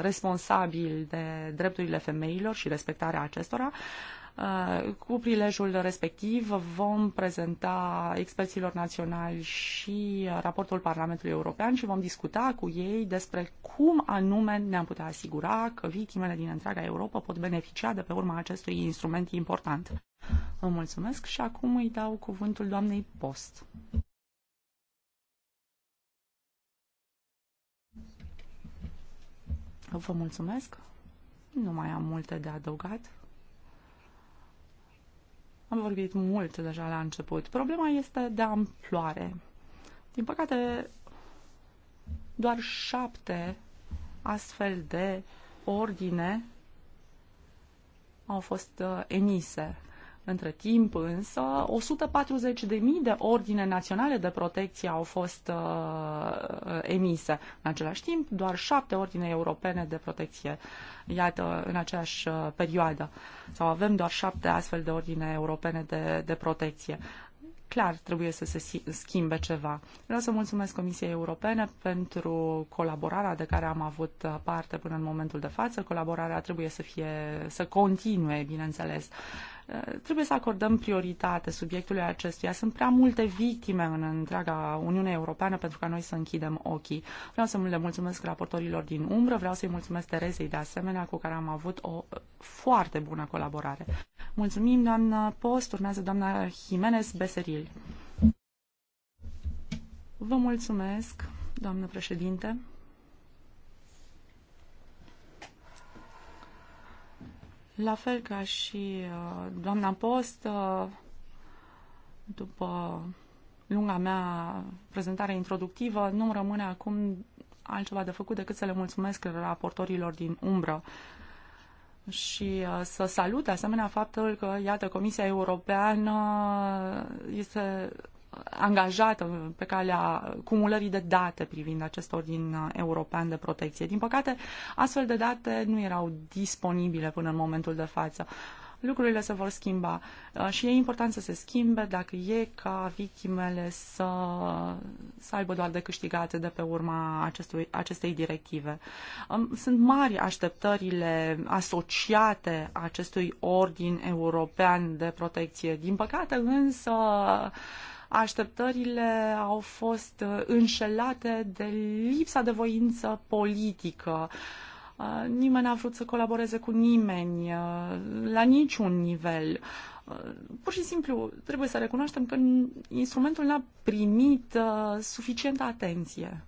responsabili de drepturile femeilor și respectarea acestora. Uh, cu prilejul respectiv vom prezenta experților naționali și uh, raportul Parlamentului European și vom discuta cu ei despre cum anume ne-am putea asigura că victimele din întreaga Europa pot beneficia de pe urma acestui instrument important. Vă mulțumesc și acum îi dau cuvântul doamnei Post. Vă mulțumesc. Nu mai am multe de adăugat. Am vorbit mult deja la început. Problema este de amploare. Din păcate, doar șapte astfel de ordine au fost uh, emise între timp însă, 140.000 de ordine naționale de protecție au fost uh, emise. În același timp, doar șapte ordine europene de protecție, iată, în aceeași uh, perioadă. Sau avem doar șapte astfel de ordine europene de, de protecție. Clar, trebuie să se schimbe ceva. Vreau să mulțumesc Comisiei Europene pentru colaborarea de care am avut uh, parte până în momentul de față. Colaborarea trebuie să fie, să continue, bineînțeles. Uh, Eh, trebuie să acordăm prioritate subiectului acestuia. Sunt prea multe victime în întreaga Uniune Europeană pentru ca noi să închidem ochii. Vreau să le mulțumesc raportorilor din umbră, vreau să-i mulțumesc Terezei de asemenea, cu care am avut o foarte bună colaborare. Mulțumim, doamnă Post, urmează doamna Jimenez Beseril. Vă mulțumesc, doamnă președinte. La fel ca și uh, doamna Post, uh, după lunga mea prezentare introductivă, nu-mi rămâne acum altceva de făcut decât să le mulțumesc raportorilor din umbră și uh, să salut de asemenea faptul că, iată, Comisia Europeană este angajată pe calea cumulării de date privind acest ordin uh, european de protecție. Din păcate, astfel de date nu erau disponibile până în momentul de față. Lucrurile se vor schimba uh, și e important să se schimbe dacă e ca victimele să, să aibă doar de câștigate de pe urma acestui, acestei directive. Um, sunt mari așteptările asociate acestui ordin european de protecție. Din păcate, însă, Așteptările au fost uh, înșelate de lipsa de voință politică. Uh, nimeni n-a vrut să colaboreze cu nimeni, uh, la niciun nivel. Pur și simplu, trebuie să recunoaștem că instrumentul n-a primit suficientă atenție.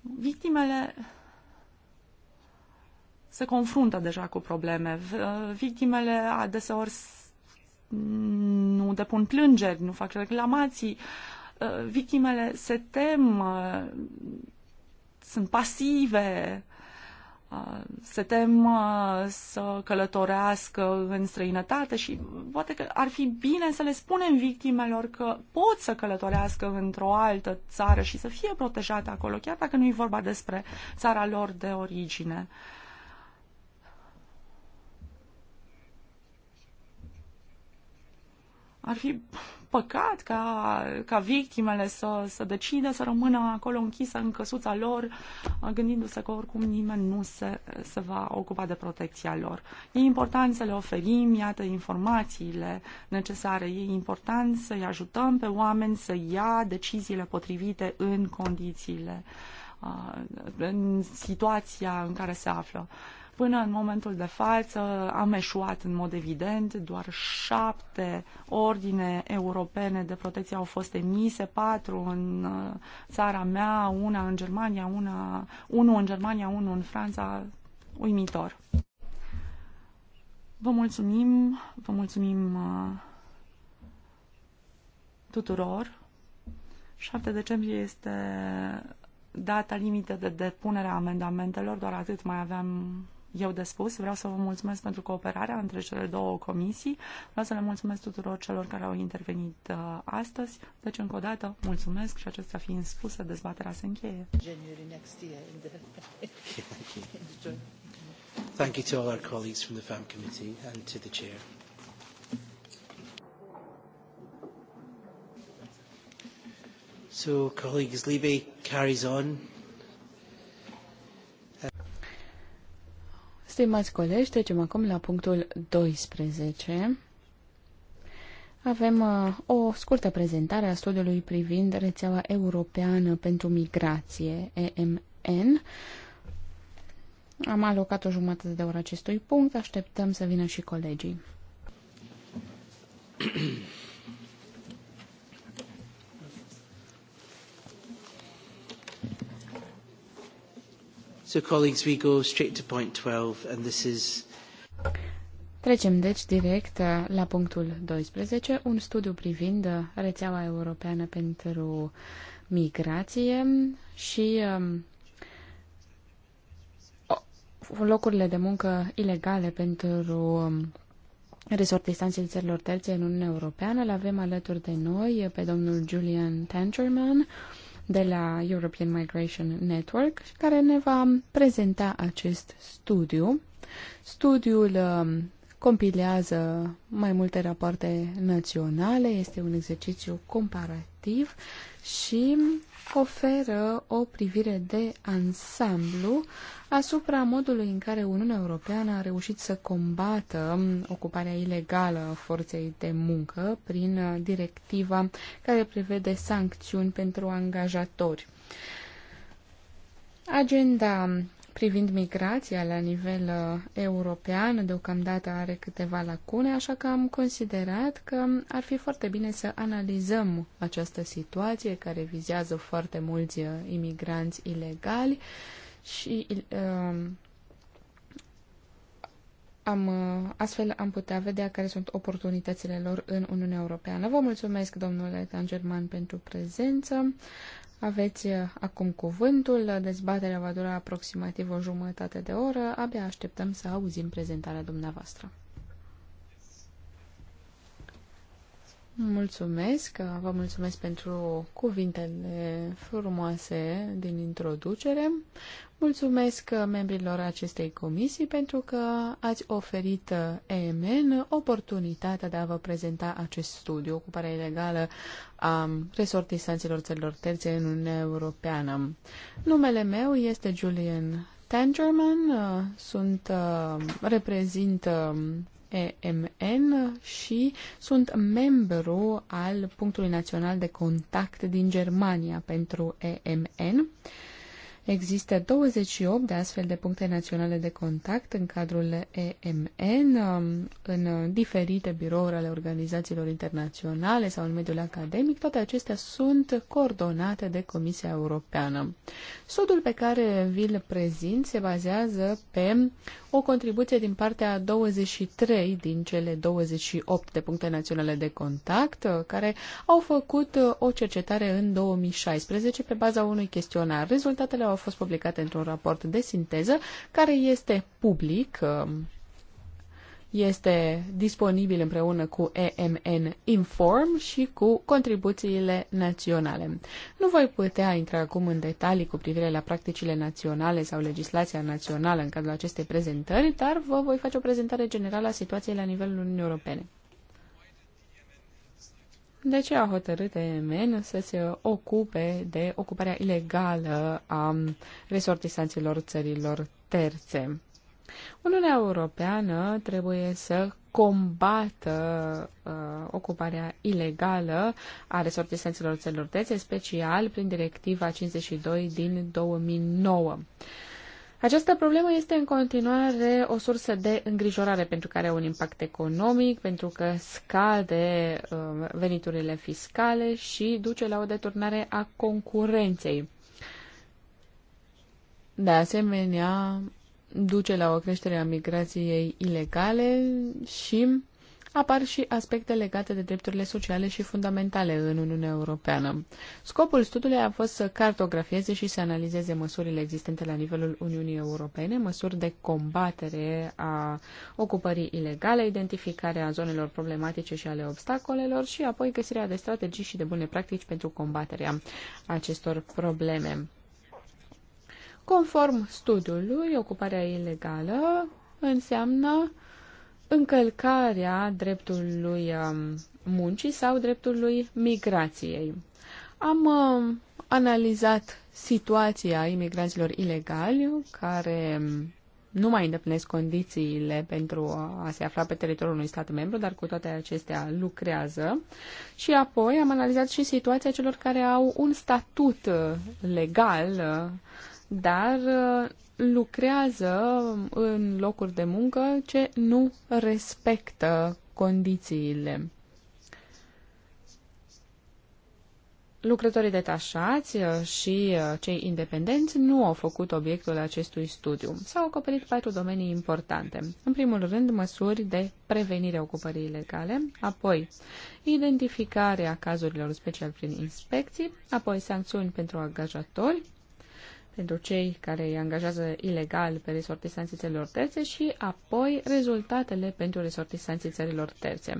Victimele se confruntă deja cu probleme. Victimele adeseori nu depun plângeri, nu fac reclamații. Uh, victimele se tem, uh, sunt pasive, uh, se tem să călătorească în străinătate și poate că ar fi bine să le spunem victimelor că pot să călătorească într-o altă țară și să fie protejate acolo, chiar dacă nu e vorba despre țara lor de origine. Uh, Ar fi păcat ca, ca victimele să, să decidă să rămână acolo închisă în căsuța lor, gândindu-se că oricum nimeni nu se, se va ocupa de protecția lor. E important să le oferim, iată, informațiile necesare. E important să-i ajutăm pe oameni să ia deciziile potrivite în condițiile, în situația în care se află. Până în momentul de față am eșuat în mod evident, doar șapte ordine europene de protecție au fost emise, patru în uh, țara mea, una în Germania, una, unul în Germania, unul în Franța, uimitor. Vă mulțumim, vă mulțumim uh, tuturor. 7 decembrie este data limită de depunere a amendamentelor, doar atât mai aveam eu de spus. Vreau să vă mulțumesc pentru cooperarea între cele două comisii. Vreau să le mulțumesc tuturor celor care au intervenit uh, astăzi. Deci, încă o dată, mulțumesc și acestea fiind spuse, dezbaterea se încheie. Thank you to all our colleagues from the FAM committee and to the chair. So, colleagues, Libby carries on. Stimați colegi, trecem acum la punctul 12. Avem uh, o scurtă prezentare a studiului privind rețeaua europeană pentru migrație, EMN. Am alocat o jumătate de oră acestui punct, așteptăm să vină și colegii. So colleagues, we go straight to point 12 and this is Trecem deci direct uh, la punctul 12, un studiu privind uh, rețeaua europeană pentru migrație și um, locurile de muncă ilegale pentru um, resortistanții țărilor terțe în Uniunea Europeană. l avem alături de noi pe domnul Julian Tangerman, de la European Migration Network, care ne va prezenta acest studiu. Studiul um, compilează mai multe rapoarte naționale, este un exercițiu comparativ legislativ și oferă o privire de ansamblu asupra modului în care Uniunea Europeană a reușit să combată ocuparea ilegală a forței de muncă prin directiva care prevede sancțiuni pentru angajatori. Agenda privind migrația la nivel uh, european deocamdată are câteva lacune, așa că am considerat că ar fi foarte bine să analizăm această situație care vizează foarte mulți uh, imigranți ilegali și uh, am, uh, astfel am putea vedea care sunt oportunitățile lor în Uniunea Europeană. Vă mulțumesc, domnule Tangerman, pentru prezență. Aveți uh, acum cuvântul, dezbaterea va dura aproximativ o jumătate de oră, abia așteptăm să auzim prezentarea dumneavoastră. Mulțumesc, vă mulțumesc pentru cuvintele frumoase din introducere. Mulțumesc uh, membrilor acestei comisii pentru că ați oferit uh, EMN oportunitatea de a vă prezenta acest studiu cu pare legală a resortisanților țărilor terțe în Uniunea Europeană. Numele meu este Julian Tangerman, uh, sunt, reprezint EMN și sunt membru al punctului național de contact din Germania pentru EMN. Există 28 de astfel de puncte naționale de contact în cadrul EMN, um, în diferite birouri ale organizațiilor internaționale sau în mediul academic. Toate acestea sunt coordonate de Comisia Europeană. Sudul pe care vi-l prezint se bazează pe o contribuție din partea 23 din cele 28 de puncte naționale de contact, uh, care au făcut uh, o cercetare în 2016 pe baza unui chestionar. Rezultatele au fost publicate într-un raport de sinteză care este public uh, este disponibil împreună cu EMN Inform și cu contribuțiile naționale. Nu voi putea intra acum în detalii cu privire la practicile naționale sau legislația națională în cadrul acestei prezentări, dar vă voi face o prezentare generală a situației la nivelul Uniunii Europene. De ce a hotărât EMN să se ocupe de ocuparea ilegală a resortisanților țărilor terțe? Uniunea Europeană trebuie să combată uh, ocuparea ilegală a resortisenților țelor terțe, special prin directiva 52 din 2009. Această problemă este în continuare o sursă de îngrijorare pentru că are un impact economic, pentru că scade uh, veniturile fiscale și duce la o deturnare a concurenței. De asemenea, duce la o creștere a migrației ilegale și apar și aspecte legate de drepturile sociale și fundamentale în Uniunea Europeană. Scopul studiului a fost să cartografieze și să analizeze măsurile existente la nivelul Uniunii Europene, măsuri de combatere a ocupării ilegale, identificarea zonelor problematice și ale obstacolelor și apoi găsirea de strategii și de bune practici pentru combaterea acestor probleme. Conform studiului, ocuparea ilegală înseamnă încălcarea dreptului um, muncii sau dreptului migrației. Am um, analizat situația imigranților ilegali care um, nu mai îndeplinesc condițiile pentru a se afla pe teritoriul unui stat membru, dar cu toate acestea lucrează. Și apoi am analizat și situația celor care au un statut uh, legal uh, dar uh, lucrează în locuri de muncă ce nu respectă condițiile. Lucrătorii detașați uh, și uh, cei independenți nu au făcut obiectul acestui studiu. S-au acoperit patru domenii importante. În primul rând, măsuri de prevenire a ocupării ilegale, apoi identificarea cazurilor special prin inspecții, apoi sancțiuni pentru angajatori, pentru cei care îi angajează ilegal pe resortisanții țărilor terțe și apoi rezultatele pentru resortisanții țărilor terțe.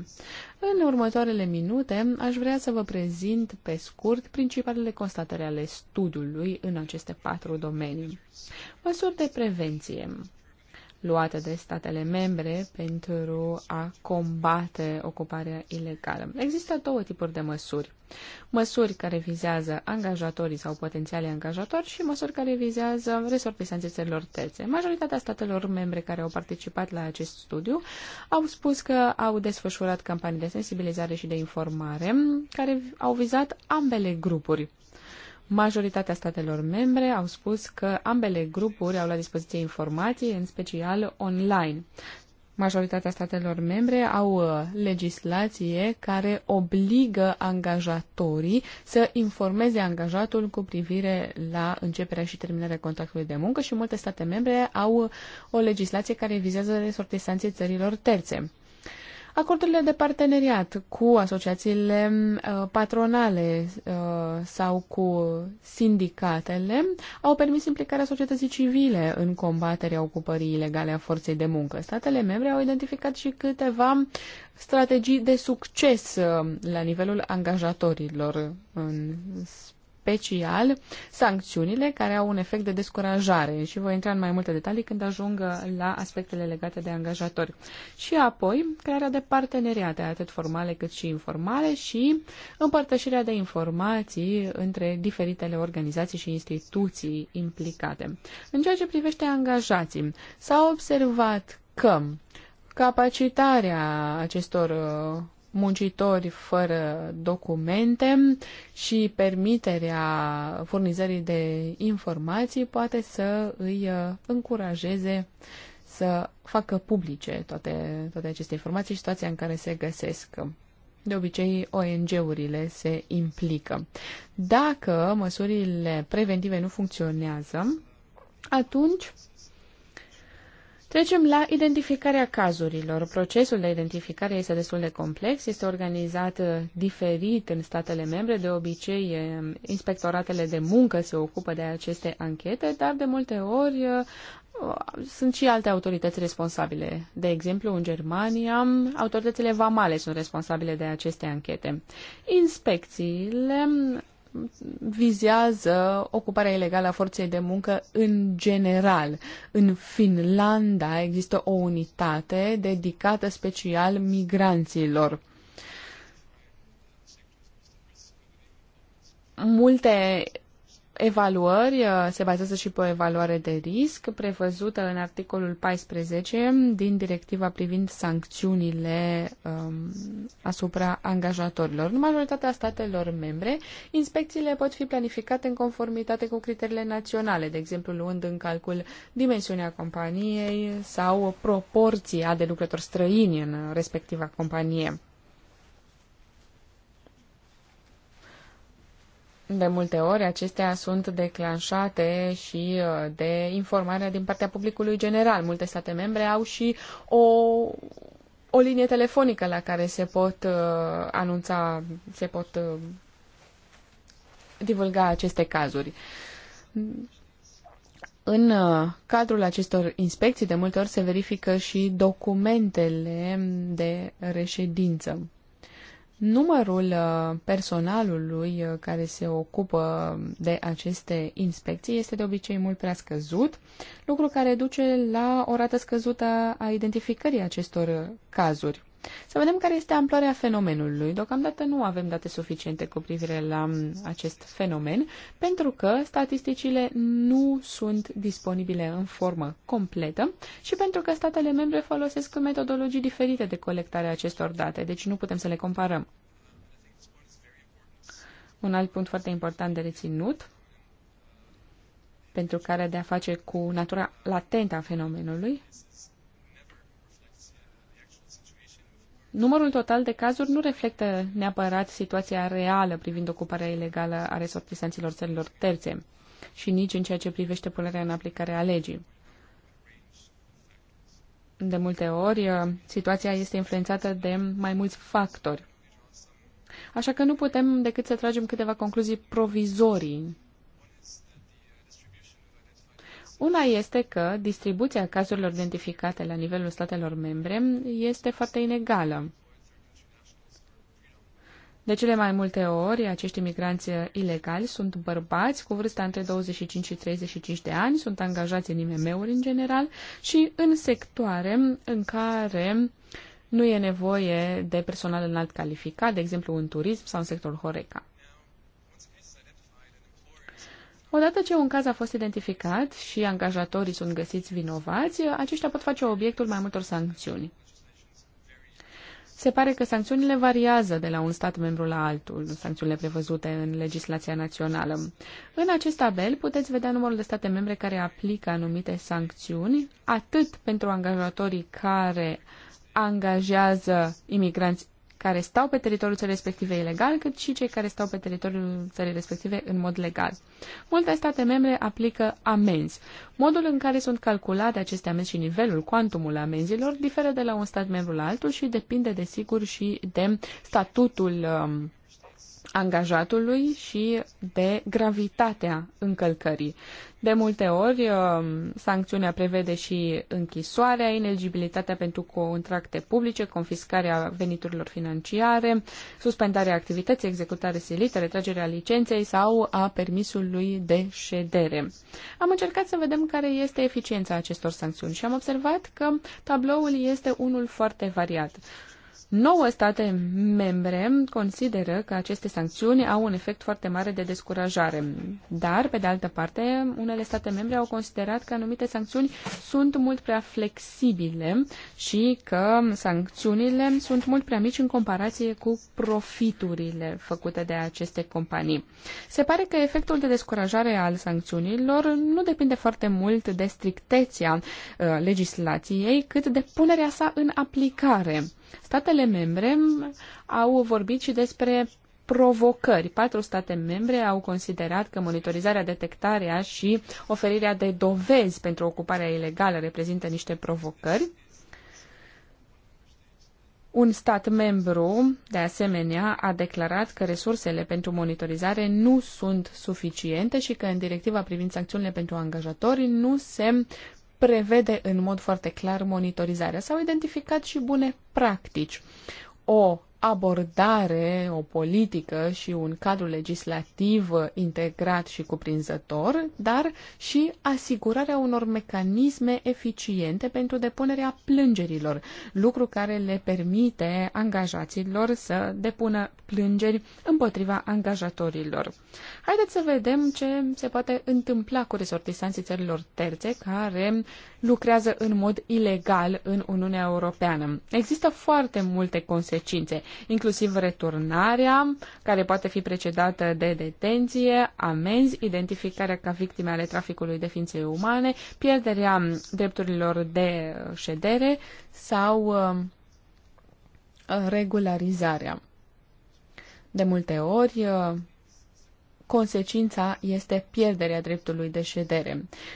În următoarele minute aș vrea să vă prezint pe scurt principalele constatări ale studiului în aceste patru domenii. Măsuri de prevenție luată de statele membre pentru a combate ocuparea ilegală. Există două tipuri de măsuri. Măsuri care vizează angajatorii sau potențialii angajatori și măsuri care vizează resortisanții țărilor terțe. Majoritatea statelor membre care au participat la acest studiu au spus că au desfășurat campanii de sensibilizare și de informare care au vizat ambele grupuri Majoritatea statelor membre au spus că ambele grupuri au la dispoziție informații, în special online. Majoritatea statelor membre au uh, legislație care obligă angajatorii să informeze angajatul cu privire la începerea și terminarea contractului de muncă și multe state membre au uh, o legislație care vizează resortisanții țărilor terțe. Acordurile de parteneriat cu asociațiile uh, patronale uh, sau cu sindicatele au permis implicarea societății civile în combaterea ocupării ilegale a forței de muncă. Statele membre au identificat și câteva strategii de succes uh, la nivelul angajatorilor în special sancțiunile care au un efect de descurajare și voi intra în mai multe detalii când ajung la aspectele legate de angajatori. Și apoi, crearea de parteneriate, atât formale cât și informale și împărtășirea de informații între diferitele organizații și instituții implicate. În ceea ce privește angajații, s-a observat că capacitarea acestor uh, muncitori fără documente și permiterea furnizării de informații poate să îi uh, încurajeze să facă publice toate, toate aceste informații și situația în care se găsesc. De obicei, ONG-urile se implică. Dacă măsurile preventive nu funcționează, atunci Trecem la identificarea cazurilor. Procesul de identificare este destul de complex, este organizat uh, diferit în statele membre. De obicei, uh, inspectoratele de muncă se ocupă de aceste anchete, dar de multe ori uh, sunt și alte autorități responsabile. De exemplu, în Germania, autoritățile vamale sunt responsabile de aceste anchete. Inspecțiile vizează ocuparea ilegală a forței de muncă în general. În Finlanda există o unitate dedicată special migranților. Multe evaluări, uh, se bazează și pe o evaluare de risc prevăzută în articolul 14 din directiva privind sancțiunile um, asupra angajatorilor. În majoritatea statelor membre, inspecțiile pot fi planificate în conformitate cu criteriile naționale, de exemplu luând în calcul dimensiunea companiei sau proporția de lucrători străini în respectiva companie. De multe ori acestea sunt declanșate și uh, de informarea din partea publicului general. Multe state membre au și o, o linie telefonică la care se pot uh, anunța, se pot uh, divulga aceste cazuri. În uh, cadrul acestor inspecții, de multe ori se verifică și documentele de reședință. Numărul uh, personalului uh, care se ocupă de aceste inspecții este de obicei mult prea scăzut, lucru care duce la o rată scăzută a identificării acestor uh, cazuri. Să vedem care este amploarea fenomenului. Deocamdată nu avem date suficiente cu privire la acest fenomen, pentru că statisticile nu sunt disponibile în formă completă și pentru că statele membre folosesc metodologii diferite de colectare a acestor date, deci nu putem să le comparăm. Un alt punct foarte important de reținut pentru care de a face cu natura latentă a fenomenului Numărul total de cazuri nu reflectă neapărat situația reală privind ocuparea ilegală a resortisanților țărilor terțe și nici în ceea ce privește punerea în aplicare a legii. De multe ori, uh, situația este influențată de mai mulți factori. Așa că nu putem decât să tragem câteva concluzii provizorii una este că distribuția cazurilor identificate la nivelul statelor membre este foarte inegală. De cele mai multe ori, acești imigranți ilegali sunt bărbați cu vârsta între 25 și 35 de ani, sunt angajați în IMM-uri în general și în sectoare în care nu e nevoie de personal înalt calificat, de exemplu în turism sau în sectorul Horeca. Odată ce un caz a fost identificat și angajatorii sunt găsiți vinovați, aceștia pot face obiectul mai multor sancțiuni. Se pare că sancțiunile variază de la un stat membru la altul, sancțiunile prevăzute în legislația națională. În acest tabel puteți vedea numărul de state membre care aplică anumite sancțiuni, atât pentru angajatorii care angajează imigranți care stau pe teritoriul țării respective ilegal, cât și cei care stau pe teritoriul țării respective în mod legal. Multe state membre aplică amenzi. Modul în care sunt calculate aceste amenzi și nivelul, cuantumul amenzilor, diferă de la un stat membru la altul și depinde, desigur, și de statutul um, angajatului și de gravitatea încălcării. De multe ori, uh, sancțiunea prevede și închisoarea, ineligibilitatea pentru contracte publice, confiscarea veniturilor financiare, suspendarea activității, executare silită, retragerea licenței sau a permisului de ședere. Am încercat să vedem care este eficiența acestor sancțiuni și am observat că tabloul este unul foarte variat. Nouă state membre consideră că aceste sancțiuni au un efect foarte mare de descurajare, dar, pe de altă parte, unele state membre au considerat că anumite sancțiuni sunt mult prea flexibile și că sancțiunile sunt mult prea mici în comparație cu profiturile făcute de aceste companii. Se pare că efectul de descurajare al sancțiunilor nu depinde foarte mult de strictețea uh, legislației, cât de punerea sa în aplicare. Statele membre au vorbit și despre provocări. Patru state membre au considerat că monitorizarea, detectarea și oferirea de dovezi pentru ocuparea ilegală reprezintă niște provocări. Un stat membru, de asemenea, a declarat că resursele pentru monitorizare nu sunt suficiente și că în directiva privind sancțiunile pentru angajatori nu se prevede în mod foarte clar monitorizarea. S-au identificat și bune practici. O abordare, o politică și un cadru legislativ integrat și cuprinzător, dar și asigurarea unor mecanisme eficiente pentru depunerea plângerilor, lucru care le permite angajaților să depună plângeri împotriva angajatorilor. Haideți să vedem ce se poate întâmpla cu resortisanții țărilor terțe care lucrează în mod ilegal în Uniunea Europeană. Există foarte multe consecințe, inclusiv returnarea, care poate fi precedată de detenție, amenzi, identificarea ca victime ale traficului de ființe umane, pierderea drepturilor de ședere sau uh, regularizarea. De multe ori, uh, consecința este pierderea dreptului de ședere.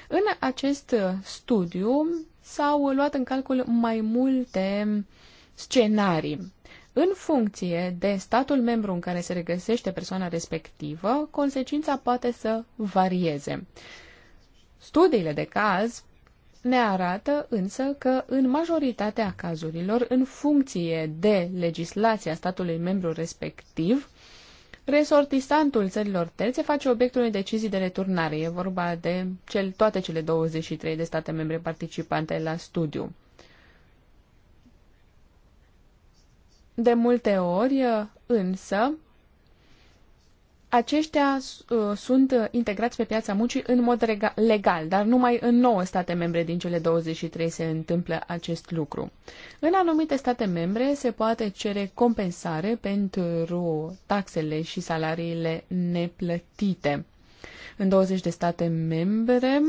În acest studiu s-au luat în calcul mai multe scenarii. În funcție de statul membru în care se regăsește persoana respectivă, consecința poate să varieze. Studiile de caz ne arată însă că în majoritatea cazurilor, în funcție de legislația statului membru respectiv, resortisantul țărilor terțe face obiectul unei decizii de returnare. E vorba de cel, toate cele 23 de state membre participante la studiu. De multe ori, însă, aceștia uh, sunt uh, integrați pe piața muncii în mod legal, dar numai în 9 state membre din cele 23 se întâmplă acest lucru. În anumite state membre se poate cere compensare pentru taxele și salariile neplătite. În 20 de state membre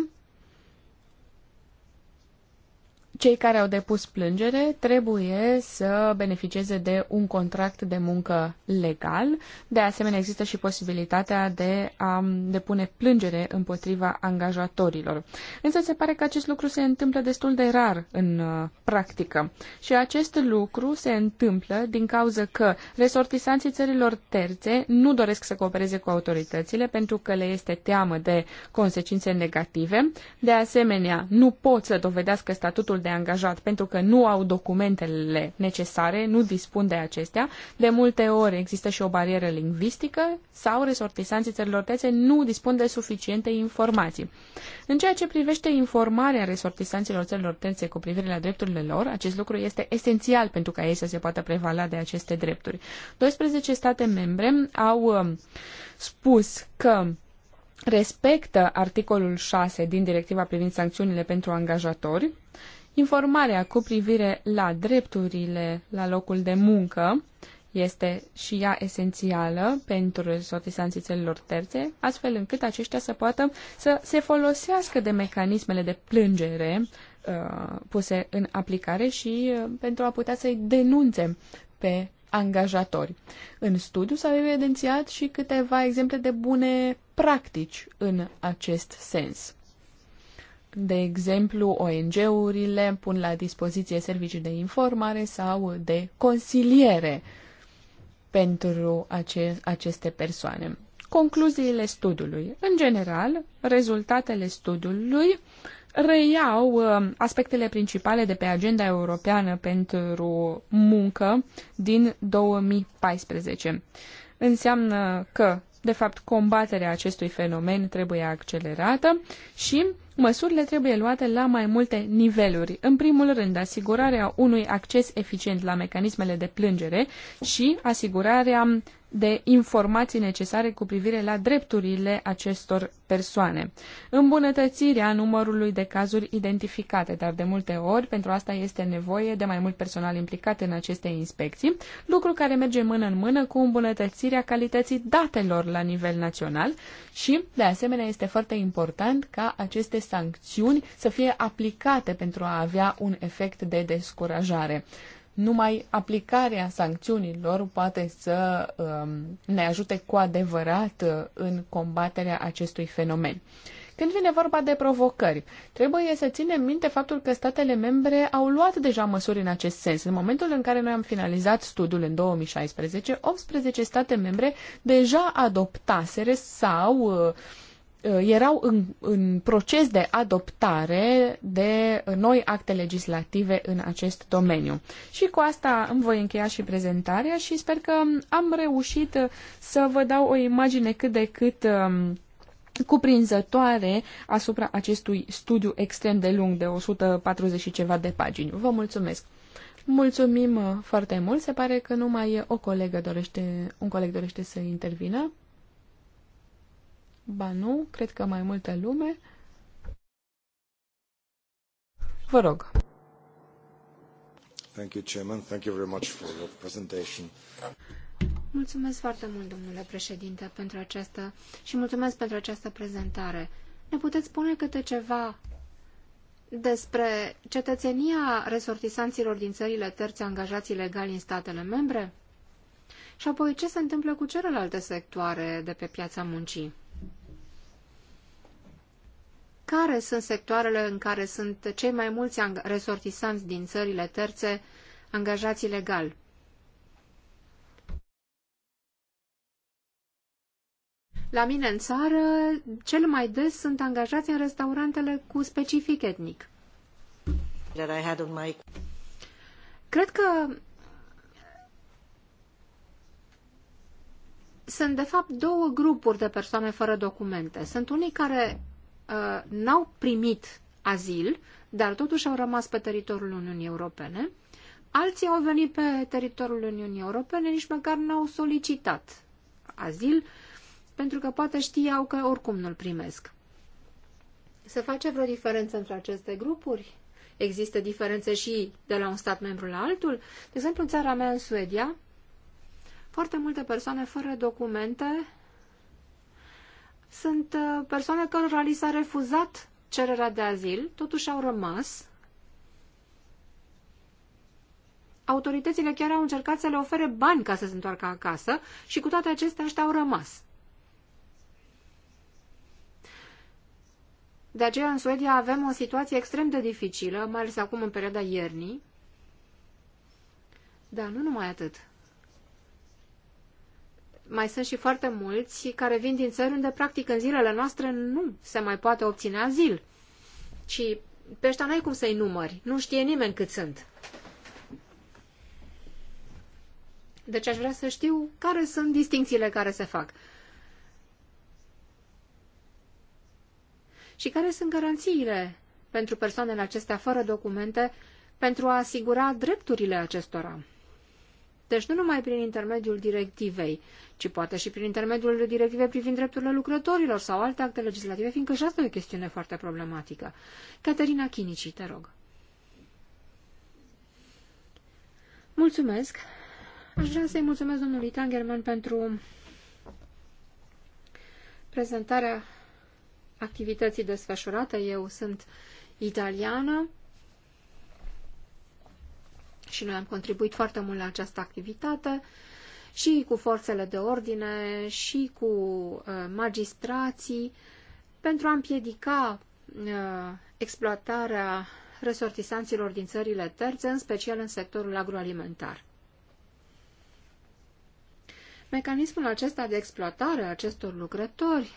cei care au depus plângere trebuie să beneficieze de un contract de muncă legal. De asemenea, există și posibilitatea de a depune plângere împotriva angajatorilor. Însă se pare că acest lucru se întâmplă destul de rar în uh, practică. Și acest lucru se întâmplă din cauza că resortisanții țărilor terțe nu doresc să coopereze cu autoritățile pentru că le este teamă de consecințe negative. De asemenea, nu pot să dovedească statutul de de angajat pentru că nu au documentele necesare, nu dispun de acestea. De multe ori există și o barieră lingvistică sau resortisanții țărilor tețe nu dispun de suficiente informații. În ceea ce privește informarea resortisanților țărilor terțe cu privire la drepturile lor, acest lucru este esențial pentru ca ei să se poată prevala de aceste drepturi. 12 state membre au um, spus că respectă articolul 6 din directiva privind sancțiunile pentru angajatori Informarea cu privire la drepturile la locul de muncă este și ea esențială pentru sotisanții țărilor terțe, astfel încât aceștia să poată să se folosească de mecanismele de plângere uh, puse în aplicare și uh, pentru a putea să-i denunțe pe angajatori. În studiu s-au evidențiat și câteva exemple de bune practici în acest sens. De exemplu, ONG-urile pun la dispoziție servicii de informare sau de consiliere pentru ace- aceste persoane. Concluziile studiului. În general, rezultatele studiului reiau uh, aspectele principale de pe agenda europeană pentru muncă din 2014. Înseamnă că, de fapt, combaterea acestui fenomen trebuie accelerată și Măsurile trebuie luate la mai multe niveluri. În primul rând, asigurarea unui acces eficient la mecanismele de plângere și asigurarea de informații necesare cu privire la drepturile acestor persoane. Îmbunătățirea numărului de cazuri identificate, dar de multe ori pentru asta este nevoie de mai mult personal implicat în aceste inspecții, lucru care merge mână în mână cu îmbunătățirea calității datelor la nivel național și, de asemenea, este foarte important ca aceste sancțiuni să fie aplicate pentru a avea un efect de descurajare. Numai aplicarea sancțiunilor poate să um, ne ajute cu adevărat uh, în combaterea acestui fenomen. Când vine vorba de provocări, trebuie să ținem minte faptul că statele membre au luat deja măsuri în acest sens. În momentul în care noi am finalizat studiul în 2016, 18 state membre deja adoptaseră sau uh, Uh, erau în, în proces de adoptare de noi acte legislative în acest domeniu. Și cu asta îmi voi încheia și prezentarea și sper că am reușit uh, să vă dau o imagine cât de cât um, cuprinzătoare asupra acestui studiu extrem de lung, de 140 și ceva de pagini. Vă mulțumesc! Mulțumim uh, foarte mult. Se pare că numai o colegă dorește, un coleg dorește să intervină. Ba nu, cred că mai multă lume. Vă rog. Thank you, Chairman. Thank you very much for your presentation. Mulțumesc foarte mult, domnule președinte, pentru această și mulțumesc pentru această prezentare. Ne puteți spune câte ceva despre cetățenia resortisanților din țările terțe angajați ilegali în statele membre? Și apoi ce se întâmplă cu celelalte sectoare de pe piața muncii? care sunt sectoarele în care sunt cei mai mulți resortisanți din țările terțe angajați ilegal. La mine în țară, cel mai des sunt angajați în restaurantele cu specific etnic. Cred că sunt de fapt două grupuri de persoane fără documente. Sunt unii care Uh, n-au primit azil, dar totuși au rămas pe teritoriul Uniunii Europene. Alții au venit pe teritoriul Uniunii Europene, nici măcar n-au solicitat azil, pentru că poate știau că oricum nu-l primesc. Se face vreo diferență între aceste grupuri? Există diferențe și de la un stat membru la altul? De exemplu, în țara mea, în Suedia, foarte multe persoane fără documente sunt uh, persoane cărora li s-a refuzat cererea de azil, totuși au rămas. Autoritățile chiar au încercat să le ofere bani ca să se întoarcă acasă și cu toate acestea ăștia au rămas. De aceea în Suedia avem o situație extrem de dificilă, mai ales acum în perioada iernii. Dar nu numai atât mai sunt și foarte mulți care vin din țări unde, practic, în zilele noastre nu se mai poate obține azil. Și pe ăștia n-ai cum să-i numări. Nu știe nimeni cât sunt. Deci aș vrea să știu care sunt distincțiile care se fac. Și care sunt garanțiile pentru persoanele acestea fără documente pentru a asigura drepturile acestora. Deci nu numai prin intermediul directivei, ci poate și prin intermediul directivei privind drepturile lucrătorilor sau alte acte legislative, fiindcă și asta e o chestiune foarte problematică. Caterina Chinici, te rog. Mulțumesc. Aș vrea să-i mulțumesc domnului Tangerman pentru prezentarea activității desfășurate. Eu sunt italiană și noi am contribuit foarte mult la această activitate și cu forțele de ordine și cu uh, magistrații pentru a împiedica uh, exploatarea resortisanților din țările terțe, în special în sectorul agroalimentar. Mecanismul acesta de exploatare a acestor lucrători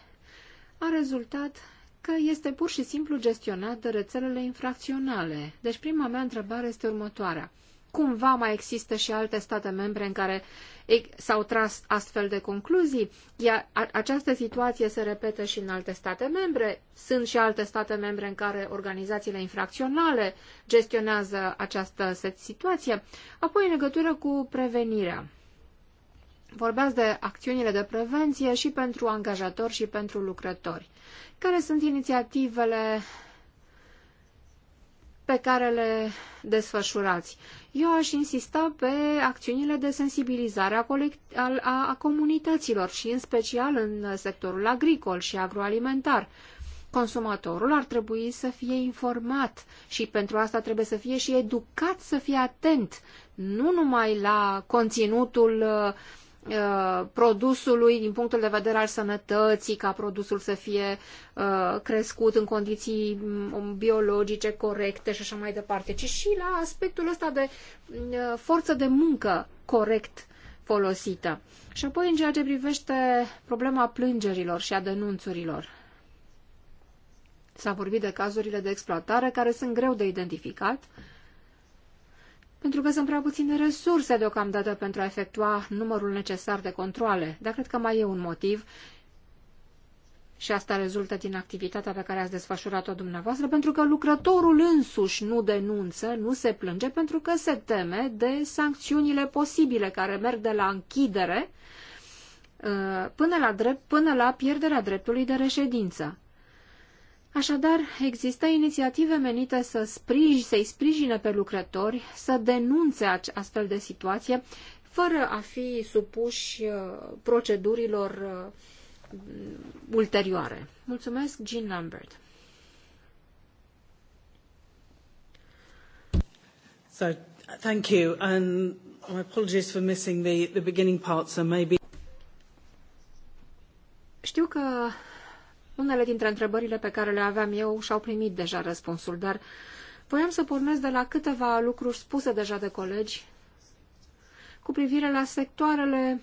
a rezultat că este pur și simplu gestionat de rețelele infracționale. Deci prima mea întrebare este următoarea cumva mai există și alte state membre în care s-au tras astfel de concluzii, iar această situație se repetă și în alte state membre. Sunt și alte state membre în care organizațiile infracționale gestionează această situație. Apoi, în legătură cu prevenirea. Vorbeați de acțiunile de prevenție și pentru angajatori și pentru lucrători. Care sunt inițiativele pe care le desfășurați? Eu aș insista pe acțiunile de sensibilizare a, colect- a, a comunităților și în special în sectorul agricol și agroalimentar. Consumatorul ar trebui să fie informat și pentru asta trebuie să fie și educat să fie atent, nu numai la conținutul uh, Uh, produsului din punctul de vedere al sănătății, ca produsul să fie uh, crescut în condiții um, biologice corecte și așa mai departe, ci și la aspectul ăsta de uh, forță de muncă corect folosită. Și apoi în ceea ce privește problema plângerilor și a denunțurilor. S-a vorbit de cazurile de exploatare care sunt greu de identificat, uh, pentru că sunt prea puține resurse deocamdată pentru a efectua numărul necesar de controle. Dar cred că mai e un motiv și asta rezultă din activitatea pe care ați desfășurat-o dumneavoastră, pentru că lucrătorul însuși nu denunță, nu se plânge, pentru că se teme de sancțiunile posibile care merg de la închidere uh, până la, drept, până la pierderea dreptului de reședință. Așadar, există inițiative menite să sprij, să-i sprijine pe lucrători să denunțe astfel de situație, fără a fi supuși uh, procedurilor uh, ulterioare. Mulțumesc, Jean Lambert. So, thank you, and my apologies for missing the, the beginning part, so maybe... Știu că unele dintre întrebările pe care le aveam eu și-au primit deja răspunsul, dar voiam să pornesc de la câteva lucruri spuse deja de colegi cu privire la sectoarele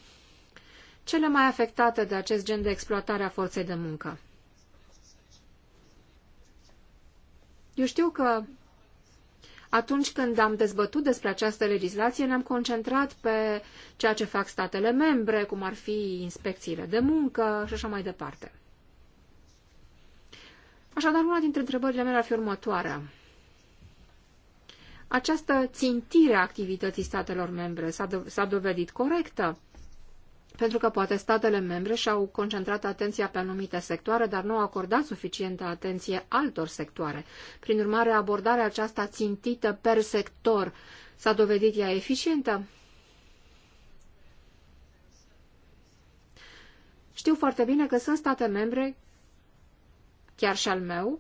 cele mai afectate de acest gen de exploatare a forței de muncă. Eu știu că atunci când am dezbătut despre această legislație, ne-am concentrat pe ceea ce fac statele membre, cum ar fi inspecțiile de muncă și așa mai departe. Așadar, una dintre întrebările mele ar fi următoarea. Această țintire a activității statelor membre s-a dovedit corectă? Pentru că poate statele membre și-au concentrat atenția pe anumite sectoare, dar nu au acordat suficientă atenție altor sectoare. Prin urmare, abordarea aceasta țintită per sector s-a dovedit ea eficientă? Știu foarte bine că sunt state membre chiar și al meu,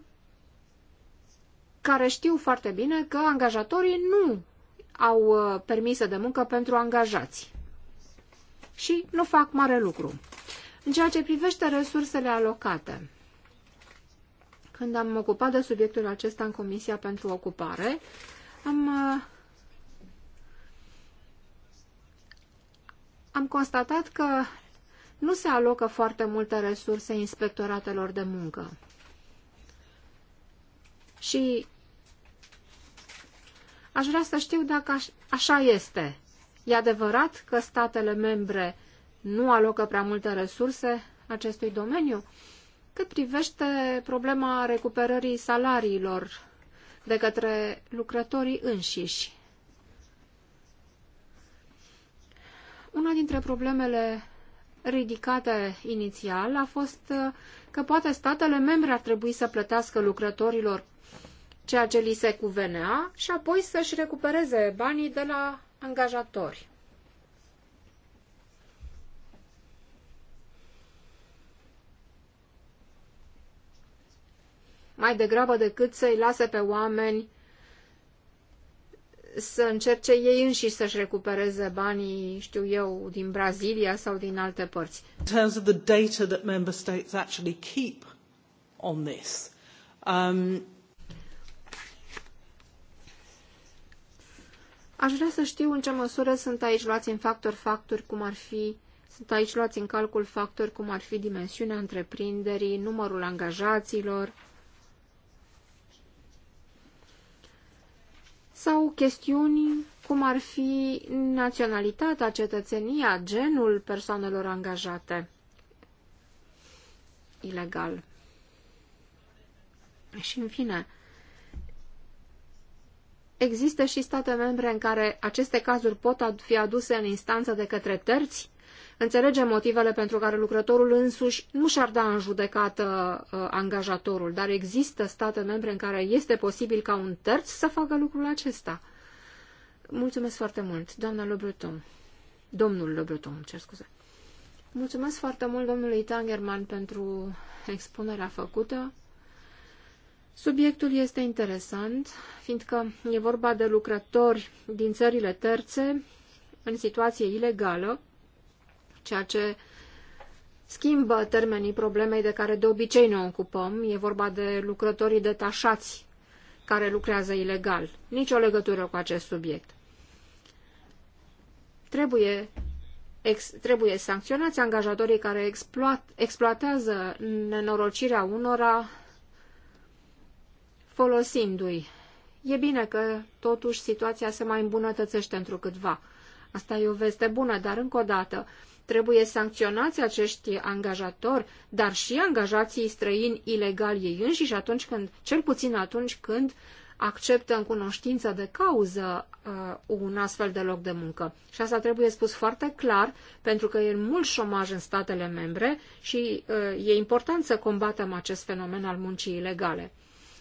care știu foarte bine că angajatorii nu au uh, permisă de muncă pentru angajați și nu fac mare lucru. În ceea ce privește resursele alocate, când am ocupat de subiectul acesta în Comisia pentru Ocupare, am, uh, am constatat că nu se alocă foarte multe resurse inspectoratelor de muncă și aș vrea să știu dacă așa este. E adevărat că statele membre nu alocă prea multe resurse acestui domeniu? Cât privește problema recuperării salariilor de către lucrătorii înșiși. Una dintre problemele ridicate inițial a fost că poate statele membre ar trebui să plătească lucrătorilor ceea ce li se cuvenea și apoi să-și recupereze banii de la angajatori. Mai degrabă decât să-i lase pe oameni să încerce ei înși să-și recupereze banii, știu eu, din Brazilia sau din alte părți. In terms of the data that member states actually keep on this, um, Aș vrea să știu în ce măsură sunt aici luați în factor factori cum ar fi sunt aici luați în calcul factori cum ar fi dimensiunea întreprinderii, numărul angajaților sau chestiuni cum ar fi naționalitatea, cetățenia, genul persoanelor angajate ilegal. Și în fine, există și state membre în care aceste cazuri pot fi aduse în instanță de către terți? Înțelegem motivele pentru care lucrătorul însuși nu și-ar da în judecată uh, angajatorul, dar există state membre în care este posibil ca un terț să facă lucrul acesta. Mulțumesc foarte mult, doamna Lobreton. Domnul Lobreton, cer scuze. Mulțumesc foarte mult domnului Tangerman pentru expunerea făcută. Subiectul este interesant, fiindcă e vorba de lucrători din țările terțe în situație ilegală, ceea ce schimbă termenii problemei de care de obicei ne ocupăm. E vorba de lucrătorii detașați care lucrează ilegal. Nici o legătură cu acest subiect. Trebuie, ex, trebuie sancționați angajatorii care exploat, exploatează nenorocirea unora folosindu-i. E bine că, totuși, situația se mai îmbunătățește întrucâtva. Asta e o veste bună, dar, încă o dată, trebuie sancționați acești angajatori, dar și angajații străini ilegali ei înșiși atunci când, cel puțin atunci când acceptă în cunoștință de cauză uh, un astfel de loc de muncă. Și asta trebuie spus foarte clar, pentru că e mult șomaj în statele membre și uh, e important să combatem acest fenomen al muncii ilegale.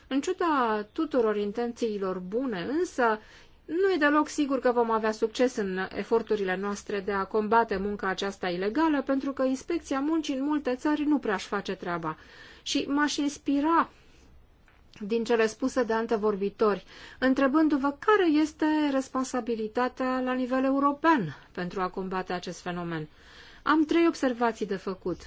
În ciuda tuturor intențiilor bune, însă, nu e deloc sigur că vom avea succes în eforturile noastre de a combate munca aceasta ilegală, pentru că inspecția muncii în multe țări nu prea își face treaba. Și m-aș inspira din cele spuse de antevorbitori, întrebându-vă care este responsabilitatea la nivel european pentru a combate acest fenomen. Am trei observații de făcut.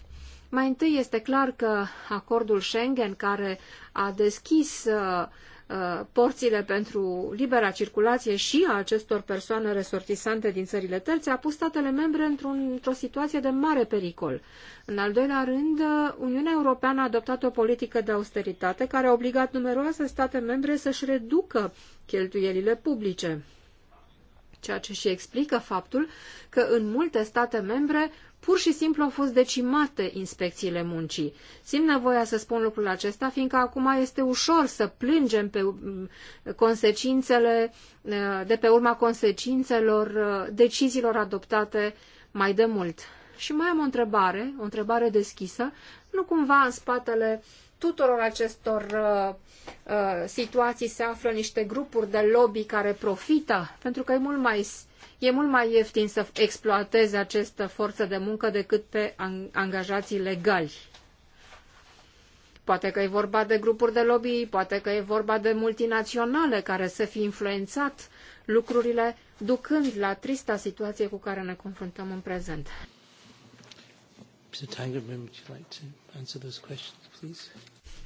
Mai întâi este clar că acordul Schengen, care a deschis uh, uh, porțile pentru libera circulație și a acestor persoane resortisante din țările terțe a pus statele membre într-o situație de mare pericol. În al doilea rând, uh, Uniunea Europeană a adoptat o politică de austeritate care a obligat numeroase state membre să-și reducă cheltuielile publice, ceea ce și explică faptul că în multe state membre Pur și simplu au fost decimate inspecțiile muncii. Simt nevoia să spun lucrul acesta, fiindcă acum este ușor să plângem pe mm, consecințele, mm, de pe urma consecințelor mm, deciziilor adoptate mai de mult. Și mai am o întrebare, o întrebare deschisă. Nu cumva în spatele tuturor acestor uh, uh, situații se află niște grupuri de lobby care profită? Pentru că e mult mai e mult mai ieftin să exploatezi această forță de muncă decât pe angajații legali. Poate că e vorba de grupuri de lobby, poate că e vorba de multinaționale care să fi influențat lucrurile, ducând la trista situație cu care ne confruntăm în prezent. Mr. Tangerman, would you like to answer those questions, please?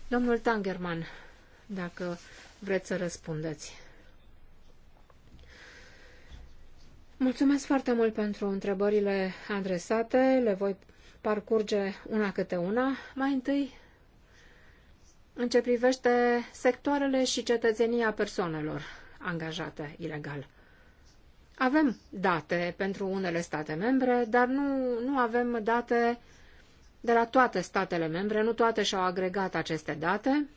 Domnul Tangerman, dacă vreți să răspundeți. Mulțumesc foarte mult pentru întrebările adresate. Le voi parcurge una câte una. Mai întâi, în ce privește sectoarele și cetățenia persoanelor angajate ilegal. Avem date pentru unele state membre, dar nu, nu avem date de la toate statele membre, nu toate și-au agregat aceste date,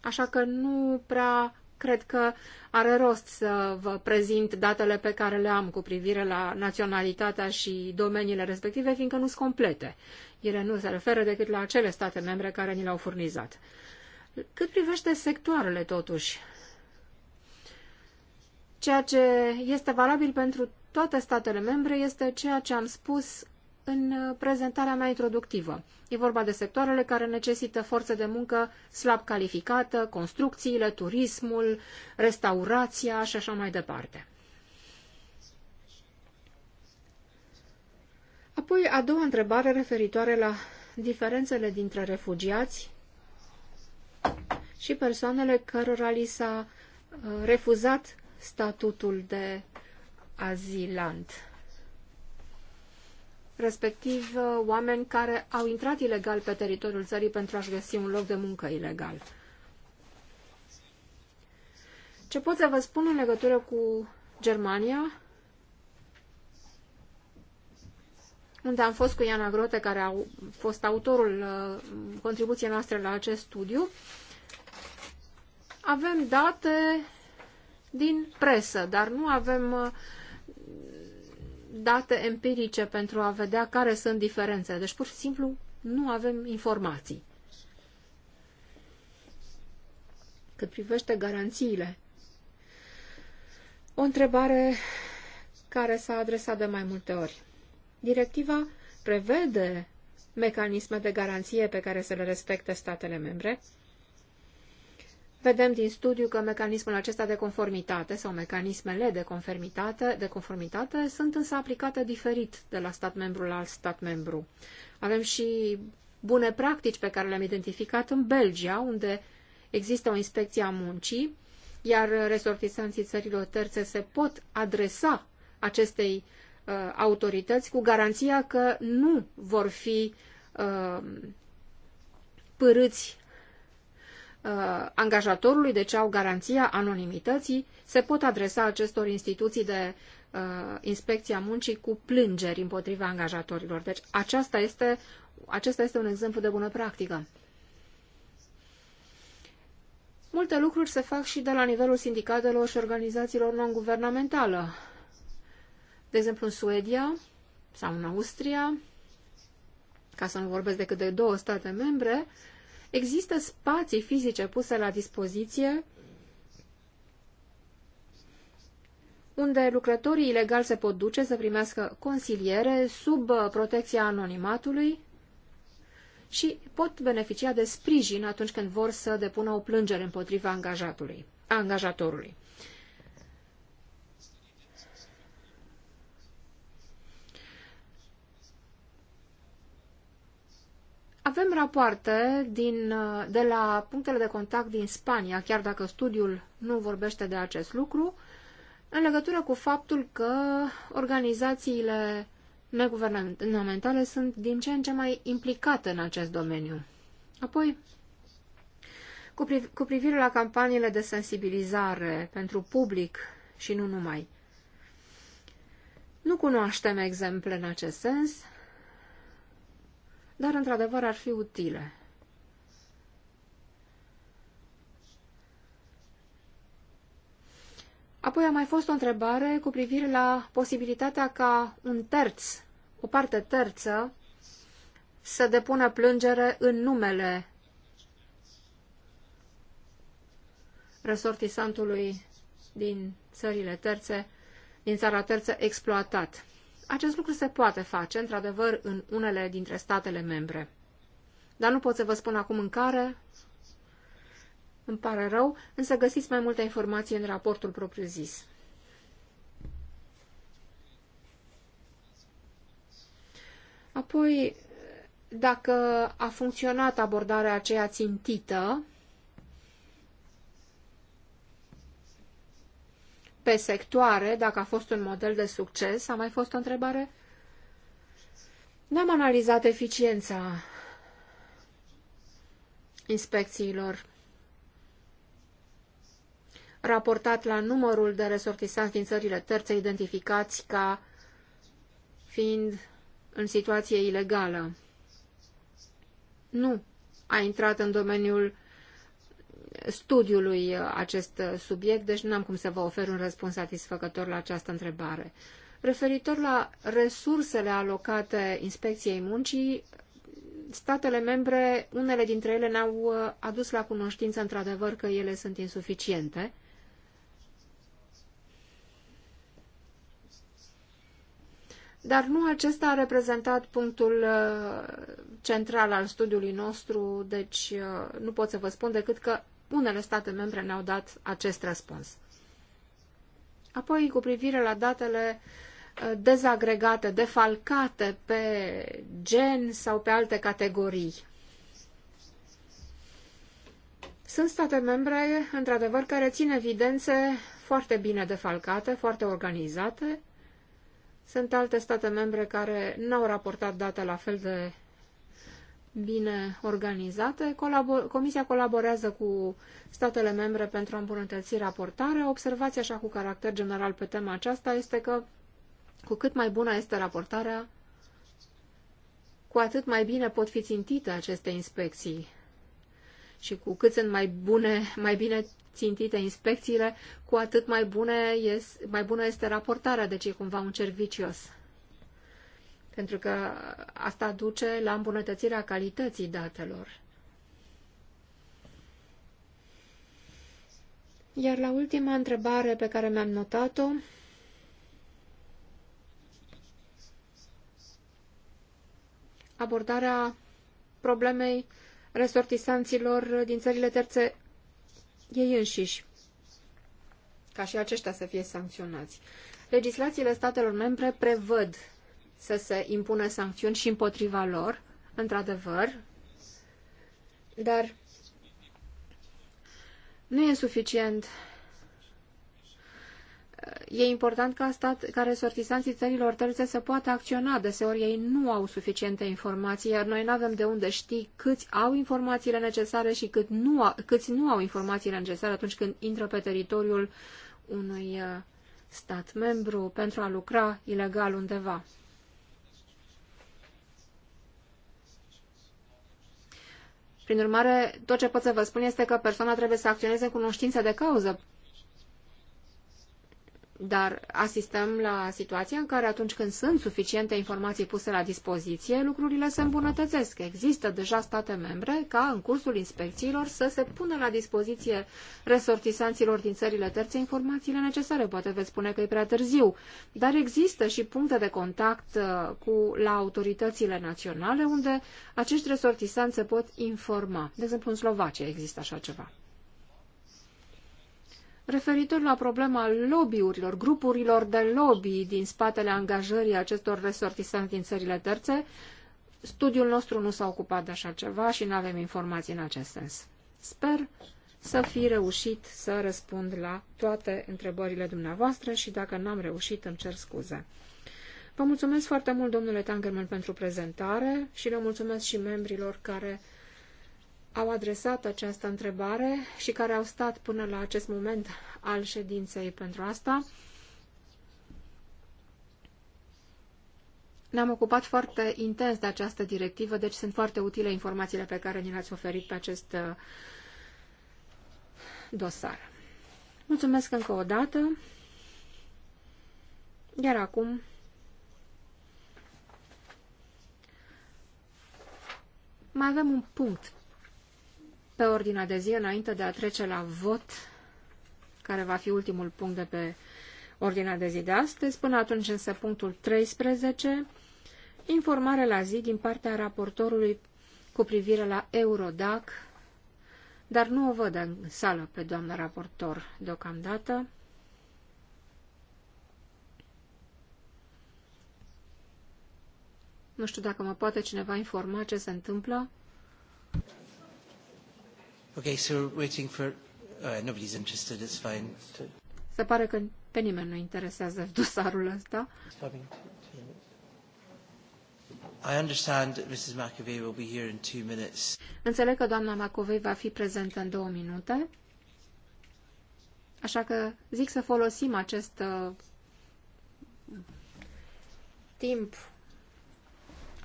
așa că nu prea cred că are rost să vă prezint datele pe care le am cu privire la naționalitatea și domeniile respective, fiindcă nu sunt complete. Ele nu se referă decât la acele state membre care ni le-au furnizat. Cât privește sectoarele, totuși, Ceea ce este valabil pentru toate statele membre este ceea ce am spus în prezentarea mea introductivă. E vorba de sectoarele care necesită forță de muncă slab calificată, construcțiile, turismul, restaurația și așa mai departe. Apoi, a doua întrebare referitoare la diferențele dintre refugiați și persoanele cărora li s-a uh, refuzat statutul de azilant respectiv oameni care au intrat ilegal pe teritoriul țării pentru a-și găsi un loc de muncă ilegal. Ce pot să vă spun în legătură cu Germania, unde am fost cu Iana Grote, care a fost autorul uh, contribuției noastre la acest studiu, avem date din presă, dar nu avem uh, date empirice pentru a vedea care sunt diferențele. Deci, pur și simplu, nu avem informații. Cât privește garanțiile, o întrebare care s-a adresat de mai multe ori. Directiva prevede mecanisme de garanție pe care să le respecte statele membre, Vedem din studiu că mecanismul acesta de conformitate sau mecanismele de conformitate, de conformitate sunt însă aplicate diferit de la stat membru la alt stat membru. Avem și bune practici pe care le-am identificat în Belgia, unde există o inspecție a muncii, iar resortisanții țărilor terțe se pot adresa acestei uh, autorități cu garanția că nu vor fi uh, părâți Uh, angajatorului, deci au garanția anonimității, se pot adresa acestor instituții de uh, inspecția muncii cu plângeri împotriva angajatorilor. Deci aceasta este, acesta este un exemplu de bună practică. Multe lucruri se fac și de la nivelul sindicatelor și organizațiilor non-guvernamentale. De exemplu, în Suedia sau în Austria, ca să nu vorbesc decât de două state membre, uh, Există spații fizice puse la dispoziție unde lucrătorii ilegali se pot duce să primească consiliere sub protecția anonimatului și pot beneficia de sprijin atunci când vor să depună o plângere împotriva angajatului, angajatorului. Avem rapoarte din, uh, de la punctele de contact din Spania, chiar dacă studiul nu vorbește de acest lucru, în legătură cu faptul că organizațiile neguvernamentale sunt din ce în ce mai implicate în acest domeniu. Apoi, cu, priv- cu privire la campaniile de sensibilizare pentru public și nu numai. Nu cunoaștem exemple în acest sens, dar într-adevăr ar fi utile. Apoi a mai fost o întrebare cu privire la posibilitatea ca un terț, o parte terță, să depună plângere în numele resortisantului din țările terțe, din țara terță exploatat. Acest lucru se poate face, într-adevăr, în unele dintre statele membre. Dar nu pot să vă spun acum în care, îmi pare rău, însă găsiți mai multe informații în raportul propriu-zis. Apoi, dacă a funcționat abordarea aceea țintită, pe sectoare, dacă a fost un model de succes, a mai fost o întrebare? n am analizat eficiența inspecțiilor raportat la numărul de resortisanți din țările terțe identificați ca fiind în situație ilegală. Nu a intrat în domeniul studiului uh, acest uh, subiect, deci nu am cum să vă ofer un răspuns satisfăcător la această întrebare. Referitor la resursele alocate inspecției muncii, statele membre, unele dintre ele ne-au uh, adus la cunoștință într-adevăr că ele sunt insuficiente. Dar nu acesta a reprezentat punctul central al studiului nostru, deci nu pot să vă spun decât că unele state membre ne-au dat acest răspuns. Apoi, cu privire la datele uh, dezagregate, defalcate pe gen sau pe alte categorii. Sunt state membre, într-adevăr, care țin evidențe foarte bine defalcate, foarte organizate. Sunt alte state membre care n-au raportat date la fel de bine organizate. Colabor- Comisia colaborează cu statele membre pentru a îmbunătăți raportarea. Observația așa cu caracter general pe tema aceasta este că cu cât mai bună este raportarea, cu atât mai bine pot fi țintite aceste inspecții. Și cu cât sunt mai bune, mai bine țintite inspecțiile, cu atât mai, bune este, mai bună este raportarea, deci e cumva un cerc vicios pentru că asta duce la îmbunătățirea calității datelor. Iar la ultima întrebare pe care mi-am notat-o, abordarea problemei resortisanților din țările terțe ei înșiși, ca și aceștia să fie sancționați. Legislațiile statelor membre prevăd să se impună sancțiuni și împotriva lor, într-adevăr, dar nu e suficient. E important ca, stat, ca resortisanții țărilor terțe să poată acționa. Deseori ei nu au suficiente informații, iar noi nu avem de unde ști câți au informațiile necesare și cât nu au, câți nu au informațiile necesare atunci când intră pe teritoriul unui uh, stat membru pentru a lucra ilegal undeva. Prin urmare, tot ce pot să vă spun este că persoana trebuie să acționeze în cunoștință de cauză dar asistăm la situația în care atunci când sunt suficiente informații puse la dispoziție, lucrurile se îmbunătățesc. Există deja state membre ca în cursul inspecțiilor să se pună la dispoziție resortisanților din țările terțe informațiile necesare. Poate veți spune că e prea târziu, dar există și puncte de contact uh, cu, la autoritățile naționale unde acești resortisanți se pot informa. De exemplu, în Slovacia există așa ceva referitor la problema lobbyurilor, grupurilor de lobby din spatele angajării acestor resortisanți din țările terțe, studiul nostru nu s-a ocupat de așa ceva și nu avem informații în acest sens. Sper să fi reușit să răspund la toate întrebările dumneavoastră și dacă n-am reușit, îmi cer scuze. Vă mulțumesc foarte mult, domnule Tangerman, pentru prezentare și le mulțumesc și membrilor care au adresat această întrebare și care au stat până la acest moment al ședinței pentru asta. Ne-am ocupat foarte intens de această directivă, deci sunt foarte utile informațiile pe care ni le-ați oferit pe acest uh, dosar. Mulțumesc încă o dată. Iar acum mai avem un punct pe ordinea de zi înainte de a trece la vot, care va fi ultimul punct de pe ordinea de zi de astăzi. Până atunci însă punctul 13, informare la zi din partea raportorului cu privire la Eurodac, dar nu o văd în sală pe doamna raportor deocamdată. Nu știu dacă mă poate cineva informa ce se întâmplă. Okay, so we're waiting for... Uh, nobody's interested, it's fine. Se pare că pe nimeni nu interesează dosarul ăsta. I understand Mrs. McAvey will be here in two minutes. Înțeleg că doamna McAvey va fi prezentă în două minute. Așa că zic să folosim acest uh, timp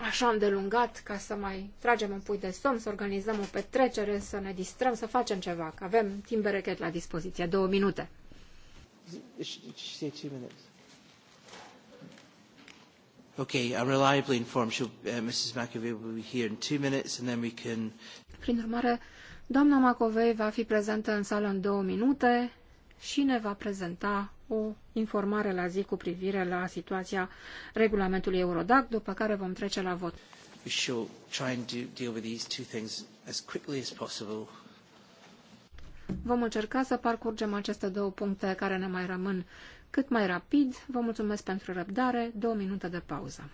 așa am delungat ca să mai tragem un pui de somn, să organizăm o petrecere, să ne distrăm, să facem ceva, că avem timp berechet la dispoziție, două minute. Ok, I'm reliably informed she'll, uh, Mrs. McAvey will be here in two minutes and then we can... Prin urmare, doamna McAvey va fi prezentă în sală în două minute, și ne va prezenta o informare la zi cu privire la situația regulamentului Eurodac, după care vom trece la vot. Vom încerca să parcurgem aceste două puncte care ne mai rămân cât mai rapid. Vă mulțumesc pentru răbdare. Două minute de pauză.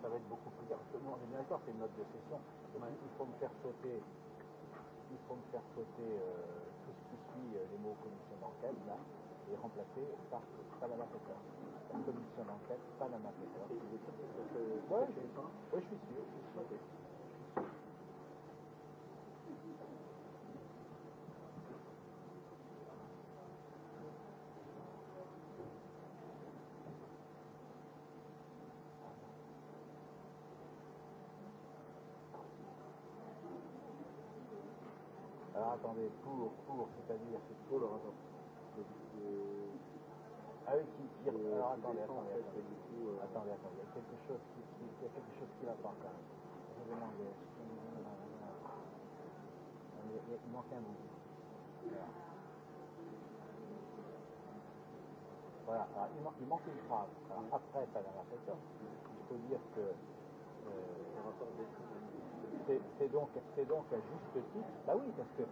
ça va être beaucoup plus tard. Nous, on est bien d'accord, c'est une note de session. Donc, il faut me faire sauter, il faut me faire sauter euh, tout ce qui suit euh, les mots commission bancaire, là est remplacé par Panama Paper. La commission d'enquête Panama Paper. Ouais, je, ouais, je suis sûr. Je suis sûr. Okay. Alors attendez, pour, pour, c'est-à-dire, c'est pour le rapport. Ah oui, qui, qui... Alors attendez, attendez, attendez. Attendez, attendez. Il y a quelque chose qui, qui, il y a quelque chose qui va pas quand même. Je vais demander. Il manque un mot. Voilà. Voilà. Alors, il, manque, il manque une phrase. Alors, après ça, la réflexion, il faut dire que euh, c'est donc, donc à juste titre. Bah oui, parce que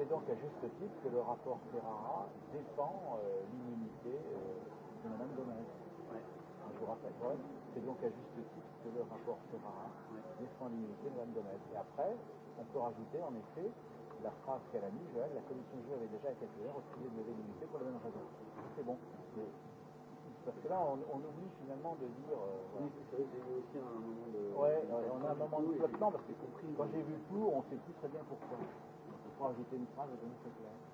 C'est donc à juste titre que le rapport Ferrara défend euh, l'immunité euh, de Mme Gomez. Ouais. Je vous rappelle, ouais. c'est donc à juste titre que le rapport Ferrara ouais. défend l'immunité de Mme Gomez. Et après, on peut rajouter en effet la phrase qu'elle a mise, Joël, la commission juive avait déjà été claire au sujet de lever l'immunité pour la même raison. C'est bon. Mais, Parce que là, on, on oublie finalement de dire. Euh, voilà. Oui, c'est vrai que j'ai aussi un moment de. Ouais, de ouais on a un moment de flottement parce que quand j'ai vu le flou, on ne sait plus très bien pourquoi. Well, you didn't try it, didn't you, Glenn?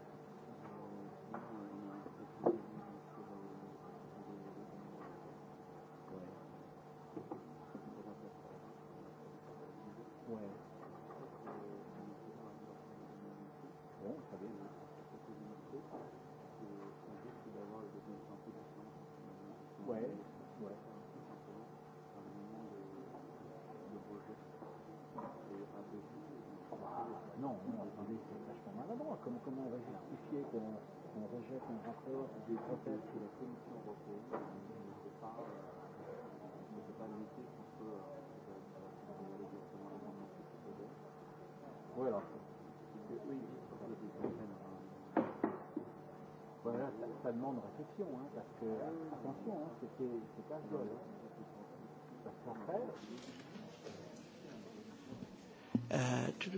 comment on va justifier qu'on qu rejette un rapport du protège que la Commission européenne euh, euh, ne peut pas, euh, ne peut pas lutter contre exactement l'amendement qui se faisait Oui, alors. Eux, ils disent qu'on peut Voilà, ça, ça demande réflexion, hein, parce que, attention, hein, c'est pas seul. Hein. Parce qu'après. Euh, tu...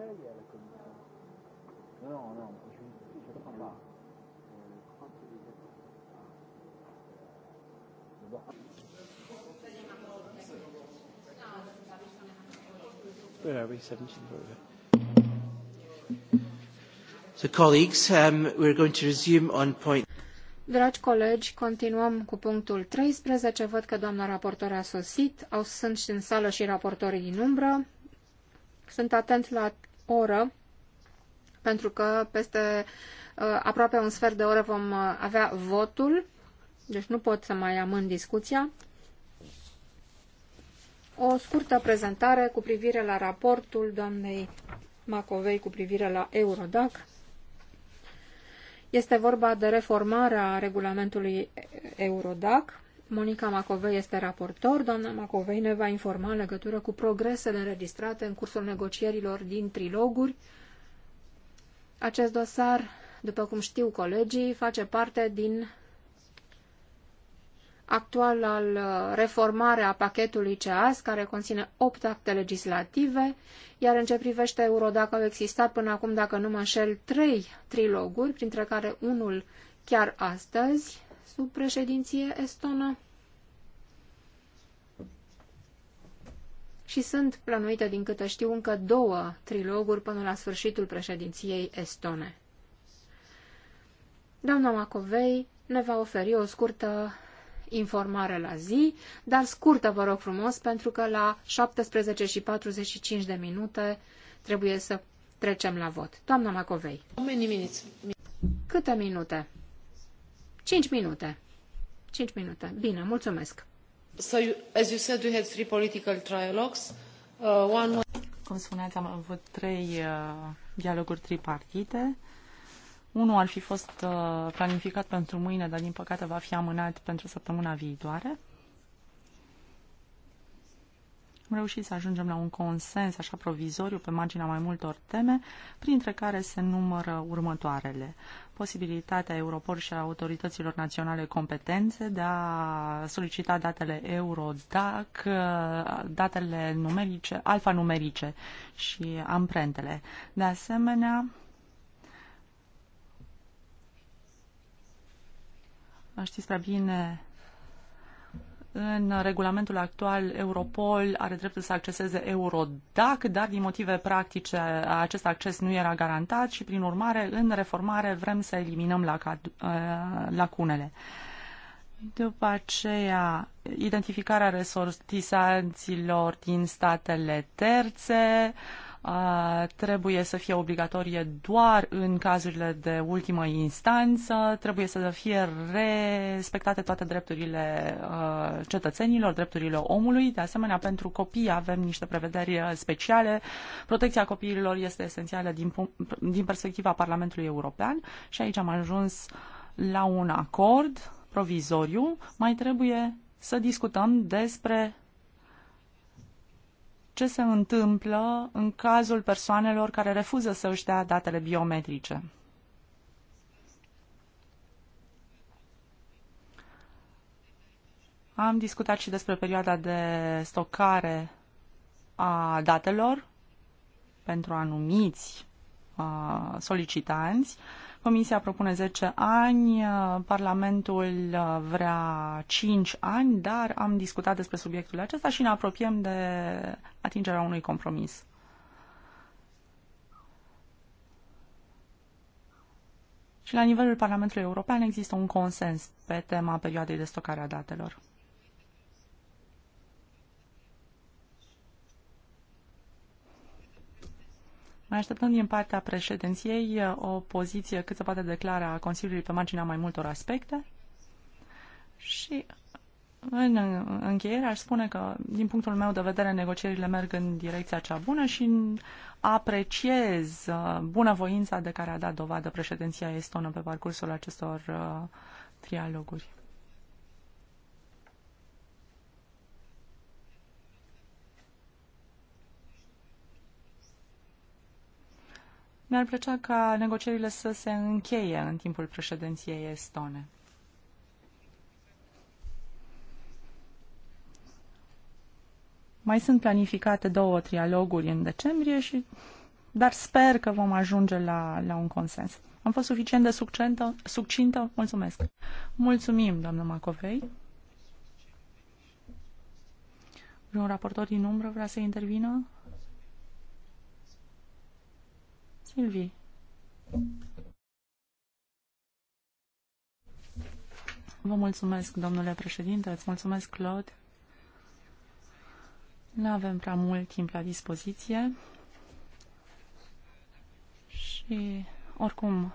a Non, non, non, je pas. Where are we? 17. So, colleagues, um, we're going to resume on point. Dragi colegi, continuăm cu punctul 13. Văd că doamna raportor a sosit. Au, sunt și în sală și raportorii din umbră. Sunt atent la oră, pentru că peste uh, aproape un sfert de oră vom uh, avea votul, deci nu pot să mai amân discuția. O scurtă prezentare cu privire la raportul doamnei Macovei cu privire la Eurodac. Este vorba de reformarea regulamentului Eurodac, Monica Macovei este raportor. Doamna Macovei ne va informa în legătură cu progresele înregistrate în cursul negocierilor din triloguri. Acest dosar, după cum știu colegii, face parte din actual al uh, reformarea pachetului CEAS, care conține opt acte legislative, iar în ce privește Eurodac au existat până acum, dacă nu mă înșel, trei triloguri, printre care unul chiar astăzi, sub președinție estonă și sunt plănuite, din câte știu, încă două triloguri până la sfârșitul președinției estone. Doamna Macovei ne va oferi o scurtă informare la zi, dar scurtă, vă rog frumos, pentru că la 17 și 45 de minute trebuie să trecem la vot. Doamna Macovei. Câte minute? 5 minute. 5 minute. Bine, mulțumesc. So, you, as you said, we had three political trialogues. Uh, one... Cum spuneați, am avut trei uh, dialoguri tripartite. Unul ar fi fost uh, planificat pentru mâine, dar din păcate va fi amânat pentru săptămâna viitoare. Am reușit să ajungem la un consens așa provizoriu pe marginea mai multor teme, printre care se numără următoarele posibilitatea Europol și a autorităților naționale competențe de a solicita datele Eurodac, datele numerice, alfanumerice și amprentele. De asemenea, știți prea bine în regulamentul actual Europol are dreptul să acceseze Eurodac, dar din motive practice acest acces nu era garantat și prin urmare în reformare vrem să eliminăm uh, lacunele. După aceea, identificarea resortisanților din statele terțe, uh, trebuie să fie obligatorie doar în cazurile de ultimă instanță, trebuie să fie respectate toate drepturile cetățenilor, drepturile omului. De asemenea, pentru copii avem niște prevederi speciale. Protecția copiilor este esențială din, din perspectiva Parlamentului European și aici am ajuns la un acord provizoriu. Mai trebuie să discutăm despre ce se întâmplă în cazul persoanelor care refuză să își dea datele biometrice. Am discutat și despre perioada de stocare a datelor pentru anumiți uh, solicitanți. Uh, Comisia propune 10 ani, uh, Parlamentul uh, vrea 5 ani, dar am discutat despre subiectul acesta și ne apropiem de atingerea unui compromis. Și la nivelul Parlamentului European există un consens pe tema perioadei de stocare a datelor. Mai așteptăm din partea președinției uh, o poziție cât se poate declara a Consiliului pe marginea mai multor aspecte și în încheiere aș spune că, din punctul meu de vedere, negocierile merg în direcția cea bună și apreciez uh, bunăvoința de care a dat dovadă președinția estonă pe parcursul acestor uh, trialoguri. Mi-ar plăcea ca negocierile să se încheie în timpul președinției estone. Mai sunt planificate două trialoguri în decembrie, și, dar sper că vom ajunge la, la un consens. Am fost suficient de succintă, succintă? Mulțumesc! Mulțumim, doamnă Macovei. Un raportor din umbră vrea să intervină? Silvi. Vă mulțumesc, domnule președinte, îți mulțumesc, Claude. Nu avem prea mult timp la dispoziție și, oricum,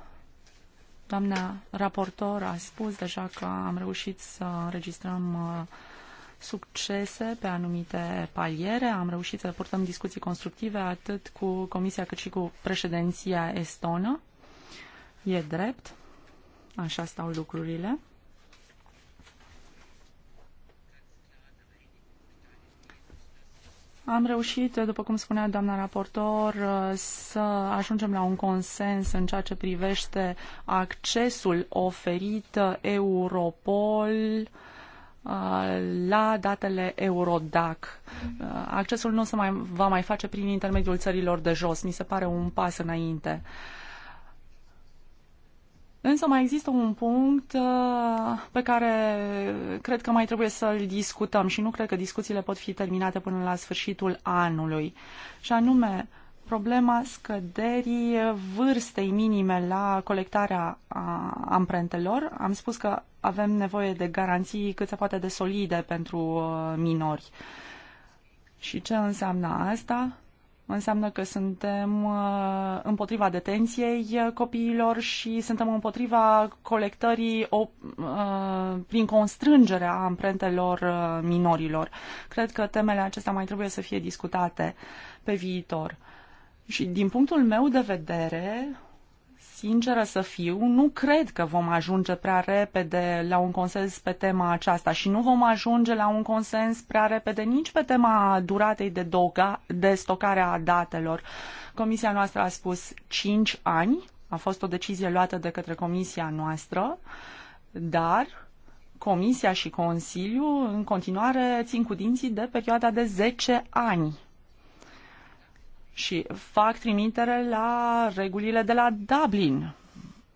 doamna raportor a spus deja că am reușit să înregistrăm uh, succese pe anumite paliere. Am reușit să purtăm discuții constructive atât cu Comisia cât și cu președinția estonă. E drept. Așa stau lucrurile. Am reușit, după cum spunea doamna raportor, să ajungem la un consens în ceea ce privește accesul oferit Europol uh, Uh, la datele Eurodac. Uh, accesul nu se mai, va mai face prin intermediul țărilor de jos. Mi se pare un pas înainte. Însă mai există un punct uh, pe care cred că mai trebuie să-l discutăm și nu cred că discuțiile pot fi terminate până la sfârșitul anului. Și anume, problema scăderii vârstei minime la colectarea amprentelor. Am spus că avem nevoie de garanții cât se poate de solide pentru uh, minori. Și ce înseamnă asta? Înseamnă că suntem uh, împotriva detenției uh, copiilor și suntem împotriva colectării o, prin constrângerea amprentelor minorilor. Cred că temele acestea mai trebuie să fie discutate pe viitor. Și din punctul meu de vedere, sinceră să fiu, nu cred că vom ajunge prea repede la un consens pe tema aceasta și nu vom ajunge la un consens prea repede nici pe tema duratei de, doga, de stocare a datelor. Comisia noastră a spus 5 ani, a fost o decizie luată de către comisia noastră, dar Comisia și Consiliul în continuare țin cu dinții de perioada de 10 ani și fac trimitere la regulile de la Dublin.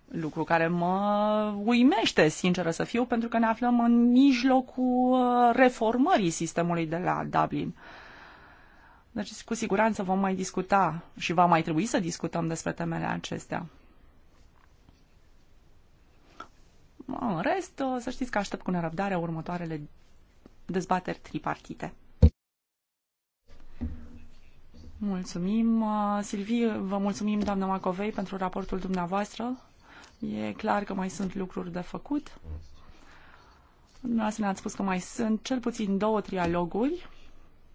Lucru care mă uimește, sinceră să fiu, pentru că ne aflăm în mijlocul uh, reformării sistemului de la Dublin. Deci, cu siguranță vom mai discuta și va mai trebui să discutăm despre temele acestea. În rest, uh, să știți că aștept cu nerăbdare următoarele dezbateri tripartite. Mulțumim, uh, Silvie, vă mulțumim, doamna Macovei, pentru raportul dumneavoastră. E clar că mai sunt lucruri de făcut. Dumneavoastră ne-ați spus că mai sunt cel puțin două trialoguri,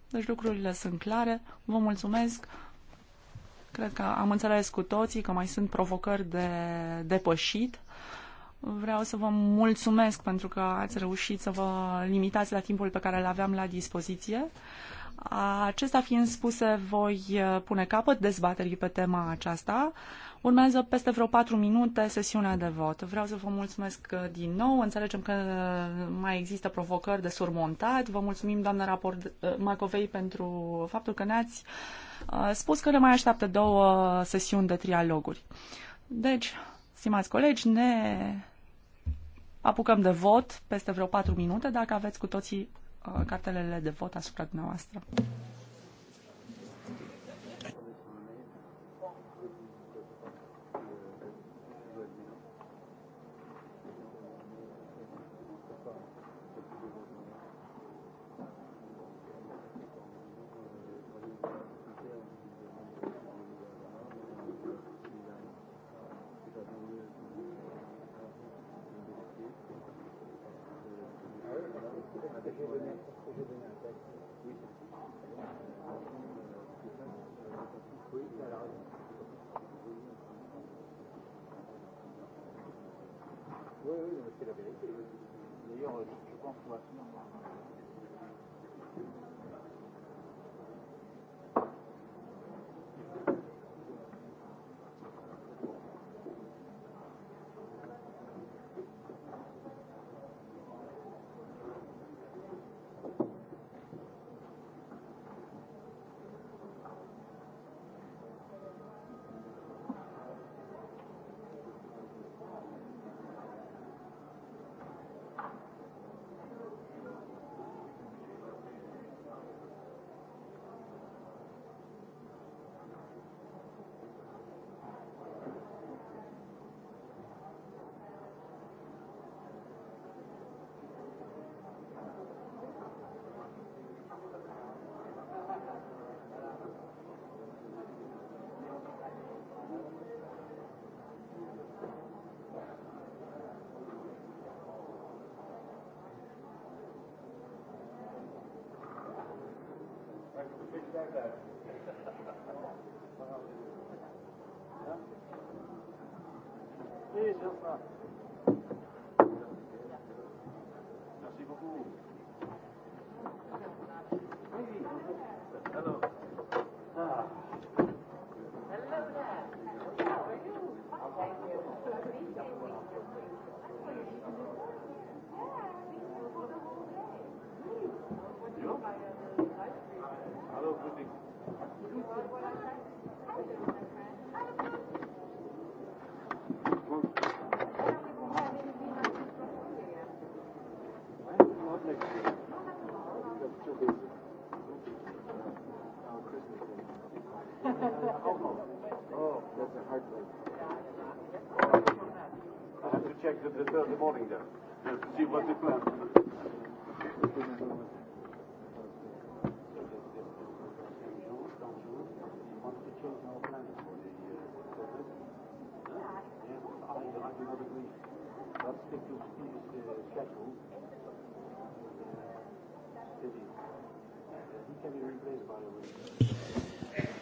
deci lucrurile sunt clare. Vă mulțumesc. Cred că am înțeles cu toții că mai sunt provocări de depășit. Vreau să vă mulțumesc pentru că ați reușit să vă limitați la timpul pe care îl aveam la dispoziție. Acesta fiind spuse, voi uh, pune capăt dezbaterii pe tema aceasta. Urmează peste vreo patru minute sesiunea de vot. Vreau să vă mulțumesc uh, din nou. Înțelegem că uh, mai există provocări de surmontat. Vă mulțumim, doamna raport Macovei, pentru faptul că ne-ați spus că ne mai așteaptă două sesiuni de trialoguri. Deci, stimați colegi, ne apucăm de vot peste vreo patru minute. Dacă aveți cu toții Uh, cartelele de vot asupra dumneavoastră. Thank you.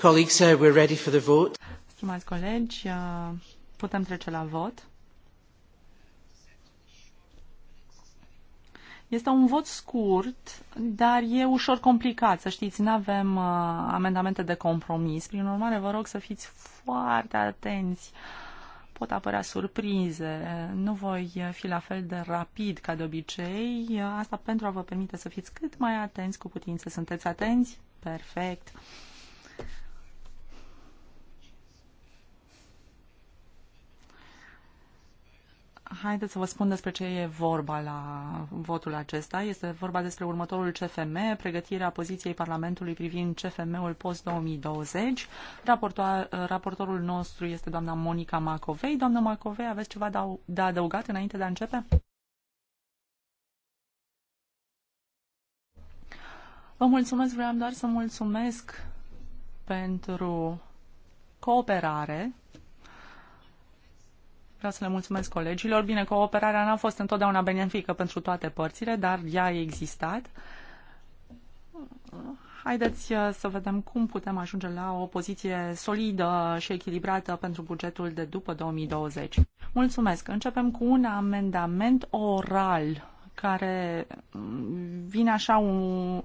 Colleagues, uh, we're ready for the vote. Stimați colegi, uh, putem trece la vot. Este un vot scurt, dar e ușor complicat, să știți, nu avem uh, amendamente de compromis. Prin urmare, vă rog să fiți foarte atenți. Pot apărea surprize, nu voi fi la fel de rapid ca de obicei, asta pentru a vă permite să fiți cât mai atenți cu putință. Sunteți atenți? Perfect. Uh, Haideți să vă spun despre ce e vorba la votul acesta. Este vorba despre următorul CFM, pregătirea poziției Parlamentului privind CFM-ul post-2020. Raportorul nostru este doamna Monica Macovei. Doamna Macovei, aveți ceva de adăugat înainte de a începe? Vă mulțumesc, vreau doar să mulțumesc pentru cooperare Vreau să le mulțumesc colegilor. Bine, cooperarea n-a fost întotdeauna benefică pentru toate părțile, dar ea a existat. Haideți uh, să vedem cum putem ajunge la o poziție solidă și echilibrată pentru bugetul de după 2020. Mulțumesc. Începem cu un amendament oral care mm, vine așa un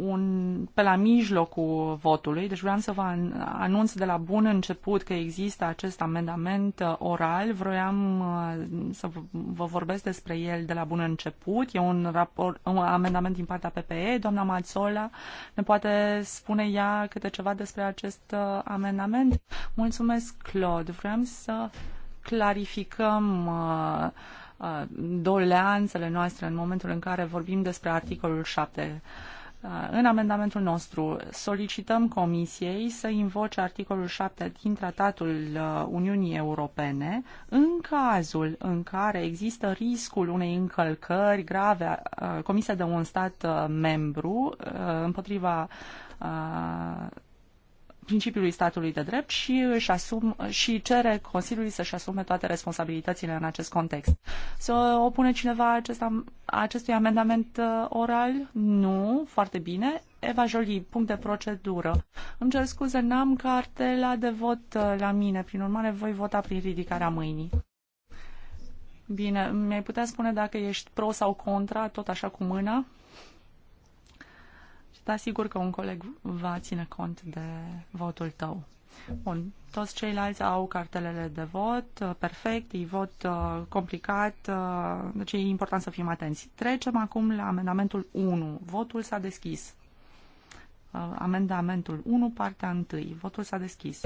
un, pe la mijlocul votului, deci vreau să vă anunț de la bun început că există acest amendament uh, oral, vroiam uh, să vă vorbesc despre el de la bun început, e un, raport, un amendament din partea PPE, doamna Mațola ne poate spune ea câte ceva despre acest uh, amendament. Mulțumesc, Claude, vreau să clarificăm doleanțele noastre în momentul în care vorbim despre articolul 7. Uh, în amendamentul nostru solicităm Comisiei să invoce articolul 7 din Tratatul uh, Uniunii Europene în cazul în care există riscul unei încălcări grave uh, comise de un stat membru împotriva principiului statului de drept și, își asum, și cere Consiliului să-și asume toate responsabilitățile în acest context. Să opune cineva acest, acestui amendament uh, oral? Nu, foarte bine. Eva Jolie, punct de procedură. Îmi cer scuze, n-am cartela de vot uh, la mine, prin urmare voi vota prin ridicarea mâinii. Bine, mi-ai putea spune dacă ești pro sau contra, tot așa cu mâna? dar sigur că un coleg va ține cont de votul tău. Bun, toți ceilalți au cartelele de vot, uh, perfect, e vot uh, complicat, uh, deci e important să fim atenți. Trecem acum la amendamentul 1. Votul s-a deschis. Uh, amendamentul 1, partea 1. Votul s-a deschis.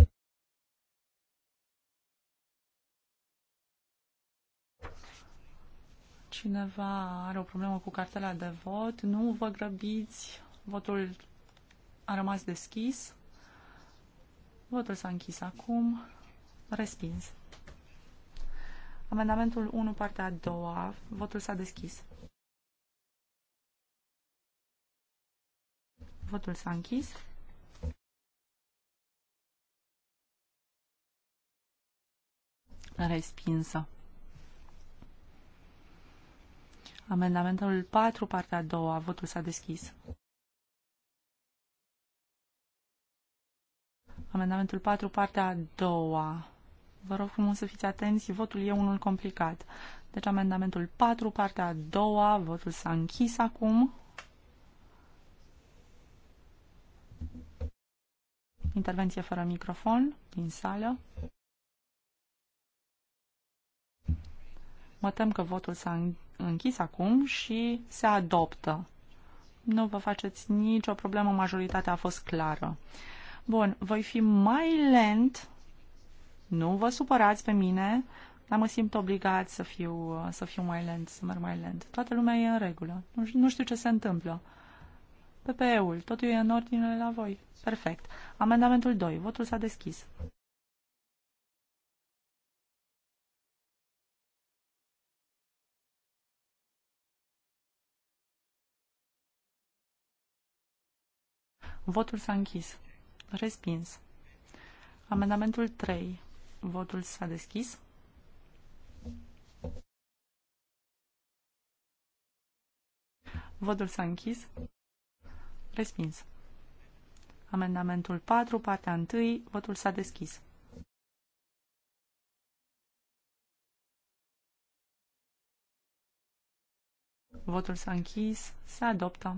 Cineva are o problemă cu cartela de vot? Nu vă grăbiți, Votul a rămas deschis. Votul s-a închis acum. Respins. Amendamentul 1, partea a doua. Votul s-a deschis. Votul s-a închis. Respinsă. Amendamentul 4, partea a doua. Votul s-a deschis. Amendamentul 4, partea a doua. Vă rog frumos să fiți atenți, votul e unul complicat. Deci amendamentul 4, partea a doua, votul s-a închis acum. Intervenție fără microfon din sală. Mă tem că votul s-a închis acum și se adoptă. Nu vă faceți nicio problemă, majoritatea a fost clară. Bun, voi fi mai lent. Nu vă supărați pe mine, dar mă simt obligat să fiu, să fiu mai lent, să merg mai lent. Toată lumea e în regulă. Nu, nu știu ce se întâmplă. PPE-ul, totul e în ordine la voi. Perfect. Amendamentul 2. Votul s-a deschis. Votul s-a închis. Respins. Amendamentul 3. Votul s-a deschis. Votul s-a închis. Respins. Amendamentul 4, partea 1, votul s-a deschis. Votul s-a închis. Se adoptă.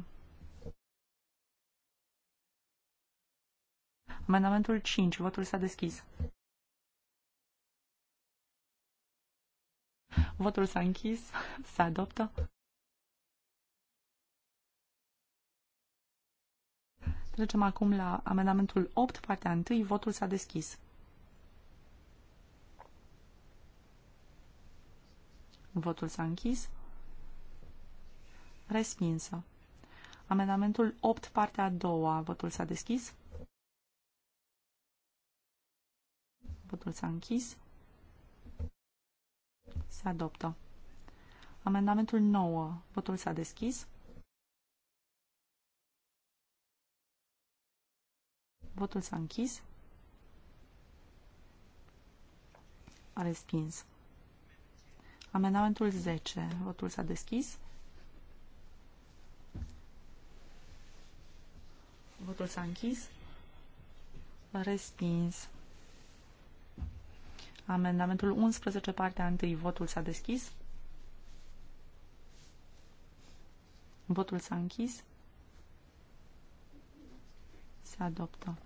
Amendamentul 5. Votul s-a deschis. Votul s-a închis. Se adoptă. Trecem acum la amendamentul 8, partea 1. Votul s-a deschis. Votul s-a închis. Respinsă. Amendamentul 8, partea a doua. Votul s-a deschis. Votul s-a închis. Se adoptă. Amendamentul 9. Votul s-a deschis. Votul s-a închis. A respins. Amendamentul 10. Votul s-a deschis. Votul s-a închis. Respins. Amendamentul 11, partea 1, votul s-a deschis. Votul s-a închis. Se adoptă.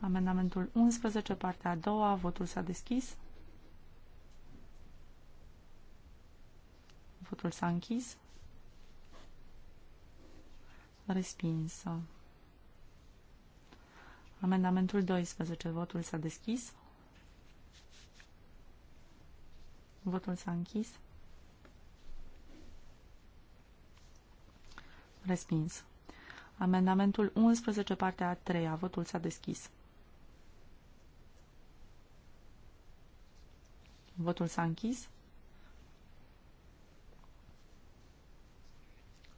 Amendamentul 11, partea a doua, votul s-a deschis. Votul s-a închis. Respinsă. Amendamentul 12. Votul s-a deschis. Votul s-a închis. Respins. Amendamentul 11, partea a treia. Votul s-a deschis. Votul s-a închis.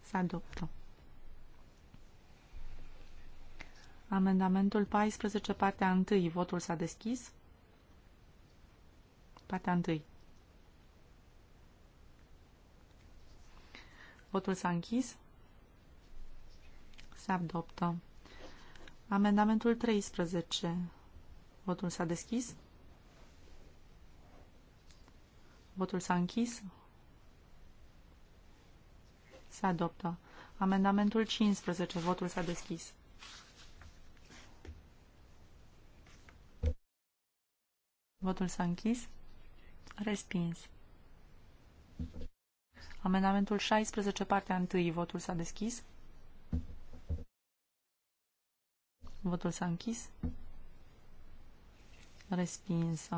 Se adoptă. Amendamentul 14, partea 1. Votul s-a deschis. Partea 1. Votul s-a închis. Se adoptă. Amendamentul 13. Votul s-a deschis. Votul s-a închis. Se adoptă. Amendamentul 15. Votul s-a deschis. Votul s-a închis. Respins. Amendamentul 16, partea 1. Votul s-a deschis. Votul s-a închis. respins.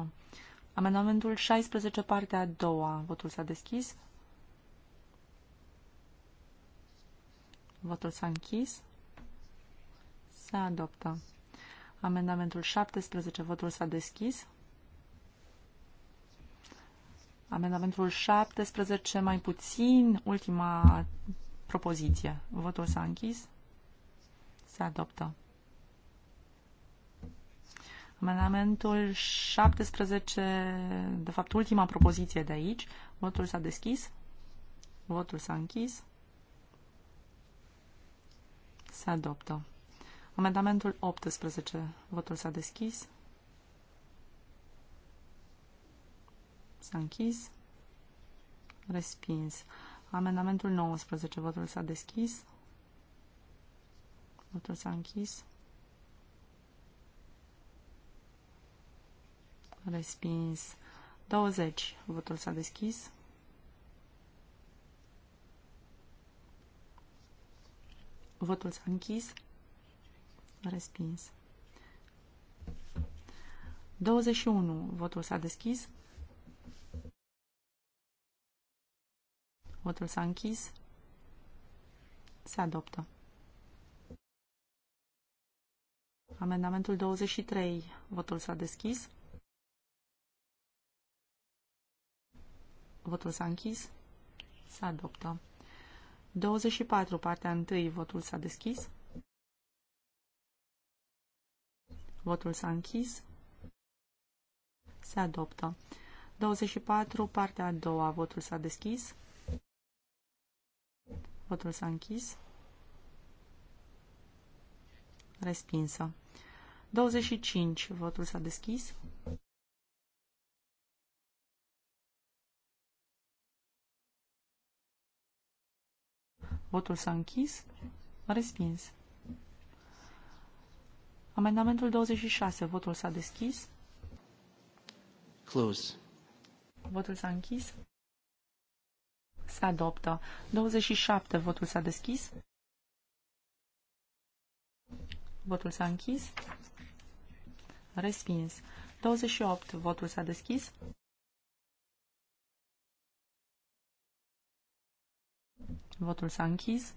Amendamentul 16, partea a doua. Votul s-a deschis. Votul s-a închis. Se adoptă. Amendamentul 17, votul s-a deschis. Amendamentul 17, mai puțin, ultima propoziție. Votul s-a închis. Se adoptă. Amendamentul 17, de fapt ultima propoziție de aici, votul s-a deschis, votul s-a închis, se adoptă. Amendamentul 18, votul s-a deschis, S-a închis. Respins. Amendamentul 19. Votul s-a deschis. Votul s-a închis. Respins. 20. Votul s-a deschis. Votul s-a închis. Respins. 21. Votul s-a deschis. Votul s-a închis. Se adoptă. Amendamentul 23. Votul s-a deschis. Votul s-a închis. Se adoptă. 24. Partea 1. Votul s-a deschis. Votul s-a închis. Se adoptă. 24. Partea a doua. Votul s-a deschis. Votul s-a închis. Respinsă. 25. Votul s-a deschis. Votul s-a închis. Respins. Amendamentul 26. Votul s-a deschis. Close. Votul s-a închis. Se adoptă. 27. Votul s-a deschis. Votul s-a închis. Respins. 28. Votul s-a deschis. Votul s-a închis.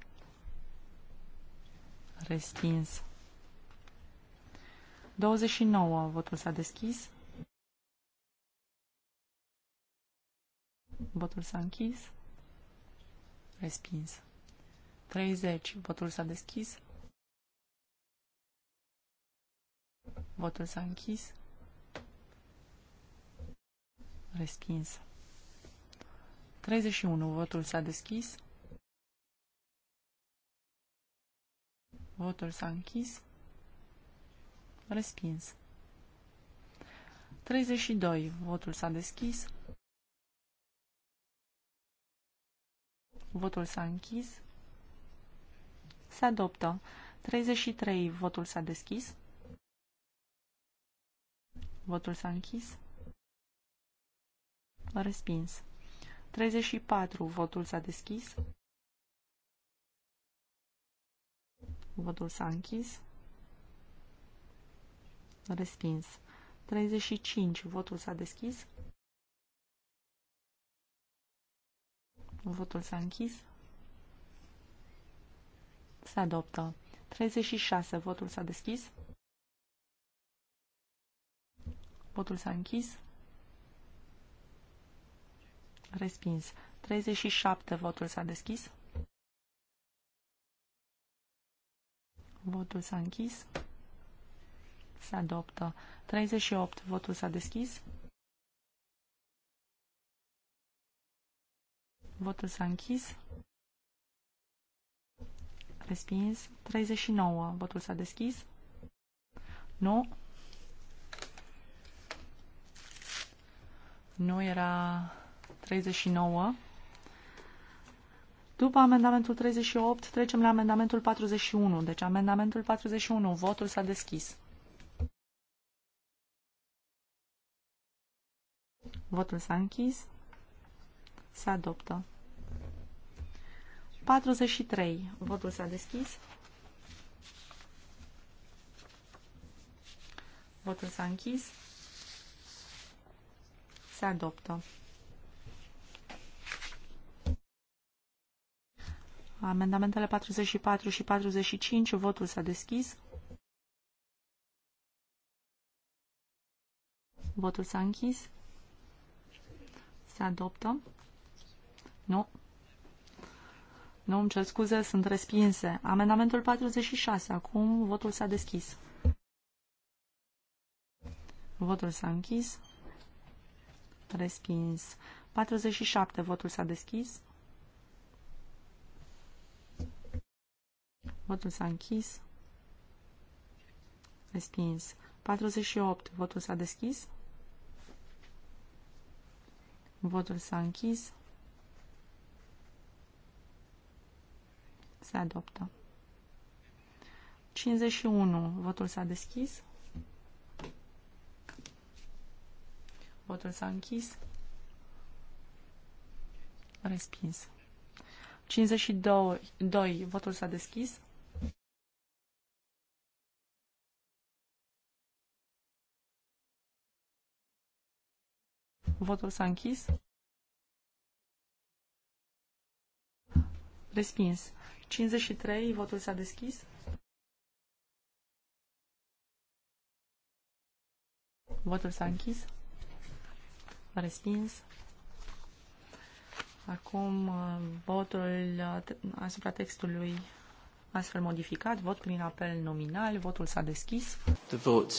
Respins. 29. Votul s-a deschis. Votul s-a închis. Respins. 30. Votul s-a deschis. Votul s-a închis. Respins. 31. Votul s-a deschis. Votul s-a închis. Respins. 32. Votul s-a deschis. Votul s-a închis. Se adoptă. 33. Votul s-a deschis. Votul s-a închis. Respins. 34. Votul s-a deschis. Votul s-a închis. Respins. 35. Votul s-a deschis. Votul s-a închis. Se adoptă. 36. Votul s-a deschis. Votul s-a închis. Respins. 37. Votul s-a deschis. Votul s-a închis. Se adoptă. 38. Votul s-a deschis. Votul s-a închis. Respins. 39. Votul s-a deschis. Nu. Nu era 39. După amendamentul 38, trecem la amendamentul 41. Deci amendamentul 41, votul s-a deschis. Votul s-a închis. Se adoptă. 43. Votul s-a deschis. Votul s-a închis. Se adoptă. Amendamentele 44 și 45, votul s-a deschis. Votul s-a închis. Se adoptă. Nu. Nu, îmi cer scuze, sunt respinse. Amendamentul 46. Acum votul s-a deschis. Votul s-a închis. Respins. 47. Votul s-a deschis. Votul s-a închis. Respins. 48. Votul s-a deschis. Votul s-a închis. Se adoptă. 51. Votul s-a deschis. Votul s-a închis. Respins. 52. Votul s-a deschis. Votul s-a închis. Respins. 53, votul s-a deschis. Votul s-a închis. Respins. Acum uh, votul uh, asupra textului astfel modificat, vot prin apel nominal, votul s-a deschis. The vote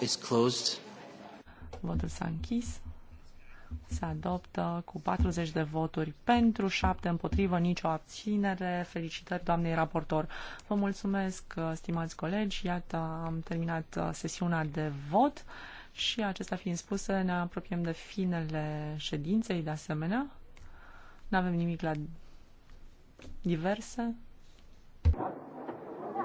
is closed. Votul s-a închis se adoptă cu 40 de voturi pentru, 7 împotrivă, nicio abținere. Felicitări doamnei raportor. Vă mulțumesc, stimați colegi. Iată, am terminat uh, sesiunea de vot și acestea fiind spuse, ne apropiem de finele ședinței de asemenea. Nu avem nimic la diverse.